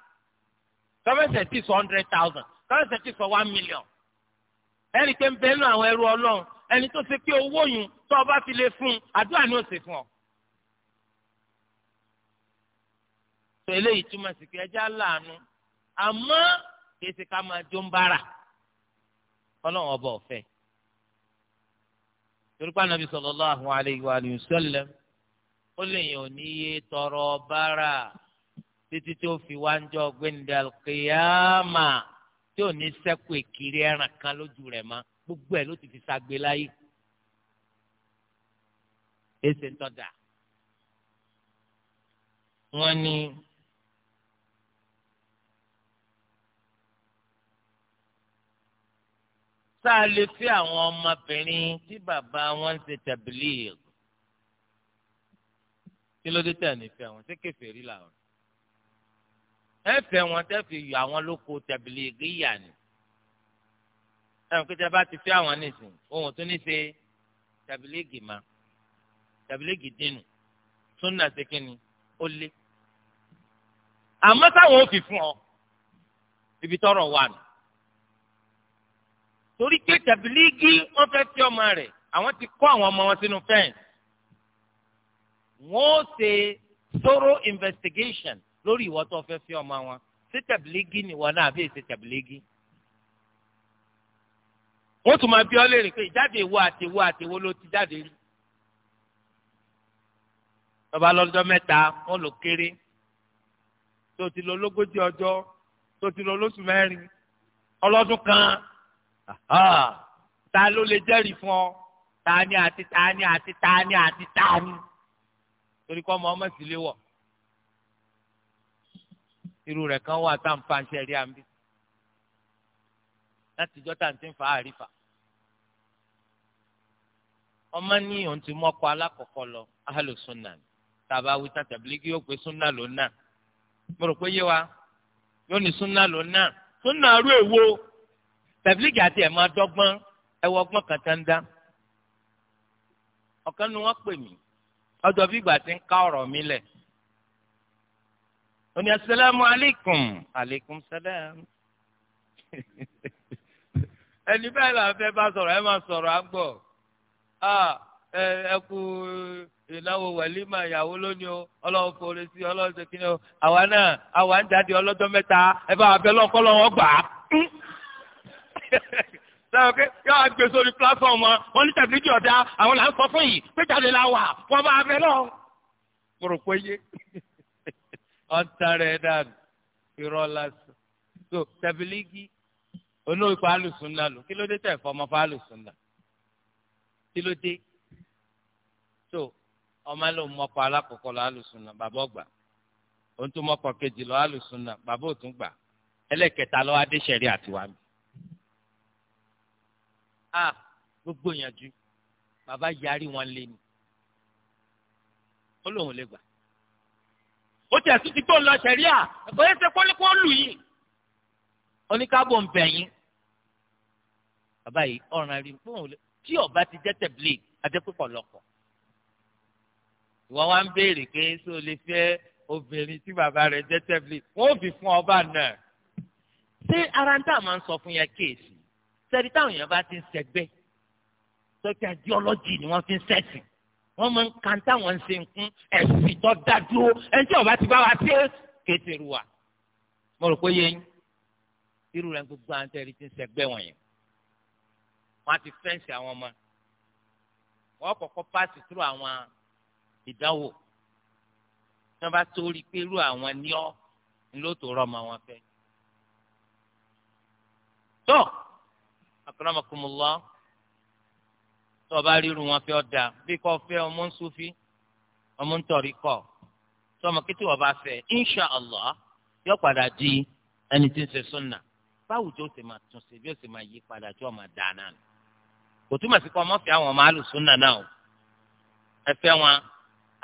tọ́fẹ̀sẹ̀ tí sọ hundred thousand tọ́fẹ̀sẹ̀ tí sọ one million ẹnì pé ń bẹ́ẹ̀ nù àwọn ẹrú ọlọ́run ẹni tó ṣe pé owó yùn tó o bá fi lè fún un àdúrà ni ó ṣe fún ọ. sọ eléyìí túmọ̀ sí pé ẹjẹ́ aláàánú àmọ́ kì í ṣe ká máa jó ń bára ọlọ́run ọba ọ̀fẹ́ torípa nàbí sallallahu alayhi wa sallam ó lè yàn ò ní yé tọrọ bára títí tó fi wá ń jọ kìyàmà tí ò ní sẹ́kù ẹran kan lójú rẹ̀ gbogbo ẹ̀ ló ti fi láyé ń wọ́n ní. tá a lè fi àwọn ọmọbìnrin tí bàbá wọn ń ṣe tẹ̀bílíìr kí ló dé tẹ̀ ní fẹ́ wọn ṣé kèfèrí làwọn ẹ fẹ́ wọn tẹ́ fi yọ àwọn lóko tẹ̀bílíìr yíyà ni ẹnu kí tẹ bá ti fẹ́ àwọn nìsín ohun tó ní ṣe tàbílẹ́gì ma tàbílẹ́gì dínú súnà ṣe kí ni ó lé àmọ́ táwọn ò fi fún ọ ibi tọrọ wà nù torí pé tàbílígì wọ́n fẹ́ tí ọmọ rẹ̀ àwọn ti kọ́ àwọn ọmọ wọn sínú fẹ́ǹsì. wọ́n ó ṣe thorough investigation lórí ìwọ tó fẹ́ fi ọmọ wọn ṣé tàbílígì nìwọ náà àbí èsè tàbílígì. wọ́n tún máa bí ọ léèrè pé ìjáde ìwọ àti ìwọ àti ìwọ ló ti jáde rí. bàbá lọ́jọ́ mẹ́ta wọ́n lò kéré tó ti lọ lógójì ọjọ́ tó ti lọ lóṣù mẹ́rin ọlọ́dún kan Ah, ta ló lè jẹ́rìí fún ọ tani àti tani àti tani àti tani torí kọ́ ọmọ ọmọ sì lé wọ̀ irú rẹ̀ kan wà tá à ń fa ṣe rí àmì láti jọ́ tá à ń ti fa àrífà ọmọ ní òun ti mú ọkọ alákọ̀ọ́kọ́ lọ ahlu sunna tàbá wí tàbí kí yóò pé sunna ló mo rò pé yé wa yóò ní sunna ló náà sunna èwo tẹ̀blígì àti ẹ̀ máa dọ́gbọ́n ẹwọ ọgbọ́n kan tán dá ọ̀kan ni wọ́n pè mí ọjọ́ bí ìgbà tí ń ká ọ̀rọ̀ mi lẹ̀ ó ní asalaamu aleykum aleykum salaam ẹni bẹ́ẹ̀ là ń fẹ́ bá sọ̀rọ̀ ẹ máa sọ̀rọ̀ á gbọ́ ẹ kú ìnáwó wẹ̀límà ìyàwó lónìí o ọlọ́run forí sí ọlọ́run ṣe kí ni o àwa náà àwa ń jáde ọlọ́jọ́ mẹ́ta ẹ bá wa bẹ lọ́kọ́ lọ́wọ́ gbà á sọ̀rọ̀ pé yóò wá gbé sórí platform wọn wọn ní tẹ̀síkì ọ̀dà àwọn là ń sọ fún yìí pé jáde la wà wọn bá abẹ lọ. mo rò pé yé ọ̀n tara ẹ̀ dànù irọ́ lásán so tẹ̀bílígì olóòpá alùsùn náà lò kí ló dé tẹ̀ fọmọ fún alùsùn náà kí ló dé so ọmọ ló mọkọ alákọ̀ọ́kọ́ lọ alùsùn náà bàbá ọgbà ohun tó mọkọ kejì lọ alùsùn náà bàbá òtún gbà ẹlẹ́kẹta lọ́wọ́ adéṣẹ́rí àtiwámi a gbogbo ìyànjú bàbá yarí wọn lé ni ó lóun lè gbà ó tẹ̀ sí ti tó lọ sẹ̀ríà ẹ̀kọ́ yẹn ṣe kọ́lékọ́ lù yìí oníkábọ̀ ń bẹ̀ yín bàbá yìí ọ̀ràn rí fóun lè tí ọba ti jẹ́ tẹ̀blé adépẹ́pọ̀ lọ́kọ̀ ìwọ wa ń béèrè pé ṣé o lè fẹ́ obìnrin tí bàbá rẹ̀ jẹ́ tẹ̀blé wọ́n ò fi fún ọba náà ṣé ara ń tà máa ń sọ fún yẹn kéèsì sẹ́ni táwọn èèyàn bá ti ń sẹ́gbẹ́ sọ́kì àdíọ́lọ́jì ni wọ́n fi ń sẹ́sìn wọ́n máa ń táwọn ń ṣe nǹkan ẹ̀sìn tó dájú ẹni ọba ti bá wa ṣe kéterù wa mo rò pé yẹn irú rẹ̀ gbogbo àwọn tẹ̀rí ti ń sẹ́gbẹ́ wọ̀nyẹn wọ́n á ti fẹ́ǹsì àwọn ọmọ wọ́n kọ́kọ́ pàṣẹ túrò àwọn ìdánwò wọ́n bá sórí pé irú àwọn ni ọ́ ńlọ́tò rọ́ọ̀mù àwọn fẹ́ akramakumullah tó o bá ríru wọn fẹ́ ọ da bí kò fẹ́ ọmọ ń sufi ọmọ ń tọ̀rí kọ tó ọmọ kí tí wọ́n bá fẹ́ insha allah yóò padà di ẹni tí ń ṣe sunna báwo tó ṣe máa tún ṣe bí ó ṣe máa yí padà tí wọ́n máa dà náà kò túmọ̀ sí pé ọmọ fẹ́ àwọn ọmọ alùsùnà náà ẹ fẹ́ wọn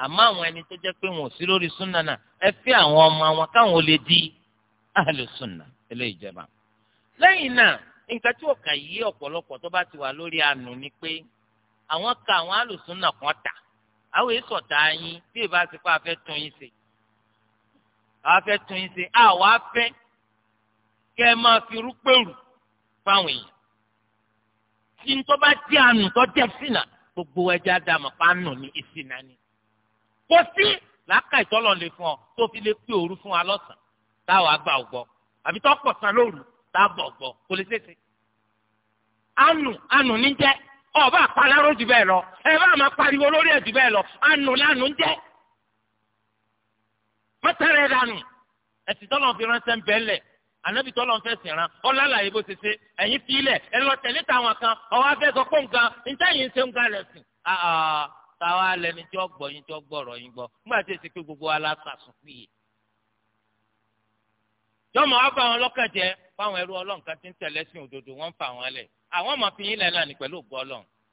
àmọ́ àwọn ẹni tó jẹ́ pé wọn ò sí lórí sunna náà ẹ fẹ́ àwọn ọmọ wọn káwọn ò lè di alùsùnà eléyìí jẹba lẹ́yìn náà nǹkan tí òkà yí ọ̀pọ̀lọpọ̀ tó bá ti wà lórí àánú ni pé àwọn ka àwọn alùsùnà kan tà àwọn èso ọ̀tá yín bí ìbá ti pa afẹ́ tún yín ṣe afẹ́ tún yín ṣe àwọn afẹ́ kẹ́ ẹ máa fi rúpẹ́rù fáwọn èèyàn tí n tó bá jẹ́ àánú tó jẹ́ sínà gbogbo ẹja dàmọ̀ pa ní ìsìnà ni kò sí làákà ìtọ́lọ̀ lè fún ọ tó fi lè pé òru fún wa lọ́sàn-án táwọn àgbà ò àbí tó pọ̀ sàn lóru lábọ̀gbọ̀ kò lè ṣèṣe. àánú àánú ní jẹ́ ọba àpalárò jù bẹ́ẹ̀ lọ ẹ bá máa pariwo lórí ẹ̀ jù bẹ́ẹ̀ lọ àánú lánú ń jẹ́. mọ́tẹ́rẹ̀ dànù ẹ̀sìn tọ́lọ̀ fi ránṣẹ́ ń bẹ́ẹ̀lẹ̀ ànábì tọ́lọ̀ ń fẹ̀sìn rán ọlọ́láyé bó ṣe ṣe ẹ̀yìn fílẹ̀ ẹ lọ tẹ̀lé táwọn kan ọwọ́ afẹ́ sọ pé nǹkan níta yìí ń ṣe ń galẹ̀ sìn. táwa lẹni tí ó gbọ́ yín tí ó gbọ́ ọ̀rọ̀ yín gbọ́ nígbà tí èsì pé gbogbo wa la sàsùn fìyè yọmọ wa bá wọn lọ́kàn jẹ́ fáwọn ẹrú Ọlọ́run kan tí ń sí òdodo wọn ń fa àwọn ẹlẹ̀ àwọn ọmọ fi yín lẹ̀ náà ní pẹ̀lú ògbó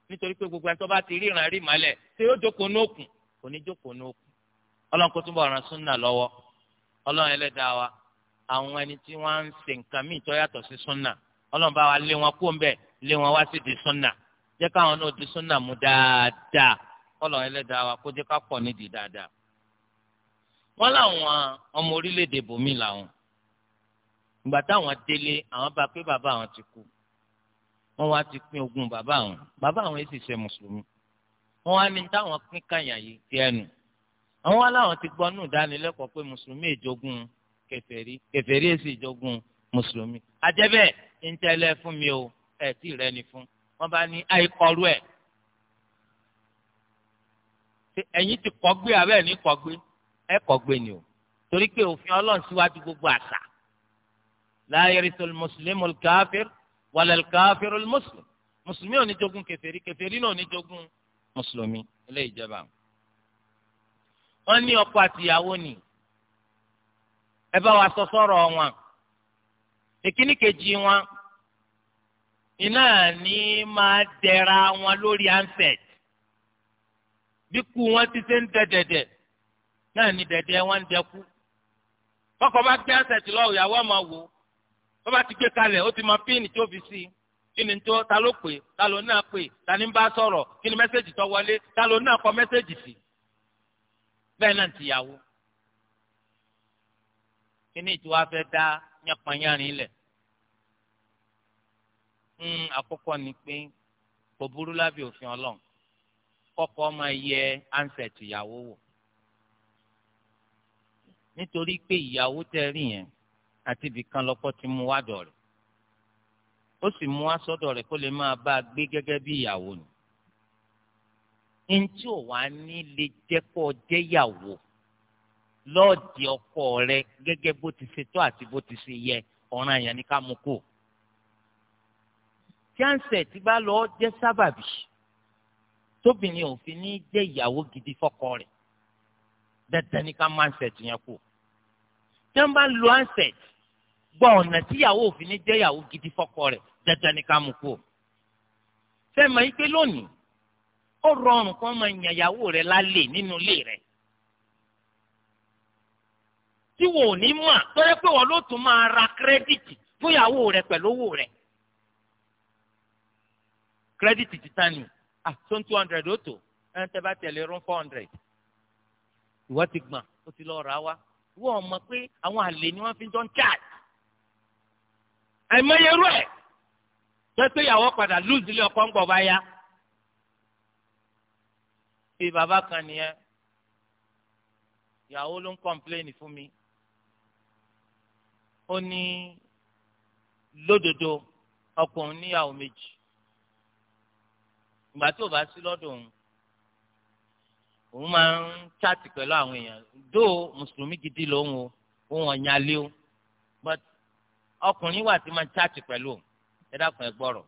nítorí pé gbogbo bá ti rí rí màálẹ̀ ṣé yóò jókòó kò ní jókòó kó súnà ẹni tí wọ́n ń nǹkan míì tó sí súnà bá wọn kó ń wọn wá sí di súnà káwọn náà di súnà mú dáadáa Ọlọrun ìgbà táwọn délé àwọn bá pé bàbá àwọn ti kú wọn wá ti pín ogún bàbá àwọn bàbá àwọn èsì ṣe mùsùlùmí wọn wá ní táwọn pín kàyà yìí ti ẹnu àwọn wá láwọn ti gbọ́ nù dánilẹ́kọ̀ọ́ pé mùsùlùmí ìjogún kèfèrí kèfèrí èsì ìjogún mùsùlùmí àjẹbẹ ntẹlẹ fún mi o ẹ tí rẹ ni fún wọn bá ní àìkọrú ẹ ẹ̀yin ti kọgbé abẹ ní kọgbé ẹ kọgbé ni o torí pé òfin Ọlọ́run síwájú gbogbo àṣà la yarithul muslimul káfíìr walal káfíìrul muslim mùsùlùmí ò ní jogún kèfèrí kèfèrí náà ò ní jogún mùsùlùmí ilé ìjọba. wọ́n ní ọkọ àtìyàwó ni ẹ bá wa sọ sọ́rọ̀ wọn ìkíní kejì wọn iná ní máa dẹra wọn lórí ansẹt bí ku wọn ti ṣe ń dẹ dẹdẹ náà ní dẹdẹ wọn ń dẹkú kọkọ bá gbé ansẹt lọ ìyàwó ọmọ wò ó bàbá ti gbé kalẹ̀ ó ti mọ píìnì tí ó fi sí kí ni tó ta ló pè ta ló náà pè ta ní bá sọ̀rọ̀ kí ni mẹ́sẹ̀gì tó wọlé ta ló náà kọ mẹ́sẹ̀gì sí bẹ́ẹ̀ náà tìyàwó kí ni ìtura fẹ́ dá yánpọnyánrin lẹ̀ ń hmm, àkọ́kọ́ ni pé kò burú lábẹ́ òfin ọlọ́run kọ́kọ́ máa yẹ ansẹ̀tì ìyàwó wò nítorí pé ìyàwó tẹ́ rí yẹn àti ibìkan lọ́kọ ti mú wá dọ̀ rẹ̀ ó sì mú wá sọ́dọ̀ rẹ̀ kó lè máa bá a gbé gẹ́gẹ́ bí ìyàwó ni ntí ò wá ní lè jẹ́ kó o jẹ́ ìyàwó lọ́ọ̀dì ọkọ rẹ gẹ́gẹ́ bó ti ṣe tó àti bó ti ṣe yẹ ọ̀ràn àyàn ni ká mú kó. chance ti bá lọ jẹ́ sábàbí tóbìnrin òfin ní jẹ́ ìyàwó gidi fọ́kọ rẹ̀ dandan ni ká má ansẹ̀t yẹn kó. tí wọ́n bá lo ansẹ̀t gbọ́ ọ̀nà tíyàwó òfin ní jẹ́yàwó gidi fọ́kọ rẹ̀ dandan ni ká mú kú. sẹ́mi ìpè lónìí ó rọrùn kó máa yàn ìyàwó rẹ̀ lálẹ́ nínú ilé rẹ̀. tí wò ní mọ̀ tọ́jọ́ pé wọ́n ló tún máa ra kírẹ́dìtì fún ìyàwó rẹ̀ pẹ̀lú owó rẹ̀. kírẹ́dìtì ti tán ni tó ń two hundred ó tó ẹ̀ ń tẹ́ bá tẹ̀lé rún four hundred ìwọ́ ti gbọ̀n ó ti lọ́ọ́ ra wá wọ́n mọ̀ pé àwọn àlè ni wọ́n fi jọ ń charge àìmọye rú ẹ̀ pẹ́pẹ́ ìyàwó padà lùzì lé ọkọ ńgbọ̀ bá yá. bí bàbá kan nìyẹn ìyàwó ló ń kọ́ńpléènì fún mi ó ní lódodo ọkùnrin níyàwó méjì ìgbà tí ò bá sí lọ́dọ̀ òun òun máa ń chaati pẹ̀lú àwọn èèyàn dó mùsùlùmí gidi lòun o òun ọ̀nyálé o but ọkùnrin wà tí máa ń chaàtì pẹ̀lú ẹ dákun ẹ gbọ́rọ̀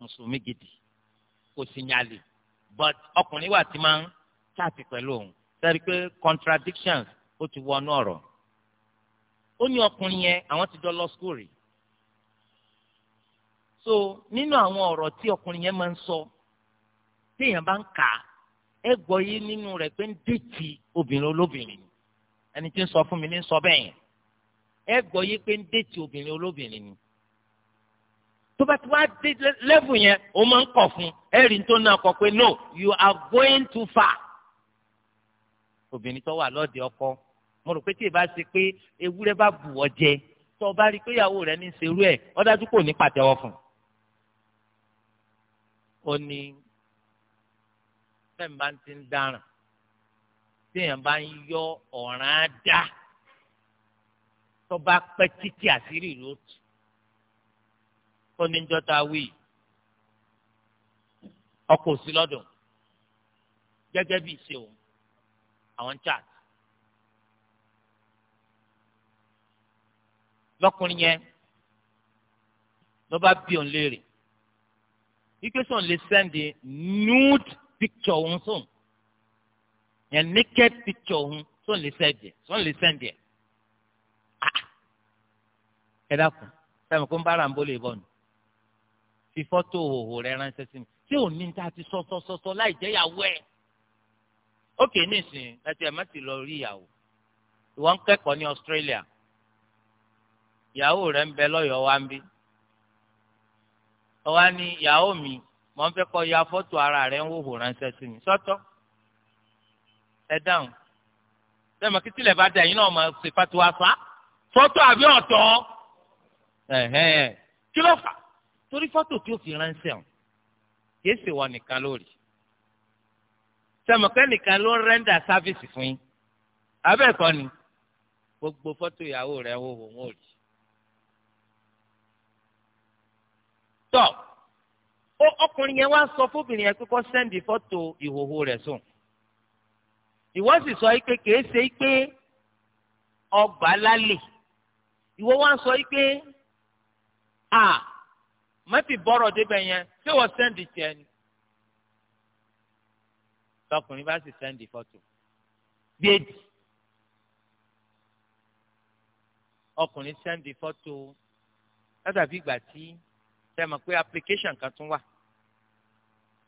mùsùlùmí gidi kò sì nyàlè but ọkùnrin wà tí máa ń chaàtì pẹ̀lú òun sẹ́rí pé contradictions ó ti wọnú ọ̀rọ̀ ó ní ọkùnrin yẹn àwọn ti jọ lọ school rí so nínú àwọn ọ̀rọ̀ tí ọkùnrin yẹn máa ń sọ téèyàn bá ń kà á ẹ gbọ́ yé nínú rẹ̀ pé ń dèjì obìnrin olóbìnrin ẹni tí ń sọ fún mi ní sọ bẹ́ẹ̀ yẹn ẹ gbọ́ pé ń déètì obìnrin olóbìnrin ni tó bá ti wá dé lẹ́fù yẹn ó máa ń kọ̀ fún ẹ tó náà kọ pé no you are going too far obìnrin tó wà lọ́ọ̀dẹ ọkọ mo rò pé tí ìbá ṣe pé ewúrẹ́ bá bù ọ jẹ tó o bá rí i pé ìyàwó rẹ ní ṣerú ẹ̀ ọ́ dájú kò ní pàtẹ́wọ́ fún un ó ní bẹ́ẹ̀ bá ti ń dáràn téèyàn bá ń yọ ọ̀ràn á dá tó bá pẹ́ títí àṣírí ìlú òtù ó ní jọta wí ọkọ̀ òsì lọ́dún gẹ́gẹ́ bí ìṣe òun àwọn chat lọ́kùnrin yẹn ló bá bí òun léèrè ike sọ̀n lè sẹ́ndì nude picture òun sọ̀n yẹn naked picture òun sọ̀n lè sẹ́ndì sọ̀n lè sẹ́ndì ẹ̀ ẹ dákun sẹ́mi kó ń bára ń bó lè bọ̀ nù fi fọ́tò òhò rẹ ránṣẹ́ sí mi tí ò ní ta ti sọ́sọ́sọ́sọ́ láì jẹ́ ìyàwó ẹ̀ ókè nísìnyí láti ẹ̀ má lọ rí ìyàwó ìwọ ń kẹ́kọ̀ọ́ ní Australia ìyàwó rẹ ń bẹ lọ́yọ̀ọ́ wa ń bí ọwọ́ ni ìyàwó mi mọ̀ ń fẹ́ kọ́ ya fọ́tò ara rẹ ń wòhò ránṣẹ́ sí mi sọ́tọ́ ẹ dáhùn sẹ́mi kí tilẹ̀ bá dẹ̀ yín náà mọ̀ ṣèpàtúwàsá fọ́tò àbí ọ̀tọ̀ kí ló fà torí fọ́tò tí ó fi ránṣẹ́ o kì í ṣe wọ nìkan lórí sẹmọkẹ nìkan ló ń rẹ́ńdà sáfíìsì fún yín abẹ́ẹ̀kọ́ ni gbogbo fọ́tò ìyàwó rẹ̀ wò wò wọ́n rí tọ́ ọkùnrin yẹn wá sọ fóbìnrin yẹn pé kó sẹ́ndì fọ́tò ìhòhò rẹ̀ sùn ìwọ sì sọ pé kìí ṣe pé ọgbà lálẹ́ ìwọ wá sọ pé à mọ́tì bọ́rọ̀ débẹ̀ yẹn ṣé wọ́n sẹ́ndì tiẹ̀ ni tọkùnrin bá sì sẹ́ndì fọ́tò bíédì ọkùnrin sẹ́ndì fọ́tò látàbí ìgbà tí ṣe mọ̀ pé application kan tún wà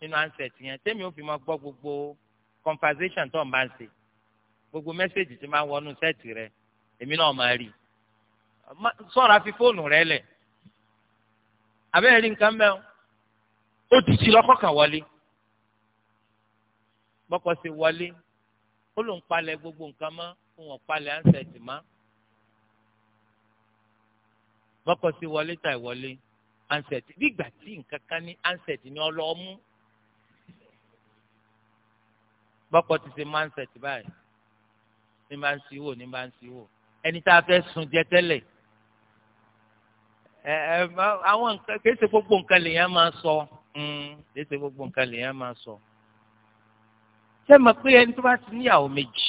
nínú ansẹt yẹn tẹ́mi ò fi máa gbọ́ gbogbo conversation tó ń bá ń ṣe gbogbo mẹ́sẹ̀gì tí máa ń wọnú sẹ́ẹ̀tì rẹ èmi náà máa rí i sọ́ra fi fóònù rẹ lẹ̀ abẹ́rẹ́ rí nǹkan mẹ́wọ́n ó ti ti lọ́kọ́ kan wọlé bọ́kọ sí wọlé ó ló ń palẹ̀ gbogbo nǹkan mọ́ òun ọ̀palẹ̀ ansẹ̀tì mọ́ bọ́kọ sí wọlé tà ìwọlé ansẹ̀tì bí ìgbà tí nǹkan kan ní ansẹ̀tì ni ọlọ́ọ̀ mú bọ́kọ ti ṣe máa ń sẹ̀tì báyìí ní máa ń ṣíwò ní máa ń ṣíwò ẹni tá a fẹ́ sun jẹ tẹ́lẹ̀ àwọn nǹkan kéésì gbogbo nǹkan lèèyàn máa sọ hmm, kéésì gbogbo nǹkan lèèyàn máa sọ. ṣé mọ̀ pé ẹni tó bá ti níyàwó méjì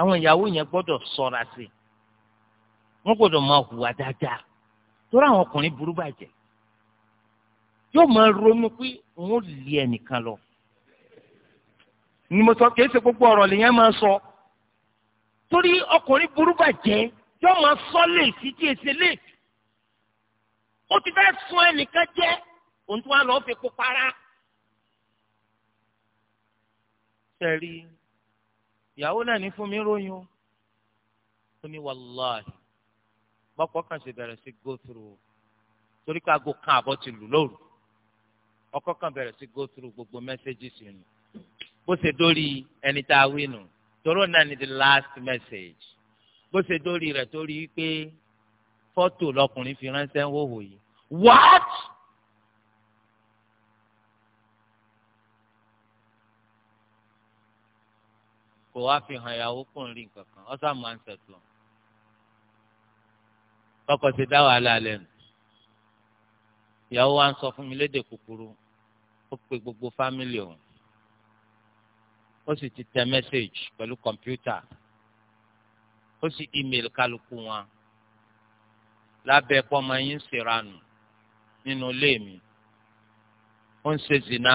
àwọn ìyàwó yẹn gbọdọ sọra sí i wọ́n máa hùwà dáadáa torí àwọn ọkùnrin burú bàjẹ́ yóò máa ronú pé wọ́n lé ẹnìkan lọ. ni mo sọ kéésì gbogbo lèèyàn máa sọ torí ọkùnrin burú ó ti fẹ́ sun ẹnìkan jẹ́ òun tí wọ́n lọ fi kó para. sẹ́rí ìyàwó náà ní fún mi ròyìn ó ní wàláhì bọ́pọ̀ kan ṣe bẹ̀rẹ̀ sí go through torí pé aago kan àbọ̀ ti lù lóru ọkọ kan bẹ̀rẹ̀ sí go through gbogbo mẹ́sẹ́gì sí nu bó ṣe dórí ẹni tá a wí nù tóró náà ni the last message bó ṣe dórí rẹ̀ torí pé fọ́tò lọkùnrin fi ránṣẹ́ ń wòwò yìí What? kò wá fi hàn ìyàwó kò ń rí nǹkan kan ọ̀sán máa ń sẹ̀tọ̀ tọkọ ti dá wàhálà lẹ́nu ìyàwó wa ń sọ fún mi lédè kúkúrú ó pe gbogbo fámìlì òun ó sì ti tẹ mẹ́sáàgì pẹ̀lú kọ̀mpútà ó sì ímeèlì kálukú wọn lábẹ́ pọ́nmọ́ yín ṣèrànù nínú ilé mi ó ń ṣe zina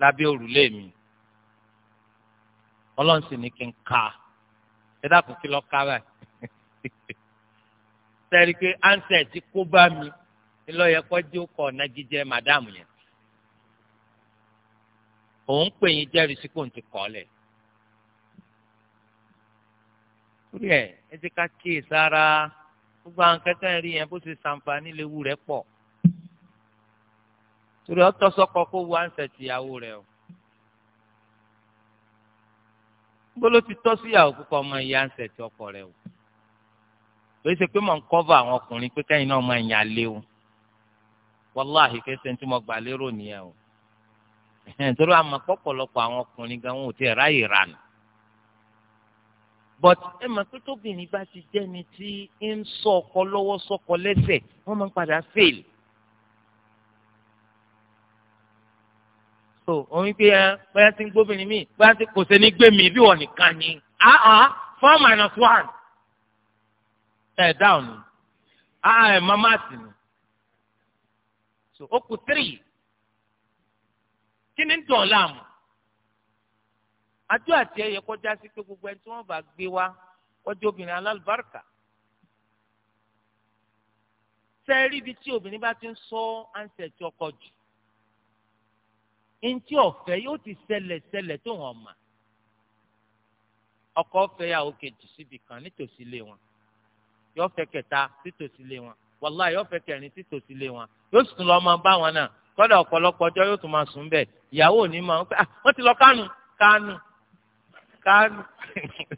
lábẹ́ òrùlé mi ọlọ́run sì ní kí n ka ẹ dákun kí lọ ká báyìí sẹ́rí pé ansẹ̀ ti kó bá mi ńlọ́yẹ kọ́jú kọ̀ nagijẹ́ màdámù yẹn òun pè yín jẹ́rìí sí kò ń ti kọ́ lẹ̀ ẹ ti ká kíyèsára gbogbo àwọn kẹtẹ́ rí yẹn bó ṣe ṣàǹfààní léwu rẹ̀ pọ̀ torí ọtọ sọkọ kó wọ ansẹtì ìyàwó rẹ o gbọ́dọ̀ ti tọ́ sí ìyàwó kíkọ́ ọmọ ìyá ansẹtì ọkọ rẹ o kò ṣe pé mò ń kọ́va àwọn ọkùnrin pé kẹ́yìn náà máa yàn lé o wàláhì kẹsẹ̀ tí mo gbà lérò nìyẹn o torí àmọ́ pọ̀pọ̀lọpọ̀ àwọn ọkùnrin gan wọn ò tiẹ̀ ráyè rànù but ẹ mọ̀ pé tóbìnrin bá ti jẹ́ni tí ń sọ ọkọ lọ́wọ́ sọ́kọ lẹ́sẹ̀ wọ́n máa ń padà fail. o òun pé ẹ eh, bóyá tí ń gbóbìnrin mi bóyá tí kò sẹ́ni gbé mi bí wọ́n nìkan ni ah ah four minus one ẹ̀ dáhùn ni ah ẹ̀ má má sì ni so ó kù three kí ni ń dùn láàmú adó àti ẹyẹ kọjá sí pé gbogbo ẹni tí wọ́n bá gbé wá ọjọ́ obìnrin alálùbáríkà sẹ́ẹ̀rì ibi tí obìnrin bá ti ń sọ ánsẹ̀tì ọkọ jù ntí ọ̀fẹ́ yóò ti ṣẹlẹ̀ ṣẹlẹ̀ tó hàn mà ọkọ ọ̀fẹ́ yàwó kejì síbi kan nítòsí ilé wọn yóò fẹ́ kẹta títòsí ilé wọn wàláhì yóò fẹ́ kẹrin títòsí ilé wọn yóò sì tún lọ máa bá wọn náà kódà ọ̀pọ̀lọpọ̀ ọjọ́ yóò tún máa sùn bẹ́ẹ̀ ìyàwó ò ní máa pẹ́ ah wọ́n ti lọ kánú kánú kánú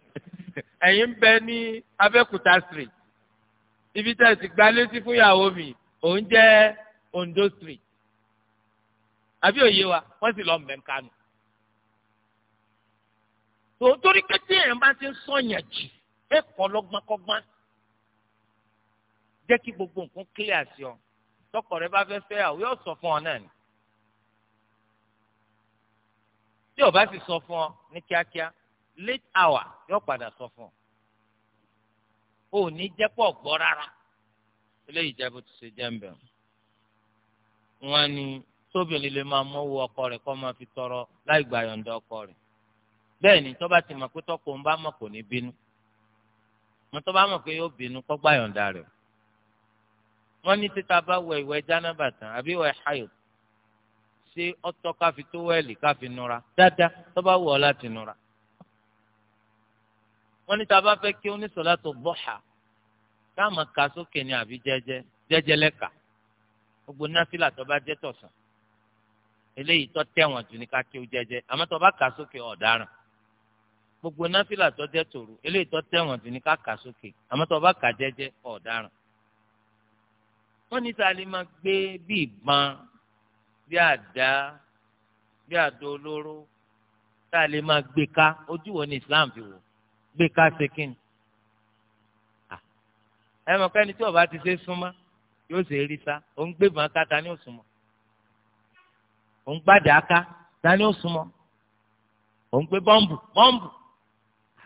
ẹ̀yin ń bẹ ní abẹ́kúta street ibi tẹ́ ẹ fún ìyàwó mi òun jẹ́ Ondo street àbí òye wa wọ́n sì lọ mẹ́m kánú. tòótórí kété èèyàn bá ti ń sọ̀yàn jù ẹ kọ́ lọ́gbọ́nkọ́gbọ́n jẹ́ kí gbogbo nǹkan kílíà sí ọ tọkọ rẹ bá fẹ́ fẹ́ àwọn yóò sọ fún ọ náà ni tí o bá sì sọ fún ọ ní kíákíá late hour yóò padà sọ fún ọ ò ní jẹ́ pọ̀ gbọ́ rárá eléyìí jẹ́ bó ti ṣe jẹ́ ń bẹ̀rù wọ́n ní sóbìnrin lè máa mọ owó ọkọ rẹ̀ kó máa fi tọrọ láì gba yọ̀ǹda ọkọ rẹ̀ bẹ́ẹ̀ ni tọ́ba ti mọ̀ pé tọ́kọ ń bá mọ̀ kò ní bínú mo tọ́ba mọ̀ pé yóò bínú kó gba yọ̀ǹda rẹ̀ wọ́n ní títa bá wẹ ìwẹ̀ jánábà tán àbí ìwẹ̀ hayo ṣé ọtọ́ ká fi tówẹ́ẹ̀lì ká nura dáadáa tọ́ba wọ̀ láti nura wọ́n ní tá a kí oníṣọlá tó bọhà káàmù ká sókè ní àbí jẹ́jẹ́ jẹ́jẹ́ lẹka gbogbo náfìlà tó bá jẹ́ eléyìí tó tẹ̀wọ̀n jù ní ká kí ó jẹ́jẹ́ àmọ́ tó bá kà sókè ọ̀daràn gbogbo náfìlà tó jẹ́ tòru eléyìí tó tẹ̀wọ̀n jù ní ká kà sókè àmọ́ tó bá kà jẹ́jẹ́ ọ̀daràn. wọ́n ní sáà lè máa gbé bí ìbọn bí àdá bí àdó olóró sáà lè máa gbé ká ojú wo ni Islam fi wò gbé ká ṣe kí ni. ẹ mọ̀ kẹ́ni tí ọba ti ṣe súnmọ́ yóò ṣe é rí sá òun gbé ìbọn káta ní òṣùmọ̀ ò ń gbádà ká dání ó súnmọ́ ò ń gbé bọ́ǹbù bọ́ǹbù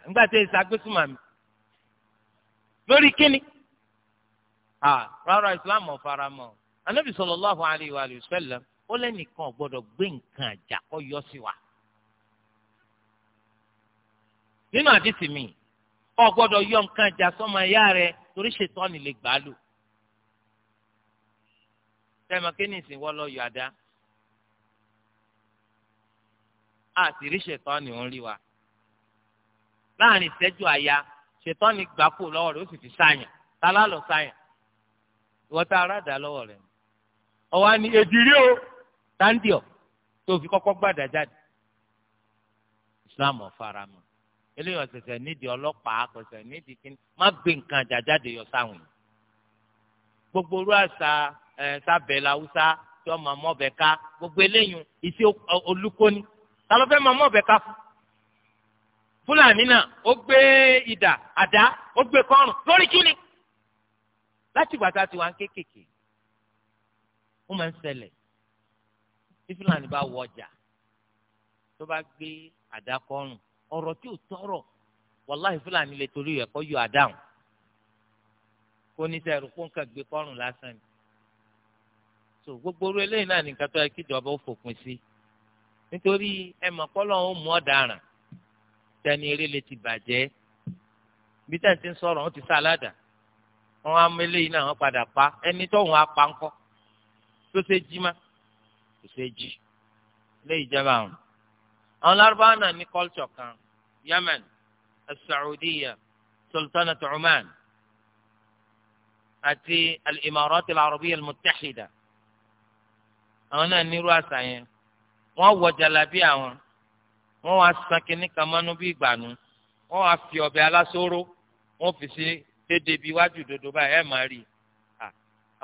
nígbà tí èsì agbésùnmọ̀ mi lórí kíni rárá islam ò fara mọ́ anabi sallallahu alayhi wa sallam ó lẹ́nìkan gbọ́dọ̀ gbé nǹkan àjà kọ́ yọ sí wa nínú àdìsí mi ọ gbọ́dọ̀ yọ nǹkan àjà sọmọ ẹ̀yà rẹ torí ṣètọ́ ni lè gbà á lò tẹ́lẹ̀ kí ni ìsìn wọ́n lọ yọ àdá àtìrí ṣètọ́ni ń rí wa láàrin ìṣẹ́jú àyà ṣètọ́ni gbà kú lọ́wọ́ rẹ̀ ó sì fi sáyàn tálá lọ sáyàn ìwọ́n tá ara dà lọ́wọ́ rẹ̀ ọwọ́ ni èdìrí o tàǹdíọ̀ tó fi kọ́kọ́ gbàdá jáde Islam ọ̀fara mọ́ eléyìí ọ̀sẹ̀sẹ̀ nídìí ọlọ́pàá ọ̀sẹ̀ nídìí kí má gbé nǹkan àjà jáde yọ sáwọn yìí gbogbo orú àṣà ẹ̀ sábẹ̀ làwùsá tí ọmọ ọmọbẹ̀ ká gbogbo eléyìí iṣẹ́ olùkọ́ni ta ló fẹ́ máa mọ̀ ọ̀bẹ ká fún fúlàní náà ó gbé ìdà àdá ó gbé kọ́rùn lórí kíni láti ìgbà tá a ti wà ń kékèké ó máa ń ṣẹlẹ̀ tí fúlàní bá wọ ọjà tó bá gbé àdá kọ́rùn ọ̀rọ̀ tí ò tọrọ wàláhì fúlàní lè torí ẹ̀kọ́ yọ àdáhùn kó ní sẹ́rù kó ń kà gbé kọ́rùn lásán ni so gbogbo orí eléyìí náà nìkan tó yẹ kí ìjọba ó fòpin sí. Si nítorí ẹ̀mọ̀ kọ́lọ̀ ń mú ọ̀daràn tẹni eré lè ti bàjẹ́ bí tẹ̀ ń ti sọ̀rọ̀ wọ́n ti sá aládà wọ́n á mélé yìí náà wọ́n padà pa ẹni tó wọn á pa ńkọ́ tó ṣe jí má tó ṣe jí lé ìjọba àwọn. àwọn lárúbáwá náà ní kọ́ltsọ̀ kan yemen saudiya sultanate oman àti al-imarat arabiya al-muttahida àwọn náà nírú àṣà yẹn wọ́n wọ jalabi àwọn wọ́n wá san kínní kan mọ́nú bí ìgbànú wọ́n wá fi ọ̀bẹ alásóró wọ́n fi sí dédé bí iwájú dodo báyìí ẹ̀ máa rí i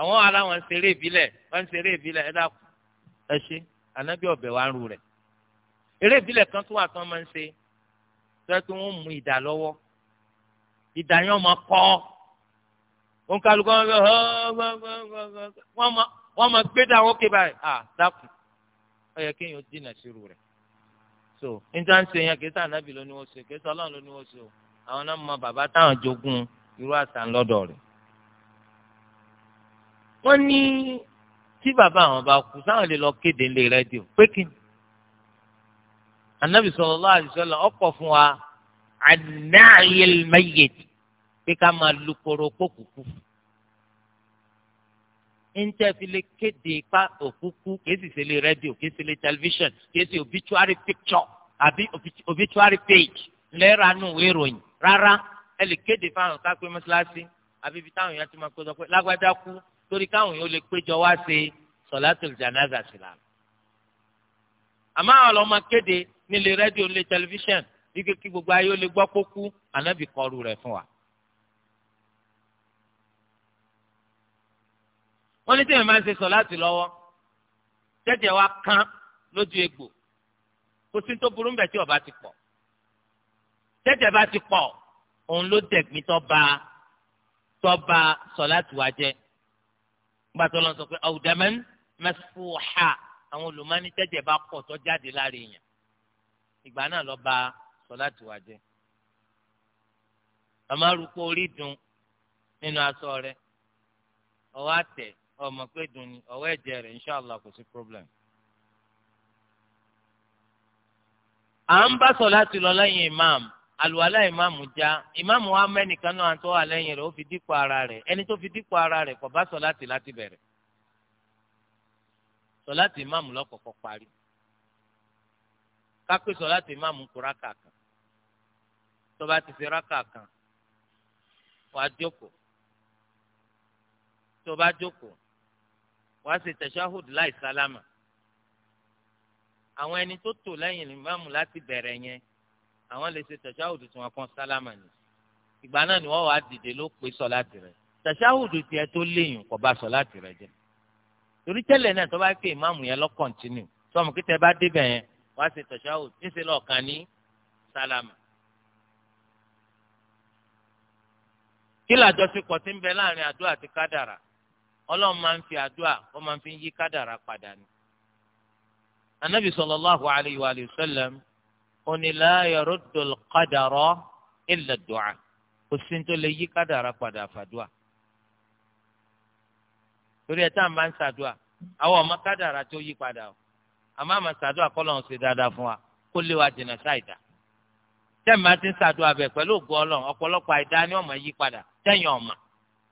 àwọn aláwọn ń ṣeré ìbílẹ̀ wọ́n ń ṣeré ìbílẹ̀ ẹ dákun ẹ ṣe ànábì ọ̀bẹ wa ń ru rẹ̀ eré ìbílẹ̀ kan tó wà tán máa ń ṣe tó yẹ kí wọ́n mú ìdá lọ́wọ́ ìdá yẹn ọmọ kọ́ òǹkàlùkọ́ wọn máa gbé dá wọn ké báyìí à dákun ó yẹ kéèyàn dínà sírù rẹ̀ so níta ń ṣe yẹn kìí sànàbì ló ní wọ́n ṣe kìí sọlọ́run ló ní wọ́n ṣe o àwọn náà mọ bàbá táwọn jogún irú àṣà ńlọ́dọ̀ rẹ̀. wọ́n ní tí bàbá àwọn bá kú sáwọn lè lọ kéde ńlẹ̀ rẹ́díò pé kí ni anabi sallallahu alaihi wasallam ọkọ̀ fún wa anáyẹlmẹyẹ pé ká máa lu koro kó kúkú ńtẹ́ fi lè kéde ipa òkúkú kìí sì ṣe lè rédíò kìí lè tẹlifíṣàn kìí obituary picture àbí obituary page lẹ́ẹ̀ra nù ìròyìn rárá ẹ lè kéde fáwọn ká pé mọ́ṣáláṣí àbí ibi táwọn èèyàn ti máa péjọ pé lágbájá kú torí káwọn èèyàn lè péjọ wá ṣe sọ̀látùl jánásà sílá. àmọ́ àwọn ọlọ́mọ kéde nílé rédíò nílé tẹlifíṣàn bí kí gbogbo ayé ó lè gbọ́ kó kú ànábì kọrù rẹ̀ fún wa. wọ́n ní tẹ̀yìn máa ń ṣe sọ láti lọ́wọ́ jẹ́jẹ́ wa kán lójú egbò kó sí tó burú mbẹ̀ tí ọba ti pọ̀ jẹ́jẹ́ bá ti pọ̀ òun ló dẹ̀gbin tọ́ba tọ́ba sọ láti wá jẹ́ gbàtọ́ lọ sọ pé ọ̀dàmẹ́n mẹ́fúhà àwọn olùmọ́ni jẹ́jẹ́ bá pọ̀ tó jáde lára èèyàn ìgbà náà lọ ba sọ láti wá jẹ́ àmọ́ arúgbó orí dùn nínú aṣọ rẹ̀ ọwọ́ àtẹ̀ ọmọ pé dunni, ní ọwọ́ ẹ̀jẹ̀ rẹ̀ inṣàlá kò sí problem. à ń bá sọ láti lọ lẹ́yìn imam àlùwalá imam já imam wa mẹ́nìkan náà tó wà lẹ́yìn rẹ̀ ó fi dípò ara rẹ̀ ẹni tó fi dípò ara rẹ̀ kò bá sọ láti láti bẹ̀rẹ̀ sọ láti imam lọ́kọ̀ọ̀kọ̀ parí kápẹ́ sọ láti imam kó rákà kan tó bá ti fi rákà kan wàá jókòó tó bá jókòó wàá ṣe tashahud láì sálámà àwọn ẹni tó tò lẹ́yìn ìmáàmù láti bẹ̀rẹ̀ yẹn àwọn lè ṣe tashahud tí wọ́n kàn sálámà ni ìgbà náà ni wọ́n wàá dìde ló pé sọ láti rẹ̀ tashahud tiẹ̀ tó léyìn kò bá sọ láti rẹ̀ jẹ́ torí tẹ́lẹ̀ náà tó bá pé ìmáàmù yẹn lọ kọ̀ǹtínú sọmọ kí tẹ bá débẹ̀ yẹn wàá ṣe tashahud níṣẹ́ ọlọ́run máa ń fi àdúrà ó máa ń fi yí kádàrá padà ni. anabi sallallahu alayhi wa sallam ó ní la yaruddul qadara illa du'a kò sí ní tó lè yí kádàrá padà fàdúà. torí ẹ̀ tá à ń bá ń sàdúà àwọn ọmọ kádàrá tó yí padà o àmọ́ àmọ́ sàdúà kọ́lọ́run ṣe dáadáa fún wa kó lé wa jìnnà sáìdá tẹ́ẹ̀ ti ń sàdúà bẹ̀ pẹ̀lú ògùn ọlọ́run ọ̀pọ̀lọpọ̀ àìdá ni ọmọ yí padà tẹ́yìn ọ̀mà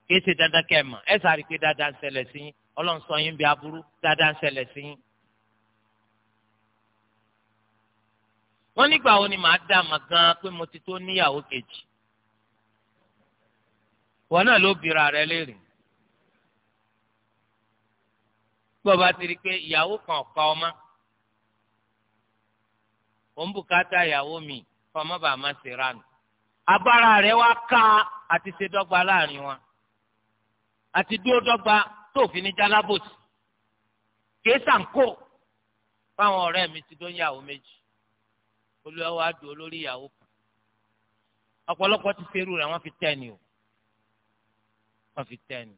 kìí ṣe dandan kẹ́ẹ̀mọ̀ ẹ sáré pé dáadáa ń ṣẹlẹ̀ sí yín ọlọ́run sọ yín bí aburú dáadáa ń ṣẹlẹ̀ sí yín. wọ́n nígbà wo ni màá dá àmà gan-an pé mo ti tó níyàwó kejì wọn náà ló bira rẹ léèrè bí ti rí pé ìyàwó kan ọ̀ka ọmọ òun bùkátà ìyàwó mi fọmọ bàá má ṣe ránù rẹ wá ká àti ṣe dọ́gba láàrin wọn àti dúró dọ́gba tó fi ní jalábòsì kìí sànkó fáwọn ọ̀rẹ́ mi ti dó ìyàwó méjì olùyàwó àdó olórí ìyàwó kan ọ̀pọ̀lọpọ̀ ti fẹ́rù rẹ̀ wọ́n fi tẹ́ o wọ́n fi tẹ́ ni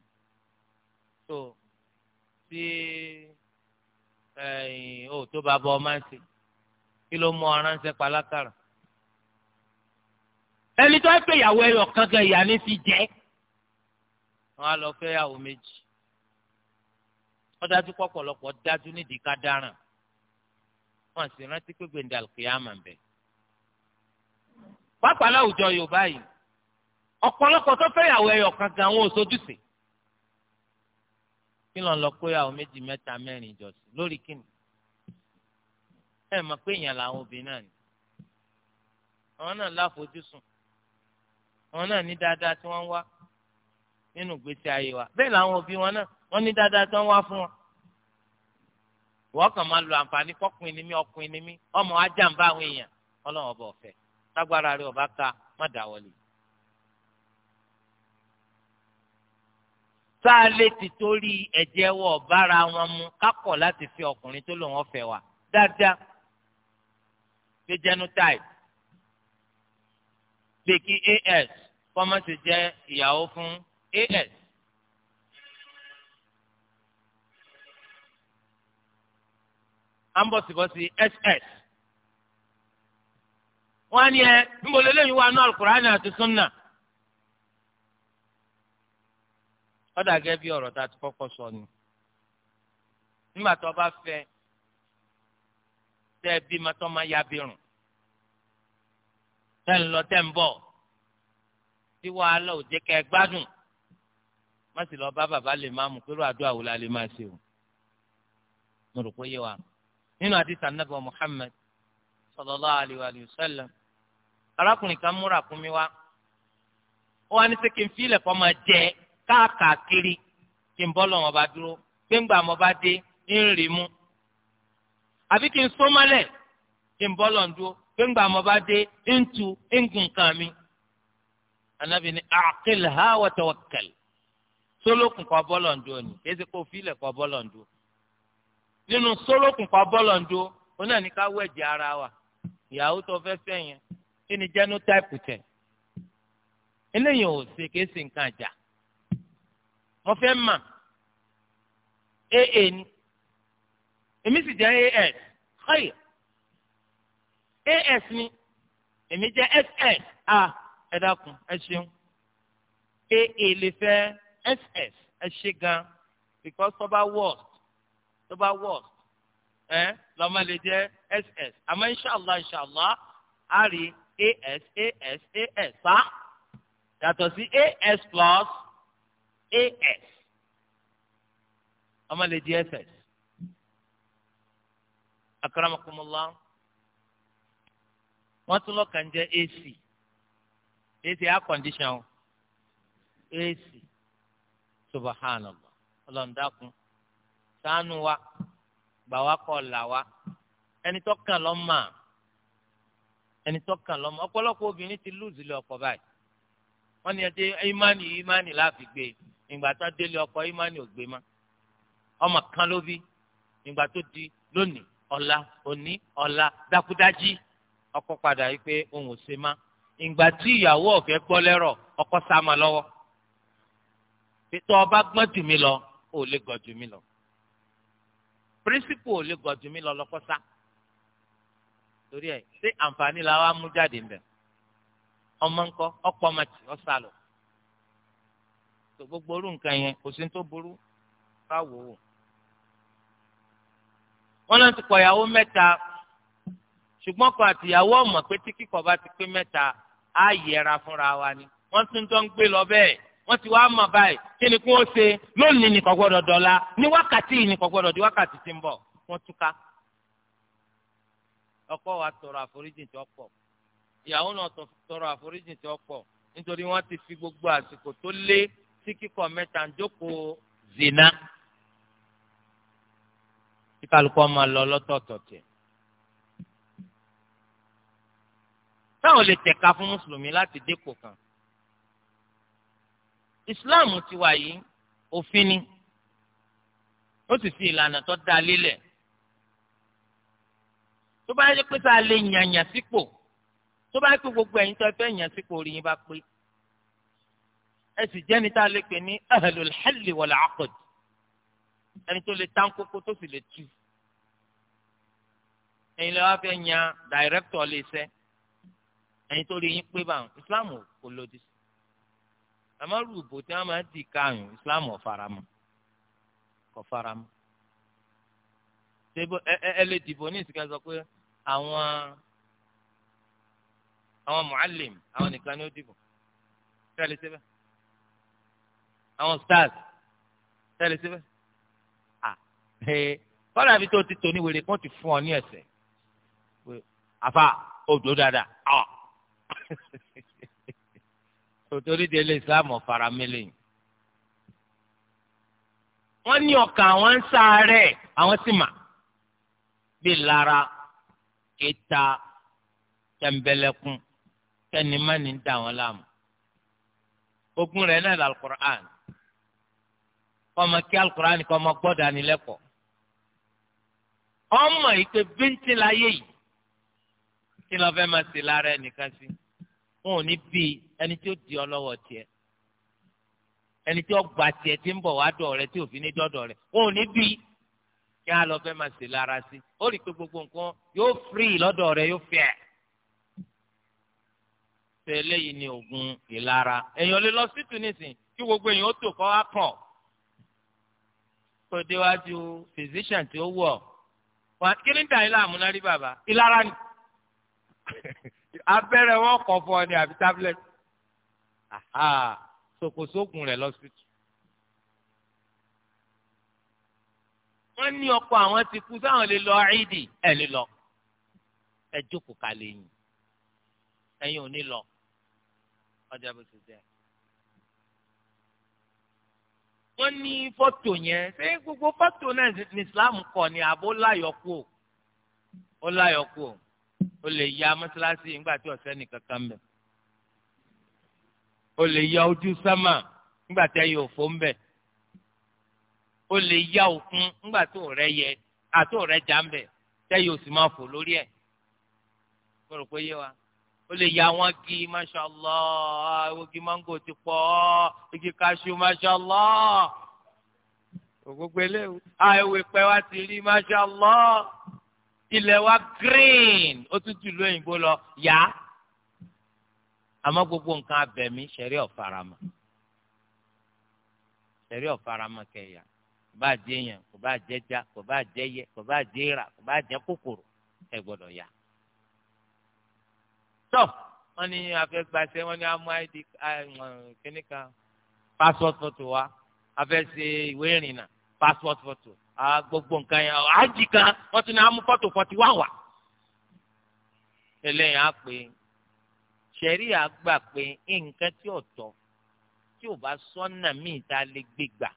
so tí ẹ̀yìn o tó bá bọ́ ọ máa ń ṣe kí ló mú ọ ránṣẹ́ palákàrà ẹni tó ń pè ìyàwó ẹyọ kankan ìyá ní ti jẹ́ wọn á lọ fẹ́ yàwó méjì wọ́n dájú pọ̀pọ̀lọpọ̀ dájú nídìí ká dáràn wọ́n sì rántí pé gbèǹdàlùkì á mà ń bẹ̀. pàápàá láwùjọ yorùbá yìí ọ̀pọ̀lọpọ̀ tó fẹ́ yàwó ẹyọ kan gan àwọn òṣojúṣe kí ló ń lọ kó yàwó méjì mẹ́ta mẹ́rin ìjọsìn lórí kíni ẹ mọ̀ pé èèyàn làwọn obìnrin náà ni àwọn náà láfojúsùn àwọn náà ní dáadáa tí wọ́n ń wá nínú ìgbésí ayé wa bẹ́ẹ̀ làwọn òbí wọn náà wọ́n ní dáadáa tán wá fún wọn. wọ́n kàn máa lo àǹfààní kọ́kùnrin ni mí ọkùnrin ni mí ọmọ ajá ń bá àwọn èèyàn ọlọ́run ọba ọ̀fẹ́ tágbára rẹ ọba ká má dáwọ́lé. tá a lè ti torí ẹ̀jẹ̀ wọ bára wọn mu kákọ̀ láti fi ọkùnrin tó lòun ọ̀fẹ́ wa dáadáa pé genotype pé kí as kọ́mọ́sì jẹ́ ìyàwó fún as ambọ̀sibọ̀sì ss wọ́n á ní ẹ níbole lẹ́yìn wa náà alukur'ani àti sunna ọ̀dà gẹ́gẹ́ bí ọ̀rọ̀ tá a ti kọ́kọ́ sọ ni nígbà tó o bá fẹ́ tẹ́ ẹ bímọ tó máa ya bírùn tẹ́ ń lọ tẹ́ ń bọ̀ tí wàhálà ò jẹ́ kẹ́ gbádùn má sì lọ bá bàbá lè máa mú pẹ̀lú àdúrà wò la lè máa ṣe o mo rò pé yé wa nínú àdìsá nàbẹ Muhammad sallallahu alayhi wa sallam arákùnrin kan múra kún mi wá ó wá ní sẹ kí n filẹ̀ kọ́ máa jẹ káàkiri kí n bọ́ lọ́wọ́ bá dúró gbẹ̀ngbà mo bá dé ń rì mú àbí kí n sọ́mọ́lẹ̀ kí n bọ́ lọ́n dúró gbẹ̀ngbà mo bá dé ń tu ń gùn kàn mí anabi ni aqilha wa tawakkal sólókùn kọ bọ́ọ̀lù ń dúró ni kí ẹsẹ̀ kó fílẹ̀ kọ bọ́ọ̀lù ń dúró nínú sólókùn kọ bọ́ọ̀lù ń dúró ó náà ní ká wẹ̀jẹ̀ ara wa ìyàwó tó fẹ́ fẹ́ yẹn kí ni genotype tẹ̀ eléyìí ò ṣe kí nǹkan àjà mo fẹ́ mà aa ni èmi sì jẹ́ as ọ̀yẹ̀ as ni èmi jẹ́ ss a ẹ dákun ẹ ṣeun aa lè fẹ́ ss ẹ ṣe gan because tó bá worst tó bá worst ẹ lọ́mọ lè jẹ́ ss àmọ́ inshallah inshallah a rí as as as fa yàtọ̀ sí as plus as ọmọ lè di ss akaramakumullah wọ́n tún lọ́kàn jẹ́ ac ac air condition ac subhanallah ọlọ́run dákun wa gbà wá kọ́ là wá ẹni tó kàn lọ́ mà ẹni tó kàn lọ́ mà ọ̀pọ̀lọpọ̀ obìnrin ti lùzì lé ọkọ báyìí wọ́n ní ẹjẹ́ ìmánì ìmánì láàfi gbé ìgbà tó délé ọkọ ìmánì ò gbé má ọmọ kan ló bí ìgbà tó di lónìí ọ̀la òní ọ̀la dákúdájí ọkọ padà yìí pé òun ò ṣe má ìgbà tí ìyàwó ọ̀fẹ́ gbọ́ lẹ́rọ̀ ọkọ sá ma lọ́wọ́ tó o bá gbọ́n jù mí lọ o lè gọ̀ jù mí lọ pírísìpù ò lè gọ̀ jù mí lọ lọ́kọ́sá torí ẹ̀ ṣé àǹfààní la wá mú jáde ńbẹ̀ ọmọ ńkọ ọ̀pọ̀ ọmọ tì ọ́ sá lọ tó gbogbo orú nǹkan yẹn kò sí tó burú ká wò ó wọn náà ti kọ ìyàwó mẹ́ta ṣùgbọ́n kọ àtìyàwó ọmọ pé tí kíkọ bá ti pé mẹ́ta á yẹra fúnra wa ni wọ́n tún tó ń gbé lọ bẹ́ẹ̀ wọ́n ti wá mọ̀ báyìí kí ni kí wọ́n ṣe lónìí ni kò gbọ́dọ̀ ní wákàtí yìí ni kò gbọ́dọ̀ di wákàtí tí ń bọ̀ wọ́n túká. ọkọ wa tọrọ àforíjì tó pọ̀ ìyàwó náà tọrọ àforíjì tó pọ̀ nítorí wọ́n ti fi gbogbo àsìkò tó lé sí kíkọ mẹ́ta ń jókòó zina. kí kálukọ́ máa lọ lọ́tọ̀ọ̀tọ̀ tẹ̀. táwọn lè tẹ̀ka fún mùsùlùmí láti dépò kan islam ti wà yìí òfin ni ó sì fi ìlànà tó dá lélẹ̀ tó bá yẹ pé tá a lè yànyàn sípò tó bá yẹ pé gbogbo ẹ̀yin tó ẹ fẹ́ yàn sípò rí yín bá pé ẹ sì jẹ́ni tá a lè pè ní ahlul halli wal aqd ẹni tó lè tán kókó tó sì lè tu ẹ̀yin lọ́wọ́ fẹ́ yan dàrẹ́kítọ̀ lè sẹ́ ẹ̀yin tó rí yín pé báwọn islam kò lòdì sí àmọ́ rúbò tí wọ́n máa ti kààyàn islam ọ̀faramọ́ ọ̀faramọ́ ẹ lè dìbò ní ìsìnkà sọ pé àwọn àwọn muallim àwọn nìkan ni ó dìbò tẹ́lẹ̀ síbẹ̀ àwọn stars tẹ́lẹ̀ síbẹ̀ kọ́lá àbí tó ti tò ní wèrè kan ti fún ọ ní ẹsẹ̀ àfa odò dáadáa tòtòrí de ilé islam ọ̀faramẹ́lẹ̀ yìí. wọ́n ní ọkàn àwọn ń sáré àwọn sì mà bí lára kẹta tẹ̀m̀bẹ̀lẹ̀kùn tẹ̀nìmánì ń dà wọ́n láàmú. ogun rẹ̀ náà làlùkùrán kọ́mọ kí alùkùrán kọ́mọ gbọ́dọ̀ ànilẹ́kọ̀ọ́. ọmọ ìpè bíntín yìí kí lọ́ọ́ fẹ́ máa ṣe lára ẹnìkan sí i wọn ò ní bí ẹni tí ó di ọ lọ́wọ́ tiẹ̀ ẹni tí ó gba tiẹ̀ tí ń bọ̀ wá dọ̀ rẹ tí òfin ní dọ́dọ̀ rẹ wọn ò ní bí kí á lọ fẹ́ máa ṣe lára sí ó rí i pé gbogbo nǹkan yóò firi lọ́dọ̀ rẹ yóò fẹ́ ṣe eléyìí ni oògùn ìlara èèyàn lè lọ sí tunisi kí gbogbo èèyàn ó tò kọ́ wá kàn kó déwájú physician tí ó wọ̀ wá kí ni dàn yín láàmú náà rí bàbá ìlara ni abẹ́rẹ́ wọn kọ̀ fún ọ ní àbí tablet sokosogun rẹ̀ lọ́sítù. wọ́n ní ọkọ àwọn ti kú sáwọn lè lọ àìdì ẹ̀ lè lọ ẹ jókòó kalẹ̀ yìí ẹ̀yin ò ní lọ ọjà bó ti jẹ́ wọ́n ní fọ́tò yẹn ṣé gbogbo fọ́tò náà ní Islam kọ́ ni àbó láyọ̀ kú ó láyọ̀ kú ó o lè ya mọ́sálásí nígbà tí ọ̀sẹ́ nìkan kan bẹ̀ o lè ya ojú sámà nígbà tí ẹyẹ òfò ń bẹ̀ o lè ya òkun nígbà tí òrẹ́ yẹ àti òrẹ́ já ń bẹ̀ tẹ́yẹ òsì máa fò lórí ẹ̀ mo rò pé yé wa o lè ya àwọn igi mashallah igi mango ti pọ̀ igi cashew mashallah ògbógbélé àwọn ewé pẹ́ wá ti rí mashallah ilẹ̀ wa green ó tún jù lóyìnbó lọ yá àmọ́ gbogbo nǹkan abẹ̀mí ṣẹ̀rí ọ̀farama ṣẹ̀rí ọ̀farama kẹ̀yà kò bá jẹ́ èèyàn kò bá jẹ́ já kò bá jẹ́ yẹ kò bá jẹ́ ìrà kò bá jẹ́ kòkòrò ẹ gbọ́dọ̀ yá. tọ́ wọ́n ní afẹ́gbàṣẹ́ wọ́n ní amú id um, kíníkan passport wa afẹ́ ṣe ìwé ìrìnnà passport photo agbogbo nǹkan yẹn aji kan wọ́n ti ní amú fọ́tò fọ́tì wá wà. eléyìí á pè ṣẹ̀ríà gbà pé nǹkan tí ò tọ́ tí ò bá sọ́nà míì tá a lè gbé gbà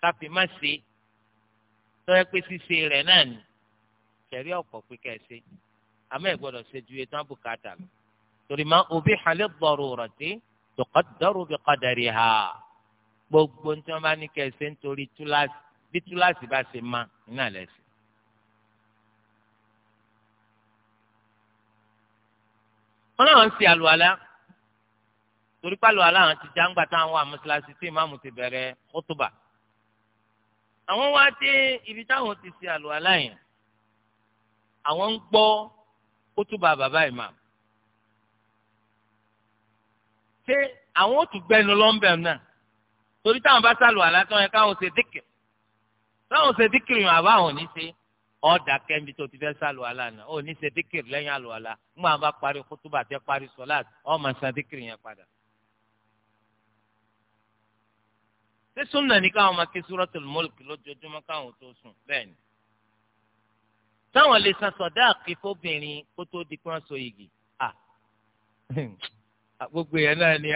káfí má ṣe tọ́yẹ pé ṣíṣe rẹ̀ náà ni ṣẹ̀ríà ọ̀pọ̀ pé ká àmọ́ ẹ̀ gbọ́dọ̀ ṣe ju etí àbùkátà lọ torí ma gbogbo tí wọ́n bá ní kẹsẹ̀ nítorí túláàsì bí túláàsì bá ṣe má iná lẹ́sìn. wọ́n náà ń ṣe àlùwàlá torí pálọ aláwọn ti jáǹgbà táwọn wà mọ́ṣáláṣí tí ìmáàmù ti bẹ̀rẹ̀ kótóbà àwọn wá dé ibi táwọn ti ṣe àlùwàlá yẹn àwọn ń gbọ́ kótóbà bàbá ìmáàmù ṣé àwọn ò tún gbẹnu lọ́nbẹ̀ẹ́ náà torí táwọn bá sálù àlátọ́ yẹn káwọn ṣe díkìrì táwọn ṣe díkìrì yẹn àbá àwọn ní ṣe ọ̀dà kẹ́mi tó ti fẹ́ sálù àlànà ò ní ṣe díkìrì lẹ́yìn àlù àlà ńgbà bá parí kútúbà tẹ́ parí sọ́láàt ọ́ máa san díkìrì yẹn padà. ṣé súnà ní káwọn máa ké Suratul Mulk lójoojúmọ́ káwọn tó sùn bẹ́ẹ̀ ni. táwọn lè san sàdáàkì fóbìnrin kó tó di kí so igi gbogbo yẹn náà ni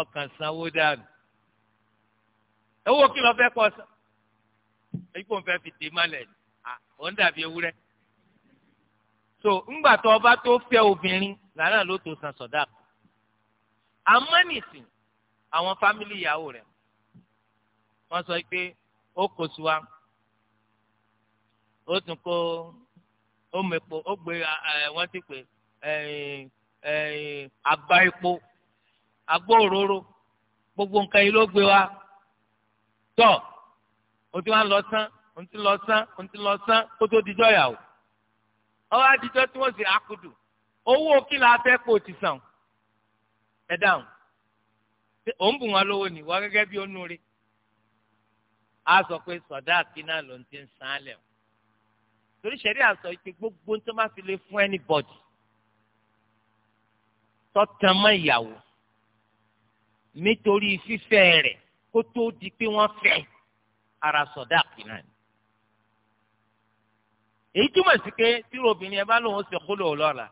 ọkàn sanwó dànù owó kí lọ fẹ́ kọ sọ ń fẹ́ fi dè malẹ̀ ò dàbí so ńgbà tó ọba tó fẹ́ obìnrin làánà ló tó san A àmọ́ nìsín àwọn fámìlì ìyàwó rẹ wọ́n sọ pé ó kò sí wa ó tún kó ó ó gbé ti pè epo gbogbo nǹkan yìí tọ́ o ti wá lọ sán o ti lọ sán o ti lọ sán o tó dijọ́ yàwó ọwọ́ adijọ́ tí wọ́n sì akudu owó kí la fẹ́ kó o ti sàn ẹ dáhùn o ń bù wọn lówó ni wọ́n gẹ́gẹ́ bí onúure a sọ pé sọ̀dá àkínà ló ń ti ń san án o torí sẹ̀rí àsọ ìpè gbogbo tó má fi lè fún anybody tọ́tàn mọ́ ìyàwó nítorí fífẹ́ rẹ̀ kó tó di pé wọ́n fẹ́ ara sọ̀dáàkì náà ni. èyí túmọ̀ sí pé tíro obìnrin ẹ bá lóun ṣe kóló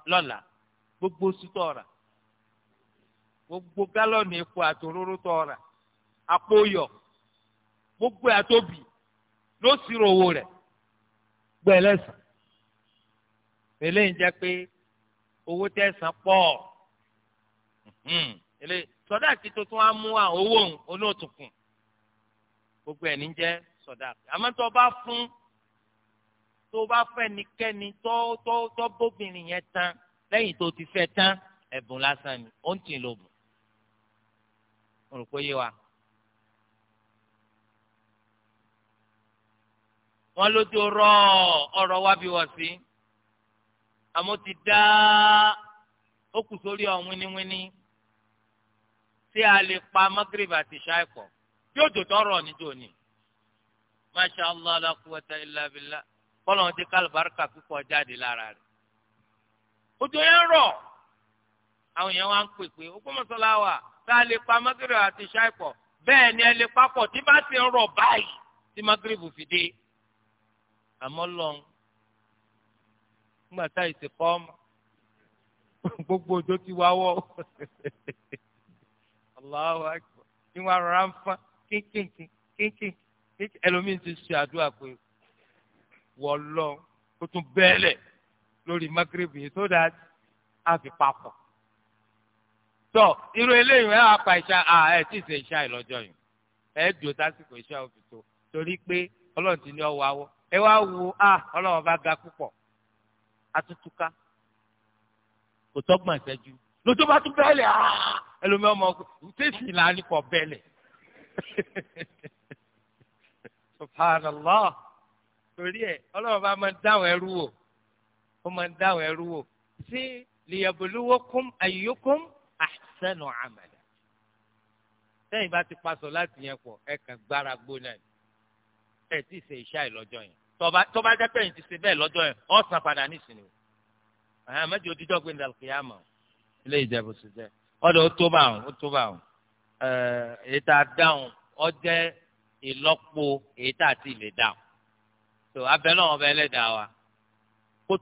lọ́la gbogbo sítọ́ rà gbogbo gálọ́ọ̀nù epo àtòróró tọ́ rà àpò yọ̀ gbogbo àtòbí ló ṣírò owó rẹ̀ gbẹ̀lẹ́sàn. eléyìí jẹ́ pé owó tẹ̀sán pọ̀ hmm, eléyìí sọdá kí tuntun á mú wa owó olóòtùkùn gbogbo ẹ̀ ní jẹ́ sọdá kí àmọ́ tó bá fún tó bá fẹ́ nikẹ́ni tó tó tó bóbìnrin yẹn tán lẹ́yìn tó ti fẹ́ tán ẹ̀bùn lásán ni ó ń tì lóbùn mo rò pé yé wa. wọn ló ti rọ ọ̀rọ̀ wá bí wọn sí àmọ́ ti dá ó sórí ọ wíníwíní ṣé a lè pa magrib àti ṣáìpọ̀ tí òjò tọrọ níjó ni. masha allah la quwwata illa billah kọ́lọ́n ti kálùbáríkà púpọ̀ jáde lára rẹ̀. òjò yẹn rọ̀ àwọn èèyàn wá ń pè pé ó kó mọ́sálá wà tá a lè pa magrib àti ṣáìpọ̀ bẹ́ẹ̀ ni ẹ lè papọ̀ tí bá ti ń báyìí tí magrib fi dé. àmọ́ lọ́n ńgbà tá ìsìnkọ́ ọmọ gbogbo òjò ti wá wọ́ Allahu akbar ni wọn rọra ń fọn kínkínkín kínkín ẹlòmíín ti ṣe àdúrà pé wọlọ kó tún bẹ́ẹ̀lẹ̀ lórí magrebi so that a fi papọ̀ tọ irú eléyìí ẹ apá ìṣá ẹ tí ì ṣe ìṣá ìlọ́jọ́ yìí ẹ dùn sásìkò ìṣá òfin tó torí pé ọlọ́run ti ní ọwọ́ awọ ẹ wá wo a ọlọ́run bá ga púpọ̀ atutuka kò tọ́gbọ̀n ìṣẹ́jú lójó bá tún bẹ́ẹ̀lẹ̀ aaa ẹlòmíọ́ mọ̀ ṣéèṣì là ní kọ̀ bẹ́lẹ̀ subhanallah torí ẹ ọlọ́run bá máa ń dáhùn ẹrú wò ó máa ń dáhùn ẹrú wò sí liyabluwakum ayyukum ahsanu amala sẹ́yìn bá ti paṣọ láti yẹn pọ̀ ẹ kàn gbára gbóná ẹ tí ì ṣe iṣẹ́ àìlọ́jọ́ yẹn tọba tọba jẹpẹ yìí ti ṣe bẹ́ẹ̀ lọ́jọ́ yẹn ọ san padà nísìnyí àwọn mẹ́jọ dídọ gbé ilé ìjẹbù sí jẹ ọdọ ó tó bá wọn tó bá wọn èyí tá dáhùn ọ jẹ́ ìlọ́po èyí tá a ti lè dáhùn tó abẹ náà ọba ẹlẹ́dàá wa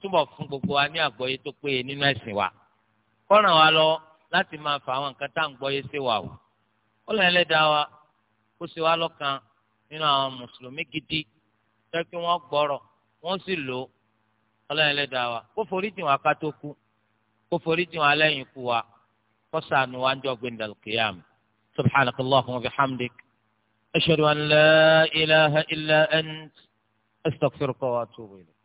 túbọ̀ fún gbogbo wa ní tó péye nínú ẹ̀sìn wa wa lọ láti máa fa àwọn nǹkan tá ń sí wa o ó wa kó sì wá nínú àwọn mùsùlùmí gidi wọ́n kọ́sàánù wa ń jọ gbé ndàlù kìyàm subhanaka allahumma wa bihamdik ashhadu an la ilaha illa ant astaghfiruka wa atubu ilayk.